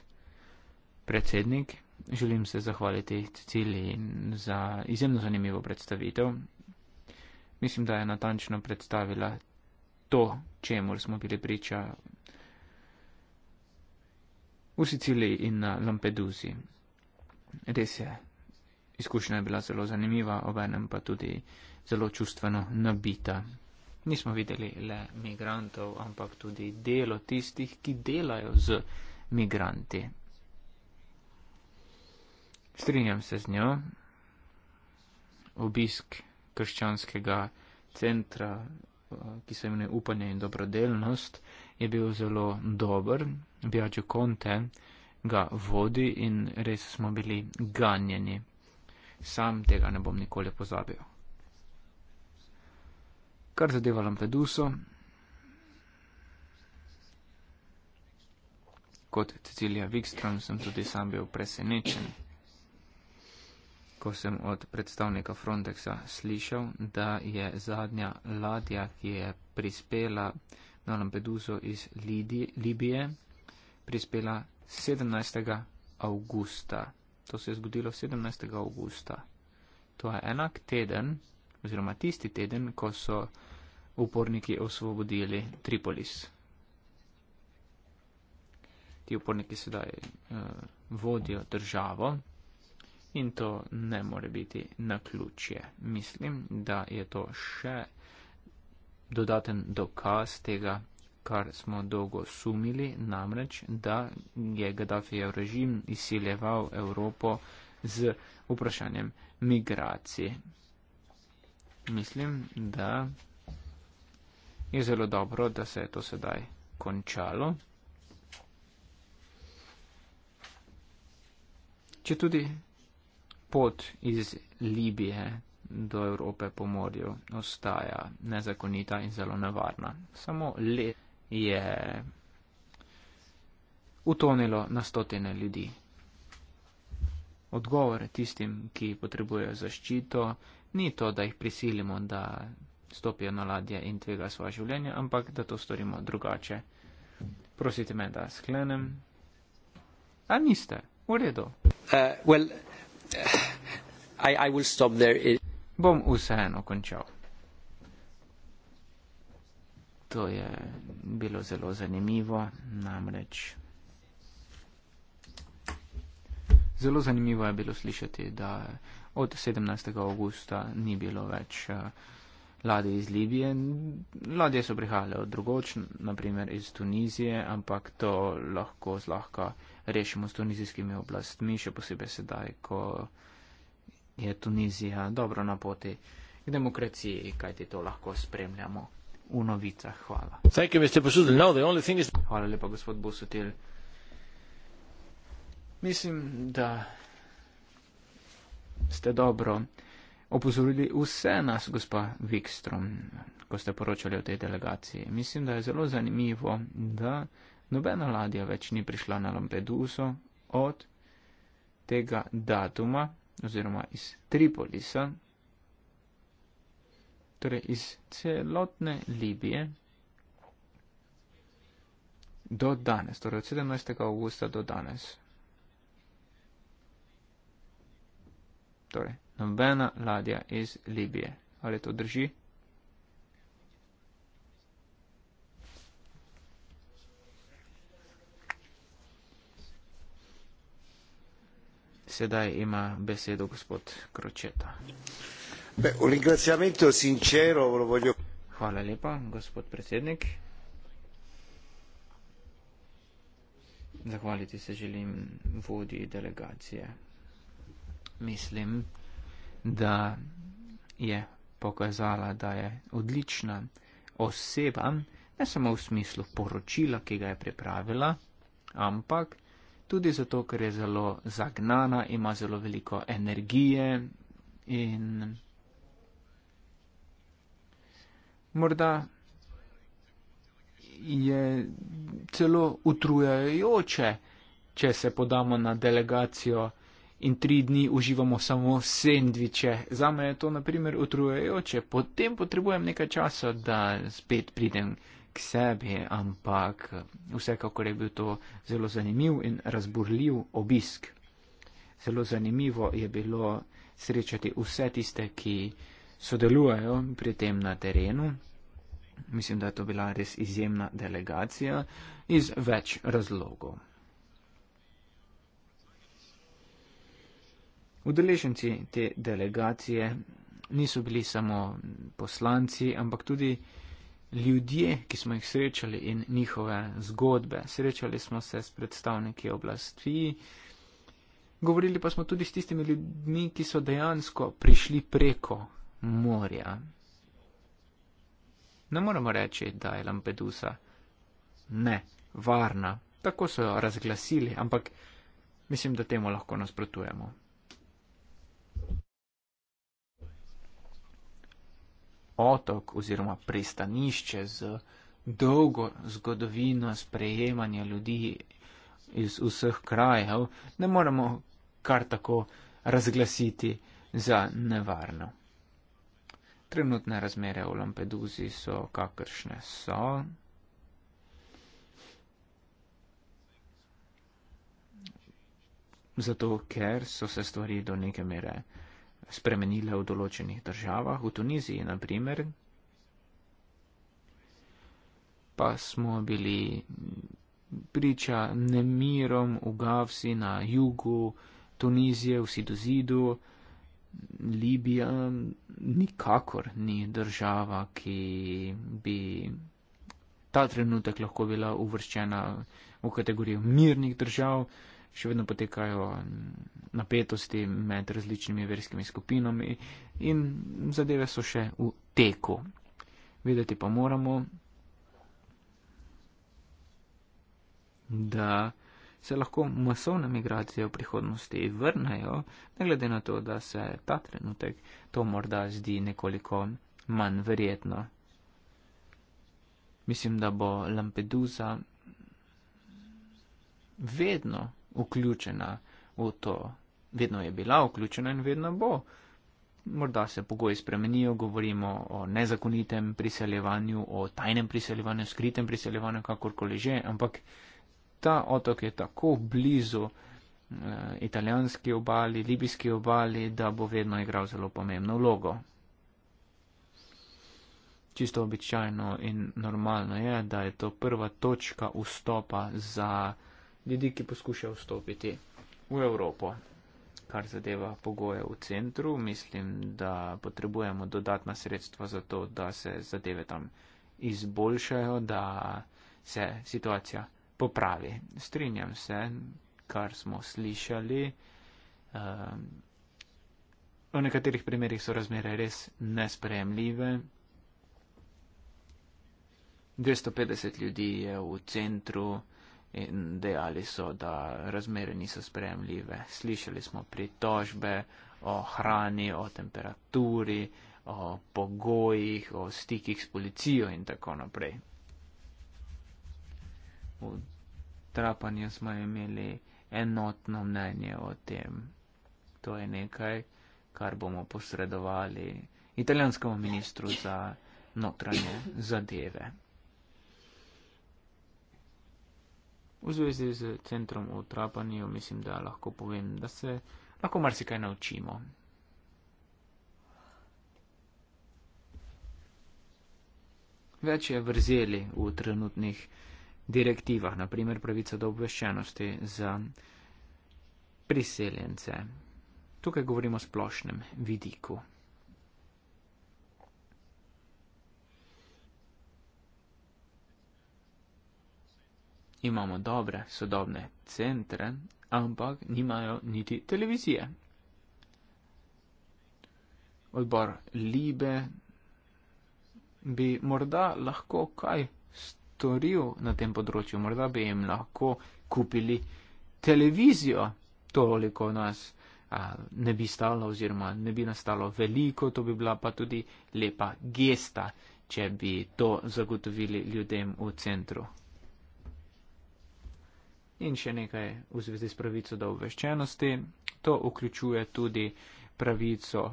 predsednik. Želim se zahvaliti Cecili za izjemno zanimivo predstavitev. Mislim, da je natančno predstavila to, čemu smo bili priča v Siciliji in na Lampeduzi. Res je, izkušnja je bila zelo zanimiva, obenem pa tudi zelo čustveno nabita nismo videli le migrantov, ampak tudi delo tistih, ki delajo z migranti. Strinjam se z njo. Obisk krščanskega centra, ki se imenuje upanje in dobrodelnost, je bil zelo dober. Biađo Conte ga vodi in res smo bili ganjeni. Sam tega ne bom nikoli pozabil kar zadeva Lampeduso, kot Cecilija Wikström sem tudi sam bil presenečen, ko sem od predstavnika Frontexa slišal, da je zadnja ladja, ki je prispela na Lampeduso iz Lidi, Libije, prispela 17. augusta. To se je zgodilo 17. augusta. To je enak teden, oziroma tisti teden, ko so uporniki osvobodili Tripolis. Ti uporniki sedaj uh, vodijo državo in to ne more biti na ključje. Mislim, da je to še dodaten dokaz tega, kar smo dolgo sumili, namreč, da je Gaddafijev režim izsiljeval Evropo z vprašanjem migracije mislim, da je zelo dobro, da se je to sedaj končalo. Če tudi pot iz Libije do Evrope po morju ostaja nezakonita in zelo nevarna. Samo let je utonilo na stotine ljudi. Odgovor tistim, ki potrebujejo zaščito, ni to, da jih prisilimo, da stopijo na ladje in tvega svoje življenje, ampak da to storimo drugače. Prosite me, da sklenem. A niste? V redu. Uh, well, uh, I, I will stop there. It... Bom vseeno končal. To je bilo zelo zanimivo, namreč. Zelo zanimivo je bilo slišati, da od 17. avgusta ni bilo več uh, eh, ladje iz Libije. Ladje so prihajale od drugoč, naprimer iz Tunizije, ampak to lahko zlahka rešimo s tunizijskimi oblastmi, še posebej sedaj, ko je Tunizija dobro na poti k demokraciji, kajti to lahko spremljamo v novicah. Hvala. You, no, is... Hvala lepa, gospod Bosutil. Mislim, da ste dobro opozorili vse nas, gospa Vikstrom, ko ste poročali o tej delegaciji. Mislim, da je zelo zanimivo, da nobena ladja več ni prišla na Lampeduso od tega datuma oziroma iz Tripolisa, torej iz celotne Libije. Do danes, torej od 17. avgusta do danes, Torej, nobena ladja iz Libije. Ali to drži? Sedaj ima besedo gospod Kročeta. Hvala lepa, gospod predsednik. Zahvaliti se želim vodji delegacije mislim, da je pokazala, da je odlična oseba, ne samo v smislu poročila, ki ga je pripravila, ampak tudi zato, ker je zelo zagnana, ima zelo veliko energije in morda je celo utrujajoče, če se podamo na delegacijo in tri dni uživamo samo sendviče. Za me je to naprimer utrujajoče, potem potrebujem nekaj časa, da spet pridem k sebi, ampak vsekakor je bil to zelo zanimiv in razburljiv obisk. Zelo zanimivo je bilo srečati vse tiste, ki sodelujejo pri tem na terenu. Mislim, da je to bila res izjemna delegacija iz več razlogov. Udeleženci te delegacije niso bili samo poslanci, ampak tudi ljudje, ki smo jih srečali in njihove zgodbe. Srečali smo se s predstavniki oblasti, govorili pa smo tudi s tistimi ljudmi, ki so dejansko prišli preko morja. Ne moramo reči, da je Lampedusa ne varna, tako so jo razglasili, ampak mislim, da temu lahko nasprotujemo. otok oziroma pristanišče z dolgo zgodovino sprejemanja ljudi iz vseh krajev, ne moremo kar tako razglasiti za nevarno. Trenutne razmere v Lampeduzi so kakršne so. Zato, ker so se stvari do neke mere spremenile v določenih državah, v Tuniziji na primer, pa smo bili priča nemirom v Gavsi na jugu Tunizije, v Sidozidu. Libija nikakor ni država, ki bi ta trenutek lahko bila uvrščena v kategorijo mirnih držav, še vedno potekajo napetosti med različnimi verskimi skupinami in zadeve so še v teku. Videti pa moramo, da se lahko masovne migracije v prihodnosti vrnejo, ne glede na to, da se ta trenutek to morda zdi nekoliko manj verjetno. Mislim, da bo Lampedusa vedno vključena v to. Vedno je bila vključena in vedno bo. Morda se pogoji spremenijo, govorimo o nezakonitem priseljevanju, o tajnem priseljevanju, skritem priseljevanju, kakorkoli že, ampak ta otok je tako blizu eh, italijanski obali, libijski obali, da bo vedno igral zelo pomembno vlogo. Čisto običajno in normalno je, da je to prva točka vstopa za ljudi, ki poskušajo vstopiti v Evropo. Kar zadeva pogoje v centru, mislim, da potrebujemo dodatna sredstva za to, da se zadeve tam izboljšajo, da se situacija popravi. Strinjam se, kar smo slišali. Ehm, v nekaterih primerjih so razmere res nespremljive. 250 ljudi je v centru in dejali so, da razmere niso spremljive. Slišali smo pritožbe o hrani, o temperaturi, o pogojih, o stikih s policijo in tako naprej. V trapanju smo imeli enotno mnenje o tem. To je nekaj, kar bomo posredovali italijanskemu ministru za notranje zadeve. V zvezi z centrom v Trapaniju mislim, da lahko povem, da se lahko marsikaj naučimo. Več je vrzeli v trenutnih direktivah, naprimer pravica do obveščenosti za priseljence. Tukaj govorimo o splošnem vidiku. imamo dobre sodobne centre, ampak nimajo niti televizije. Odbor Libe bi morda lahko kaj storil na tem področju, morda bi jim lahko kupili televizijo, toliko nas a, ne bi stalo oziroma ne bi nastalo veliko, to bi bila pa tudi lepa gesta, če bi to zagotovili ljudem v centru in še nekaj v zvezi s pravico do obveščenosti. To vključuje tudi pravico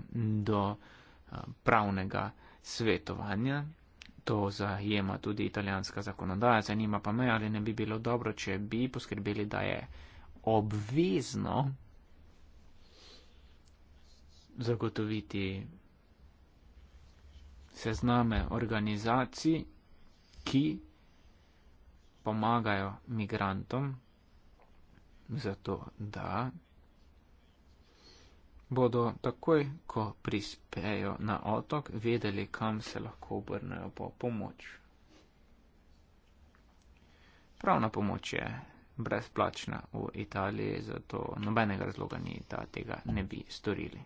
do eh, pravnega svetovanja. To zajema tudi italijanska zakonodaja, zanima pa me, ali ne bi bilo dobro, če bi poskrbeli, da je obvezno zagotoviti sezname organizacij, ki pomagajo migrantom, zato da bodo takoj, ko prispejo na otok, vedeli, kam se lahko obrnejo po pomoč. Pravna pomoč je brezplačna v Italiji, zato nobenega razloga ni, da tega ne bi storili.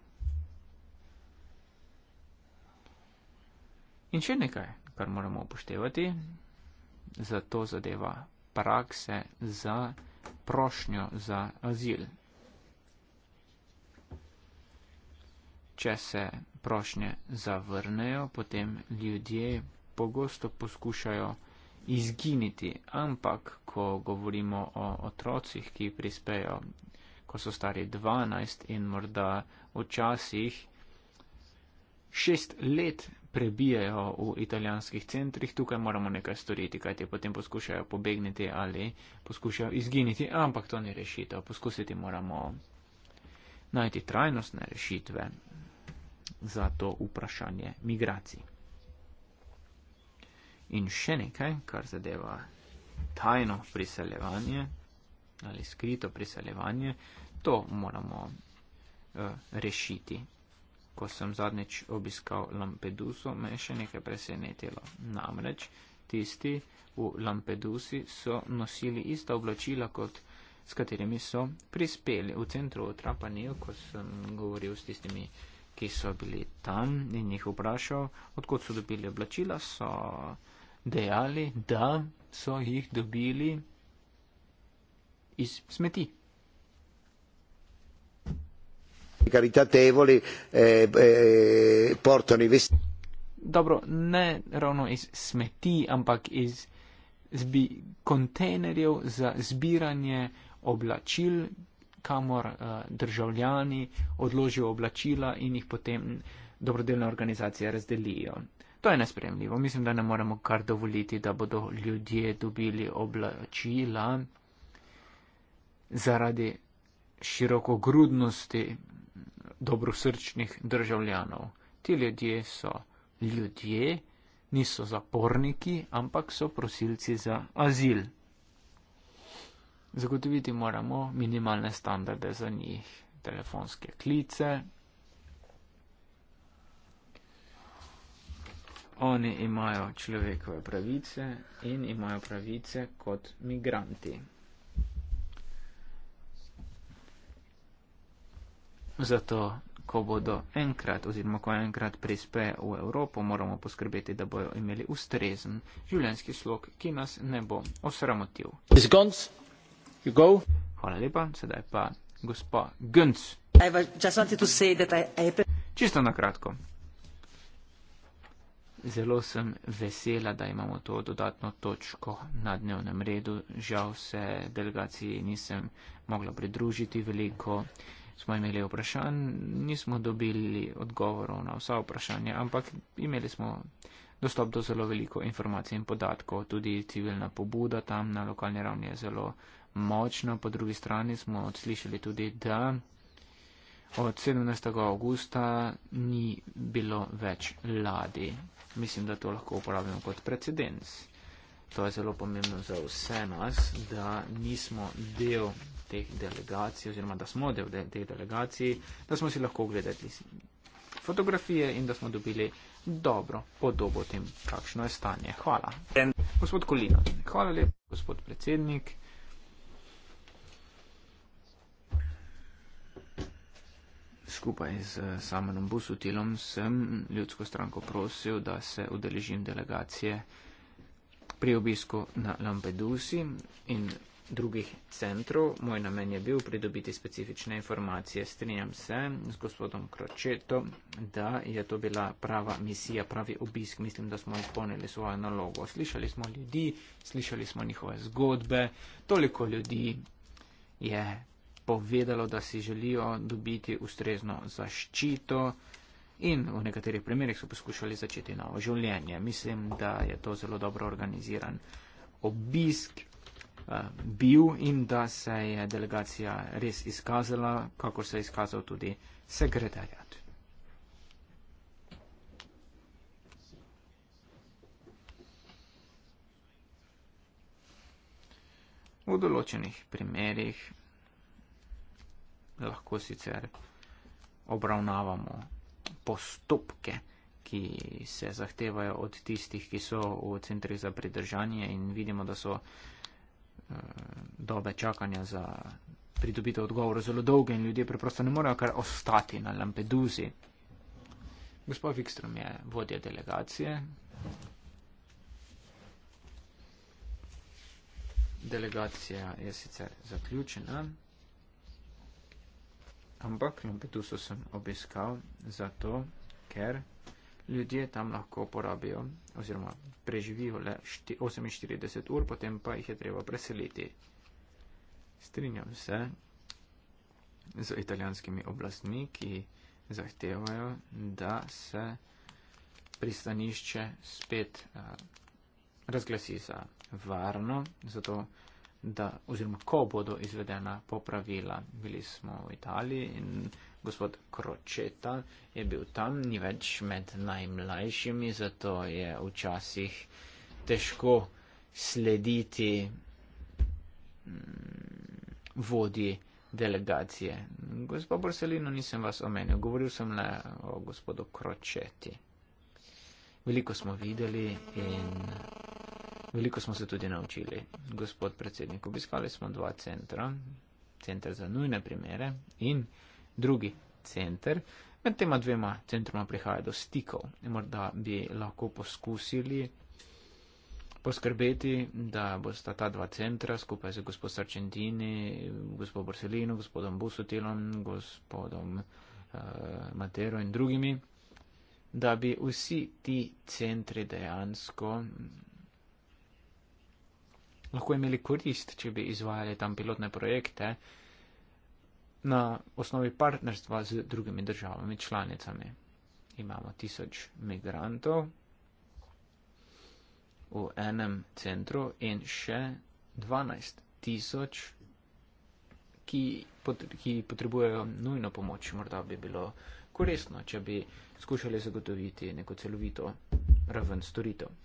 In še nekaj, kar moramo upoštevati, zato zadeva prakse za prošnjo za azil. Če se prošnje zavrnejo, potem ljudje pogosto poskušajo izginiti, ampak ko govorimo o otrocih, ki prispejo, ko so stari 12 in morda včasih 6 let prebijajo v italijanskih centrih, tukaj moramo nekaj storiti, kajti potem poskušajo pobegniti ali poskušajo izginiti, ampak to ni rešitev. Poskusiti moramo najti trajnostne rešitve za to vprašanje migracij. In še nekaj, kar zadeva tajno priseljevanje ali skrito priseljevanje, to moramo uh, rešiti ko sem zadnjič obiskal Lampeduso, me je še nekaj presenetilo. Namreč tisti v Lampedusi so nosili ista oblačila, kot s katerimi so prispeli v centru Trapanijo, ko sem govoril s tistimi, ki so bili tam in jih vprašal, odkot so dobili oblačila, so dejali, da so jih dobili iz smeti. caritatevoli eh, eh, portano i vestiti. Dobro, ne ravno iz smeti, ampak iz zbi- kontejnerjev za zbiranje oblačil, kamor uh, državljani odložijo oblačila in jih potem dobrodelne organizacije razdelijo. To je nespremljivo. Mislim, da ne moremo kar dovoliti, da bodo ljudje dobili oblačila zaradi širokogrudnosti dobrosrčnih državljanov. Ti ljudje so ljudje, niso zaporniki, ampak so prosilci za azil. Zagotoviti moramo minimalne standarde za njih, telefonske klice. Oni imajo človekove pravice in imajo pravice kot migranti. Zato, ko bodo enkrat oziroma ko enkrat prispe v Evropo, moramo poskrbeti, da bodo imeli ustrezen življenski slog, ki nas ne bo osramotil. Hvala lepa, sedaj pa gospod Gönc. Čisto na kratko. Zelo sem vesela, da imamo to dodatno točko na dnevnem redu. Žal se delegaciji nisem mogla pridružiti veliko smo imeli vprašanj, nismo dobili odgovorov na vsa vprašanja, ampak imeli smo dostop do zelo veliko informacij in podatkov, tudi civilna pobuda tam na lokalni ravni je zelo močna. Po drugi strani smo odslišali tudi, da od 17. augusta ni bilo več ladi. Mislim, da to lahko uporabljamo kot precedens. To je zelo pomembno za vse nas, da nismo del teh delegacij oziroma da smo del de, teh delegacij, da smo si lahko ogledali fotografije in da smo dobili dobro podobo tem, kakšno je stanje. Hvala. Gospod Kolina. Hvala lepa, gospod predsednik. Skupaj z samenom Busutilom sem ljudsko stranko prosil, da se udeležim delegacije pri obisku na Lampedusi in drugih centrov. Moj namen je bil pridobiti specifične informacije. Strinjam se z gospodom Kročeto, da je to bila prava misija, pravi obisk. Mislim, da smo izpolnili svojo nalogo. Slišali smo ljudi, slišali smo njihove zgodbe. Toliko ljudi je povedalo, da si želijo dobiti ustrezno zaščito. In v nekaterih primerjih so poskušali začeti novo življenje. Mislim, da je to zelo dobro organiziran obisk. Eh, bil in da se je delegacija res izkazala, kako se je izkazal tudi sekretarjat. V določenih primerjih lahko sicer obravnavamo postopke, ki se zahtevajo od tistih, ki so v centrih za pridržanje in vidimo, da so Eh, dobe čakanja za pridobitev odgovora zelo dolge in ljudje preprosto ne morejo kar ostati na Lampeduzi. Gospod Vikström je vodja delegacije. Delegacija je sicer zaključena, ampak Lampeduso sem obiskal zato, ker ljudje tam lahko porabijo oziroma preživijo le 48 ur, potem pa jih je treba preseliti. Strinjam se z italijanskimi oblastmi, ki zahtevajo, da se pristanišče spet a, razglasi za varno, zato da oziroma ko bodo izvedena popravila. Bili smo v Italiji in gospod Kročeta je bil tam, ni več med najmlajšimi, zato je včasih težko slediti mm, vodji delegacije. Gospod Borselino, nisem vas omenil, govoril sem le o gospodu Kročeti. Veliko smo videli in veliko smo se tudi naučili. Gospod predsednik, obiskali smo dva centra, center za nujne primere in drugi center. Med tema dvema centroma prihaja do stikov. Morda bi lahko poskusili poskrbeti, da bosta ta dva centra skupaj z gospod Sarčentini, gospod Borselino, gospodom Busotilom, gospodom uh, Matero in drugimi, da bi vsi ti centri dejansko lahko imeli korist, če bi izvajali tam pilotne projekte. Uh, na osnovi partnerstva z drugimi državami članicami. Imamo tisoč migrantov v enem centru in še 12 tisoč, ki, pot, ki potrebujejo nujno pomoč. Morda bi bilo koristno, če bi skušali zagotoviti neko celovito raven storitev.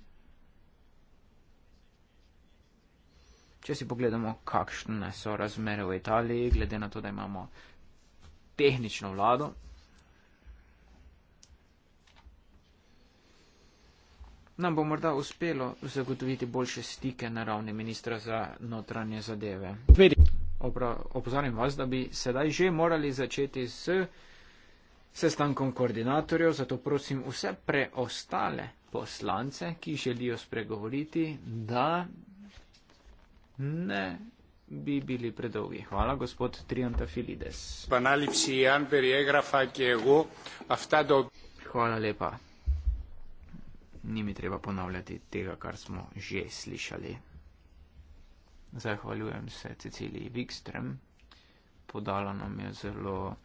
Če si pogledamo, kakšne so razmere v Italiji, glede na to, da imamo tehnično vlado. Nam bo morda uspelo zagotoviti boljše stike na ravni ministra za notranje zadeve. Opozorim vas, da bi sedaj že morali začeti s sestankom koordinatorjev, zato prosim vse preostale poslance, ki želijo spregovoriti, da Ne, bi bili predolgi. Hvala, gospod Trianta Filides. Hvala lepa. Ni mi treba ponavljati tega, kar smo že slišali. Zahvaljujem se Ceciliji Wikström. Podala nam je zelo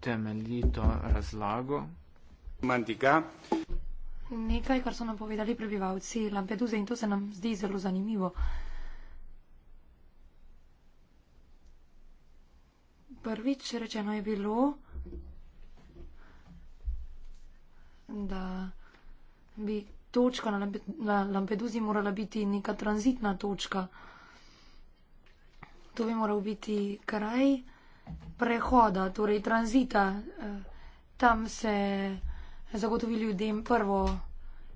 temeljito razlago. Mandiga. Nekaj, kar so nam povedali prebivalci Lampeduze in to se nam zdi zelo zanimivo. Prvič rečeno je bilo, da bi točka na Lampeduzi morala biti neka tranzitna točka. To bi moral biti kraj prehoda, torej tranzita. Eh, tam se zagotovi ljudem prvo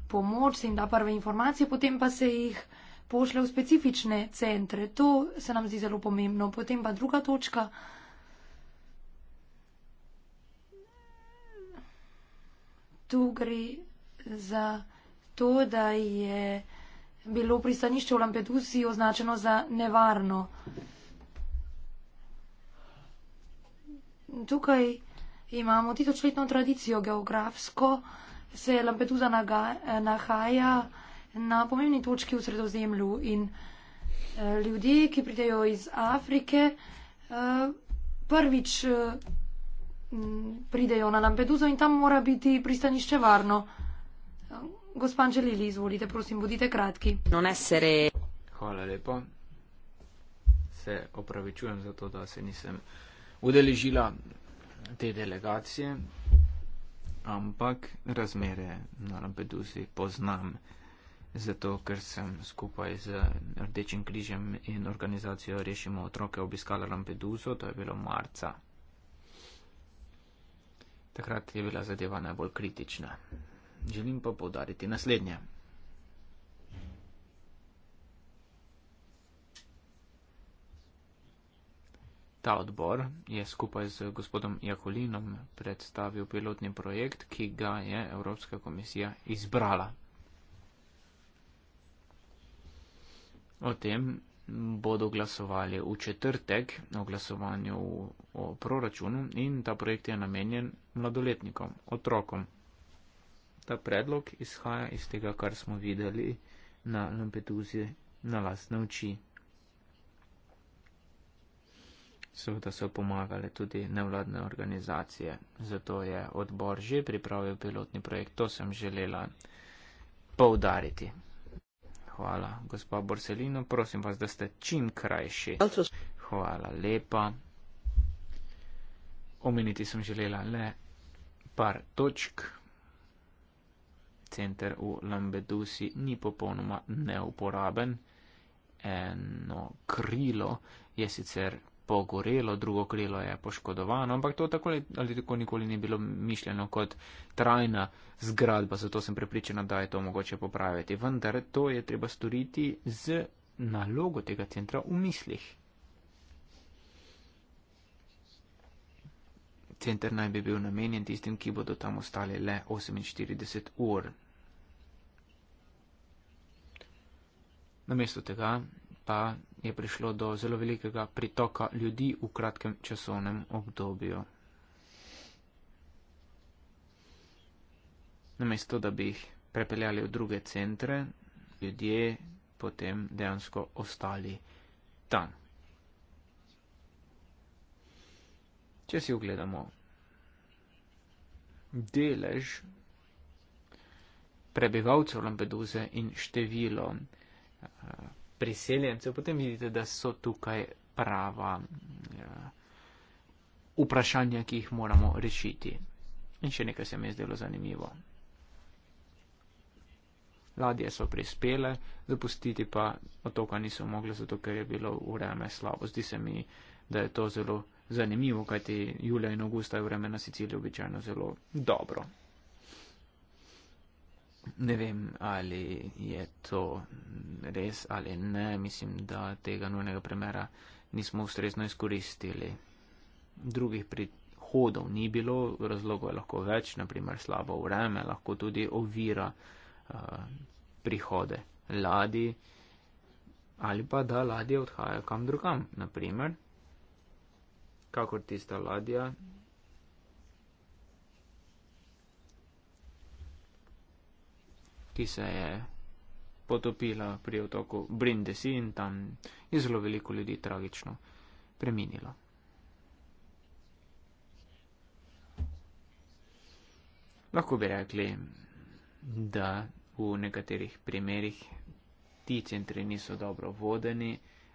pomoč, se jim da prve informacije, potem pa se jih pošle v specifične centre. To se nam zdi zelo pomembno. Potem pa druga točka. Tu gre za to, da je bilo pristanišče v Lampedusi označeno za nevarno. Tukaj imamo tisočletno tradicijo geografsko, se Lampedusa nahaja na pomembni točki v sredozemlju in eh, ljudje, ki pridejo iz Afrike, eh, prvič eh, pridejo na Lampeduso in tam mora biti pristanišče varno. Gospod Čelili, izvolite, prosim, bodite kratki. No, nesere. Hvala lepo. Se opravičujem za to, da se nisem udeležila te delegacije, ampak razmere na Lampedusi poznam, zato ker sem skupaj z Rdečim križem in organizacijo Rešimo otroke obiskala Lampeduso, to je bilo marca. Takrat je bila zadeva najbolj kritična. Želim pa povdariti naslednje. Ta odbor je skupaj z gospodom Jakolinom predstavil pilotni projekt, ki ga je Evropska komisija izbrala. O tem bodo glasovali v četrtek o glasovanju o proračunu in ta projekt je namenjen mladoletnikom, otrokom. Ta predlog izhaja iz tega, kar smo videli na Lampeduzi na lastne oči. Seveda so pomagale tudi nevladne organizacije, zato je odbor že pripravil pilotni projekt. To sem želela poudariti. Hvala, gospa Borselino. Prosim vas, da ste čim krajši. Hvala lepa. Omeniti sem želela le par točk. Center v Lambedusi ni popolnoma neuporaben. Eno krilo je sicer pogorelo, drugo krilo je poškodovano, ampak to tako ali tako nikoli ni bilo mišljeno kot trajna zgradba, zato sem prepričana, da je to mogoče popraviti. Vendar to je treba storiti z nalogo tega centra v mislih. Centr naj bi bil namenjen tistim, ki bodo tam ostali le 48 ur. Namesto tega pa je prišlo do zelo velikega pritoka ljudi v kratkem časovnem obdobju. Namesto, da bi jih prepeljali v druge centre, ljudje potem dejansko ostali tam. Če si ogledamo delež prebivalcev Lampeduze in število eh, priseljencev, potem vidite, da so tukaj prava uh, vprašanja, ki jih moramo rešiti. In še nekaj se mi je zdelo zanimivo. Ladje so prispele, zapustiti pa otoka niso mogli, zato ker je bilo vreme slabo. Zdi se mi, da je to zelo zanimivo, kajti julija in augusta je vreme na Siciliji običajno zelo dobro. Ne vem, ali je to res ali ne. Mislim, da tega nujnega premjera nismo ustrezno izkoristili. Drugih prihodov ni bilo, razlogov je lahko več, naprimer slabo vreme, lahko tudi ovira uh, prihode ladi ali pa da ladje odhajajo kam drugam, naprimer, kakor tista ladja, ki se je potopila pri otoku Brindisi in tam je zelo veliko ljudi tragično preminilo. Lahko bi rekli, da v nekaterih primerjih ti centri niso dobro vodeni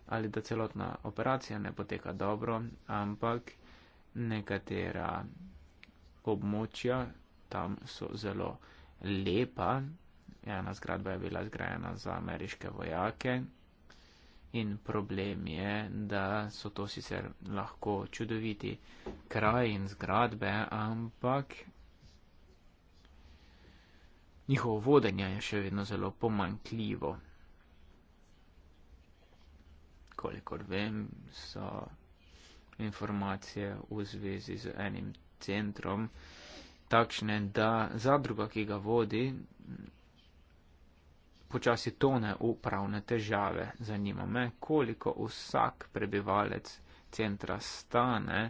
ali da celotna operacija ne poteka dobro, ampak nekatera območja tam so zelo lepa ena zgradba je bila zgrajena za ameriške vojake in problem je, da so to sicer lahko čudoviti kraj in zgradbe, ampak njihovo vodenje je še vedno zelo pomankljivo. Kolikor vem, so informacije v zvezi z enim centrom takšne, da zadruga, ki ga vodi, počasi tone upravne težave. Zanima me, koliko vsak prebivalec centra stane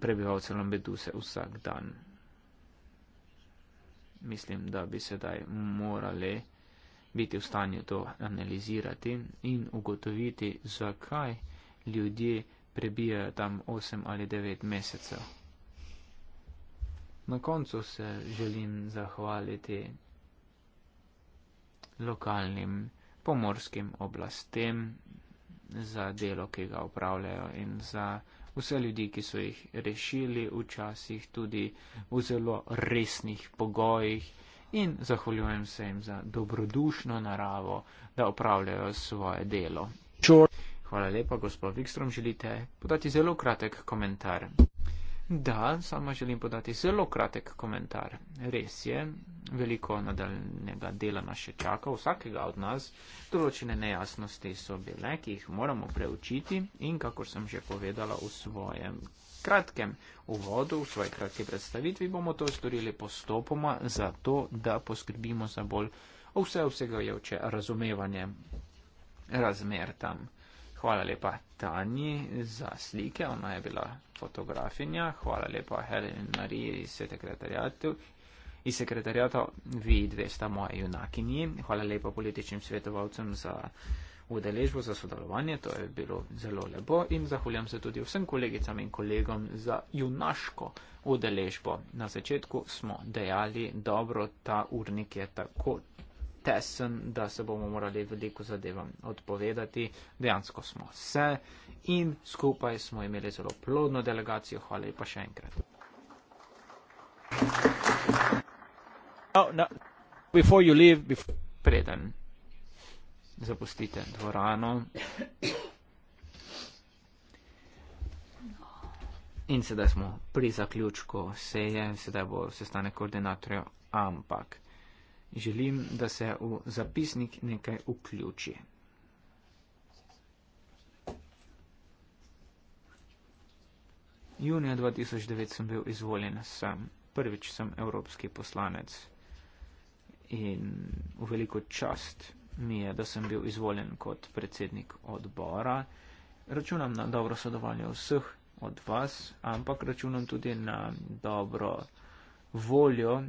prebivalcem Lambeduse vsak dan. Mislim, da bi sedaj morali biti v stanju to analizirati in ugotoviti, zakaj ljudje prebijajo tam 8 ali 9 mesecev. Na koncu se želim zahvaliti lokalnim pomorskim oblastem za delo, ki ga upravljajo in za vse ljudi, ki so jih rešili včasih tudi v zelo resnih pogojih in zahvaljujem se jim za dobrodušno naravo, da upravljajo svoje delo. Hvala lepa, gospod Vikstrom, želite podati zelo kratek komentar. Da, samo želim podati zelo kratek komentar. Res je, veliko nadaljnega dela nas še čaka, vsakega od nas. Določene nejasnosti so bile, ki jih moramo preučiti in, kako sem že povedala v svojem kratkem uvodu, v svoji kratki predstavitvi, bomo to storili postopoma, zato da poskrbimo za bolj vse vsega je vče razumevanje razmer tam. Hvala lepa Tanji za slike, ona je bila fotografinja. Hvala lepa Helen Marije iz sekretarijatu. Iz sekretarijata vi dve sta moje junakinji. Hvala lepa političnim svetovalcem za udeležbo, za sodelovanje, to je bilo zelo lepo in zahvaljam se tudi vsem kolegicam in kolegom za junaško udeležbo. Na začetku smo dejali, dobro, ta urnik je tako tesen, da se bomo morali veliko zadevam odpovedati. Dejansko smo se in skupaj smo imeli zelo plodno delegacijo. Hvala lepa še enkrat. Oh, no. leave, before... Preden zapustite dvorano. In sedaj smo pri zaključku seje, sedaj bo sestanek koordinatorja, ampak želim, da se v zapisnik nekaj vključi. Junija 2009 sem bil izvoljen sam. Prvič sem evropski poslanec in v veliko čast mi je, da sem bil izvoljen kot predsednik odbora. Računam na dobro sodelovanje vseh od vas, ampak računam tudi na dobro voljo